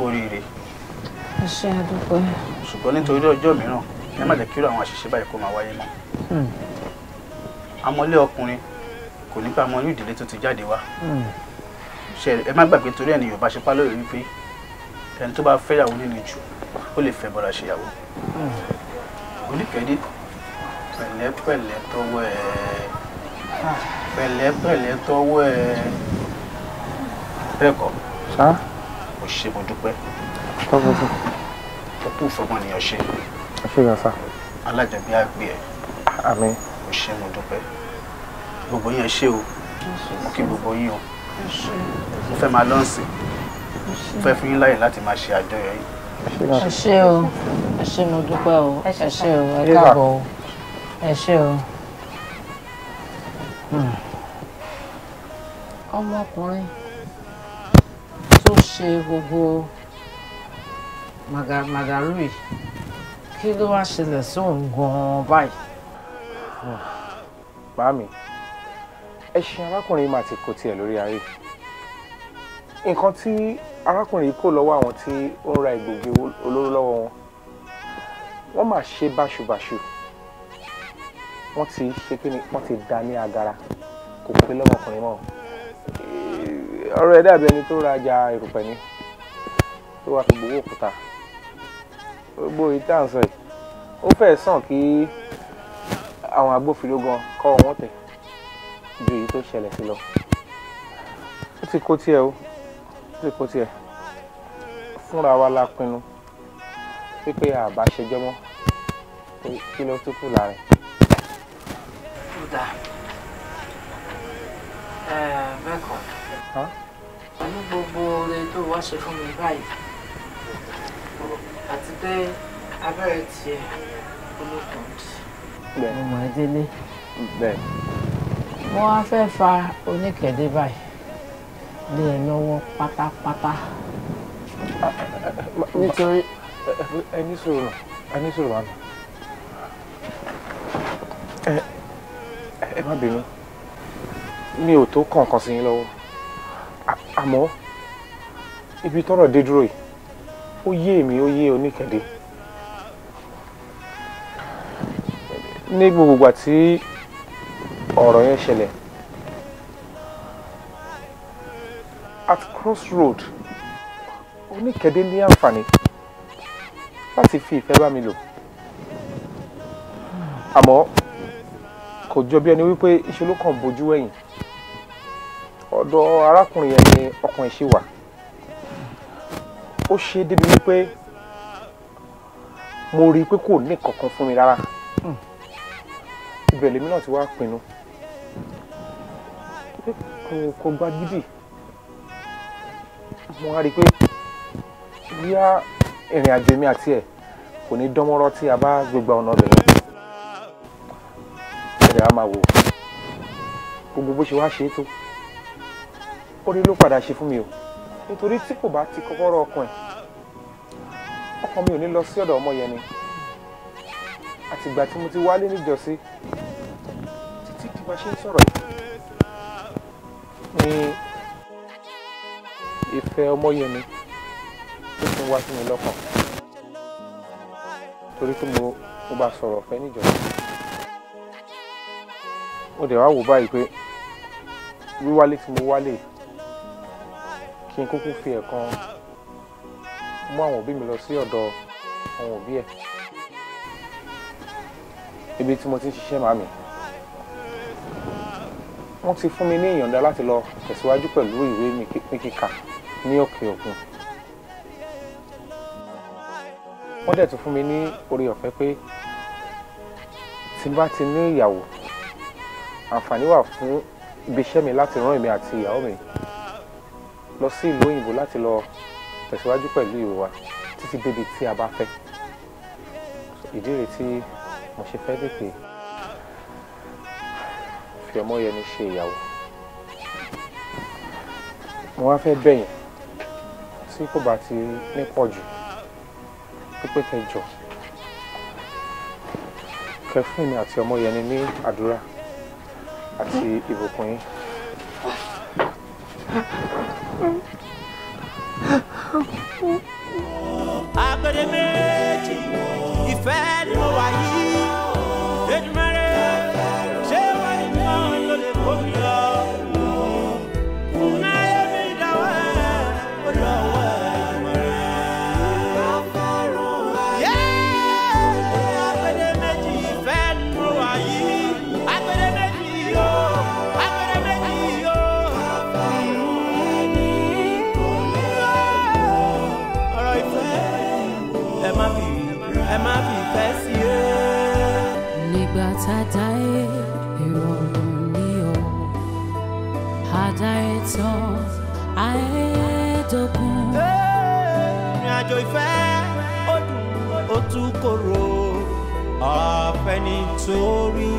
kú oríire. ẹ ṣe àdúpẹ́. ṣùgbọ́n nítorí ọjọ́ mìíràn ẹ má jẹ́ kí irú àwọn àṣìṣe báyìí kó máa wáyé mọ́. amọ̀lé hmm. ọkùnrin kò ní pẹ́ amọ̀lé ìdílé tó ti jáde wá. Hmm. ẹ má gbàgbé torí ẹni Yorùbá ṣe pálọ̀ wípé ẹni tó bá fẹ́yàwó nínú jù ó lè fẹ́ bọ́ra ṣèyàwó. Hmm. oníkẹ́dé pẹ̀lẹ́pẹ̀lẹ́ tọwọ́ ẹ̀ pẹ̀lẹ́pẹ̀lẹ́ tọwọ́ ẹ̀ bẹ́ẹ̀ kọ́ ṣe mo dúpẹ́ ó kú ìfọmọnìyàn ṣe alájẹbí àgbẹ ẹ ó ṣe mo dúpẹ́ gbogbo yín ṣe o mo kí gbogbo yín o mo fẹ́ máa lọ́ọ̀sì mo fẹ́ fún yín láyè láti máa ṣe àjọyọ̀ yìí. ẹ ṣé o ẹ ṣé mo dúpẹ́ o ẹ ṣé o ẹ káàbọ̀ o ẹ ṣé o hmm. ọmọkùnrin ló ṣe gbogbo màdàrú yìí kí ló wá ṣẹlẹ̀ sóun gan-an báyìí. Màámi, ẹṣin arákùnrin máa ti kò tiẹ̀ lórí ayé. Nǹkan tí arákùnrin kò lọ́wọ́ àwọn tí ó ń ra egbògi olóró lọ́wọ́ wọn, wọ́n máa ṣe báṣubàṣu. Wọ́n ti ṣe kí ni wọ́n ti dá ní agara. Kò pé lọ́wọ́ ọkùnrin mọ́ ọ̀rọ̀ ẹ̀ dàbí ẹni tó rajà ìrùpẹ̀ ni tó wà fi gbowó òkúta gbogbo ìta ń sọ yìí ó fẹ́ sàn kí àwọn agbófinró gan kọ́ wọn tẹ̀ ju èyí tó ṣẹlẹ̀ sí lọ ó ti kó tiẹ̀ o ó ti kó tiẹ̀ fúnra wa la pinnu pípé àbáṣejọ́ mọ́ kí ló tún kù láàrin bẹ́ẹ̀ kọ́ pẹ̀lú gbogbo oore tó wá ṣe fún mi báyìí àti pé abẹ́rẹ́ tiẹ̀ olókùn dì. mo mọ̀ ẹ́ délé. mo wá fẹ́ fa oníkẹ̀dé báyìí lé ẹ e lọ́wọ́ pátápátá. nítorí ẹni sọ̀rọ̀ ẹni sọ̀rọ̀ àná ẹ má bínú mi ò tó kọ̀ọ̀kan sí yín lọ́wọ́ àmọ́ ibi tọ́rọ̀ dé dúró yìí ó yé èmi ó yé oníkẹ̀dé ní gbogbo ìgbà tí ọ̀rọ̀ yẹn ṣẹlẹ̀ at crossroad oníkẹ̀dé ní àǹfààní láti fi ìfẹ́ bá mi lò àmọ́ kò jọ bí ẹni wípé iṣẹ́ ló kàn bójú ẹ̀yìn ọ̀dọ̀ arákùnrin yẹn ni ọkàn ìṣe wà ó ṣe débi wípé mo rí i pé kò ní kankan fún mi rárá ibẹ̀ lèmi náà ti wá pinnu kò kò gba gidi mo wá rí i pé bíyá ìrìn àjò mi àti ẹ̀ kò ní dánmọ́rọ́ tí a bá gbégbá ọ̀nà ọ̀bẹ̀ yẹn ẹ̀rẹ̀ á máa wò gbogbo bó ṣe wá ṣe é tó orí ló padà ṣe fún mi o nítorí tí kò bá ti kọ́kọ́rọ́ ọkàn ẹ̀ ọkàn mi ò ní lọ sí ọ̀dọ̀ ọmọ yẹn ni àtìgbà tí mo ti wálé níjọ́sí títí tí wọ́n ṣe ń sọ̀rọ̀ ni ìfẹ́ ọmọ yẹn ni tó ti wá sí mi lọ́kàn torí pé mo mo bá sọ̀rọ̀ ọ̀fẹ́ níjọ́sí mo dẹ̀ wá wò báyìí pé wíwálé tí mo wálé yìí kí n kúkú fi ẹ̀kan mú àwọn òbí mi lọ sí ọ̀dọ̀ àwọn òbí ẹ̀ ibi tí mo ti ń ṣiṣẹ́ màmí wọ́n ti fún mi ní ìyọ̀ǹda láti lọ tẹ̀síwájú pẹ̀lú ìwé mi kíkà ní òkè òkun wọ́n dẹ̀ tún fún mi ní orí ọ̀fẹ́ pé tí n bá ti ní ìyàwó àǹfààní wà fún ibiṣẹ́ mi láti rán èmi àti ìyàwó mi lọ sí ìlú òyìnbó láti lọ tẹ̀síwájú pẹ̀lú ìwé wa títí débi tí a bá fẹ́ ìdí rẹ̀ tí mo ṣe fẹ́ dìpè fi ọmọ yẹn ní ṣe ìyàwó mo wá fẹ́ bẹ̀yìn tí kò bá ti ní pọ̀ jù pípé kẹjọ kẹfún mi àti ọmọ yẹn ní àdúrà àti ìbùkún yín. 嗯，好。victory.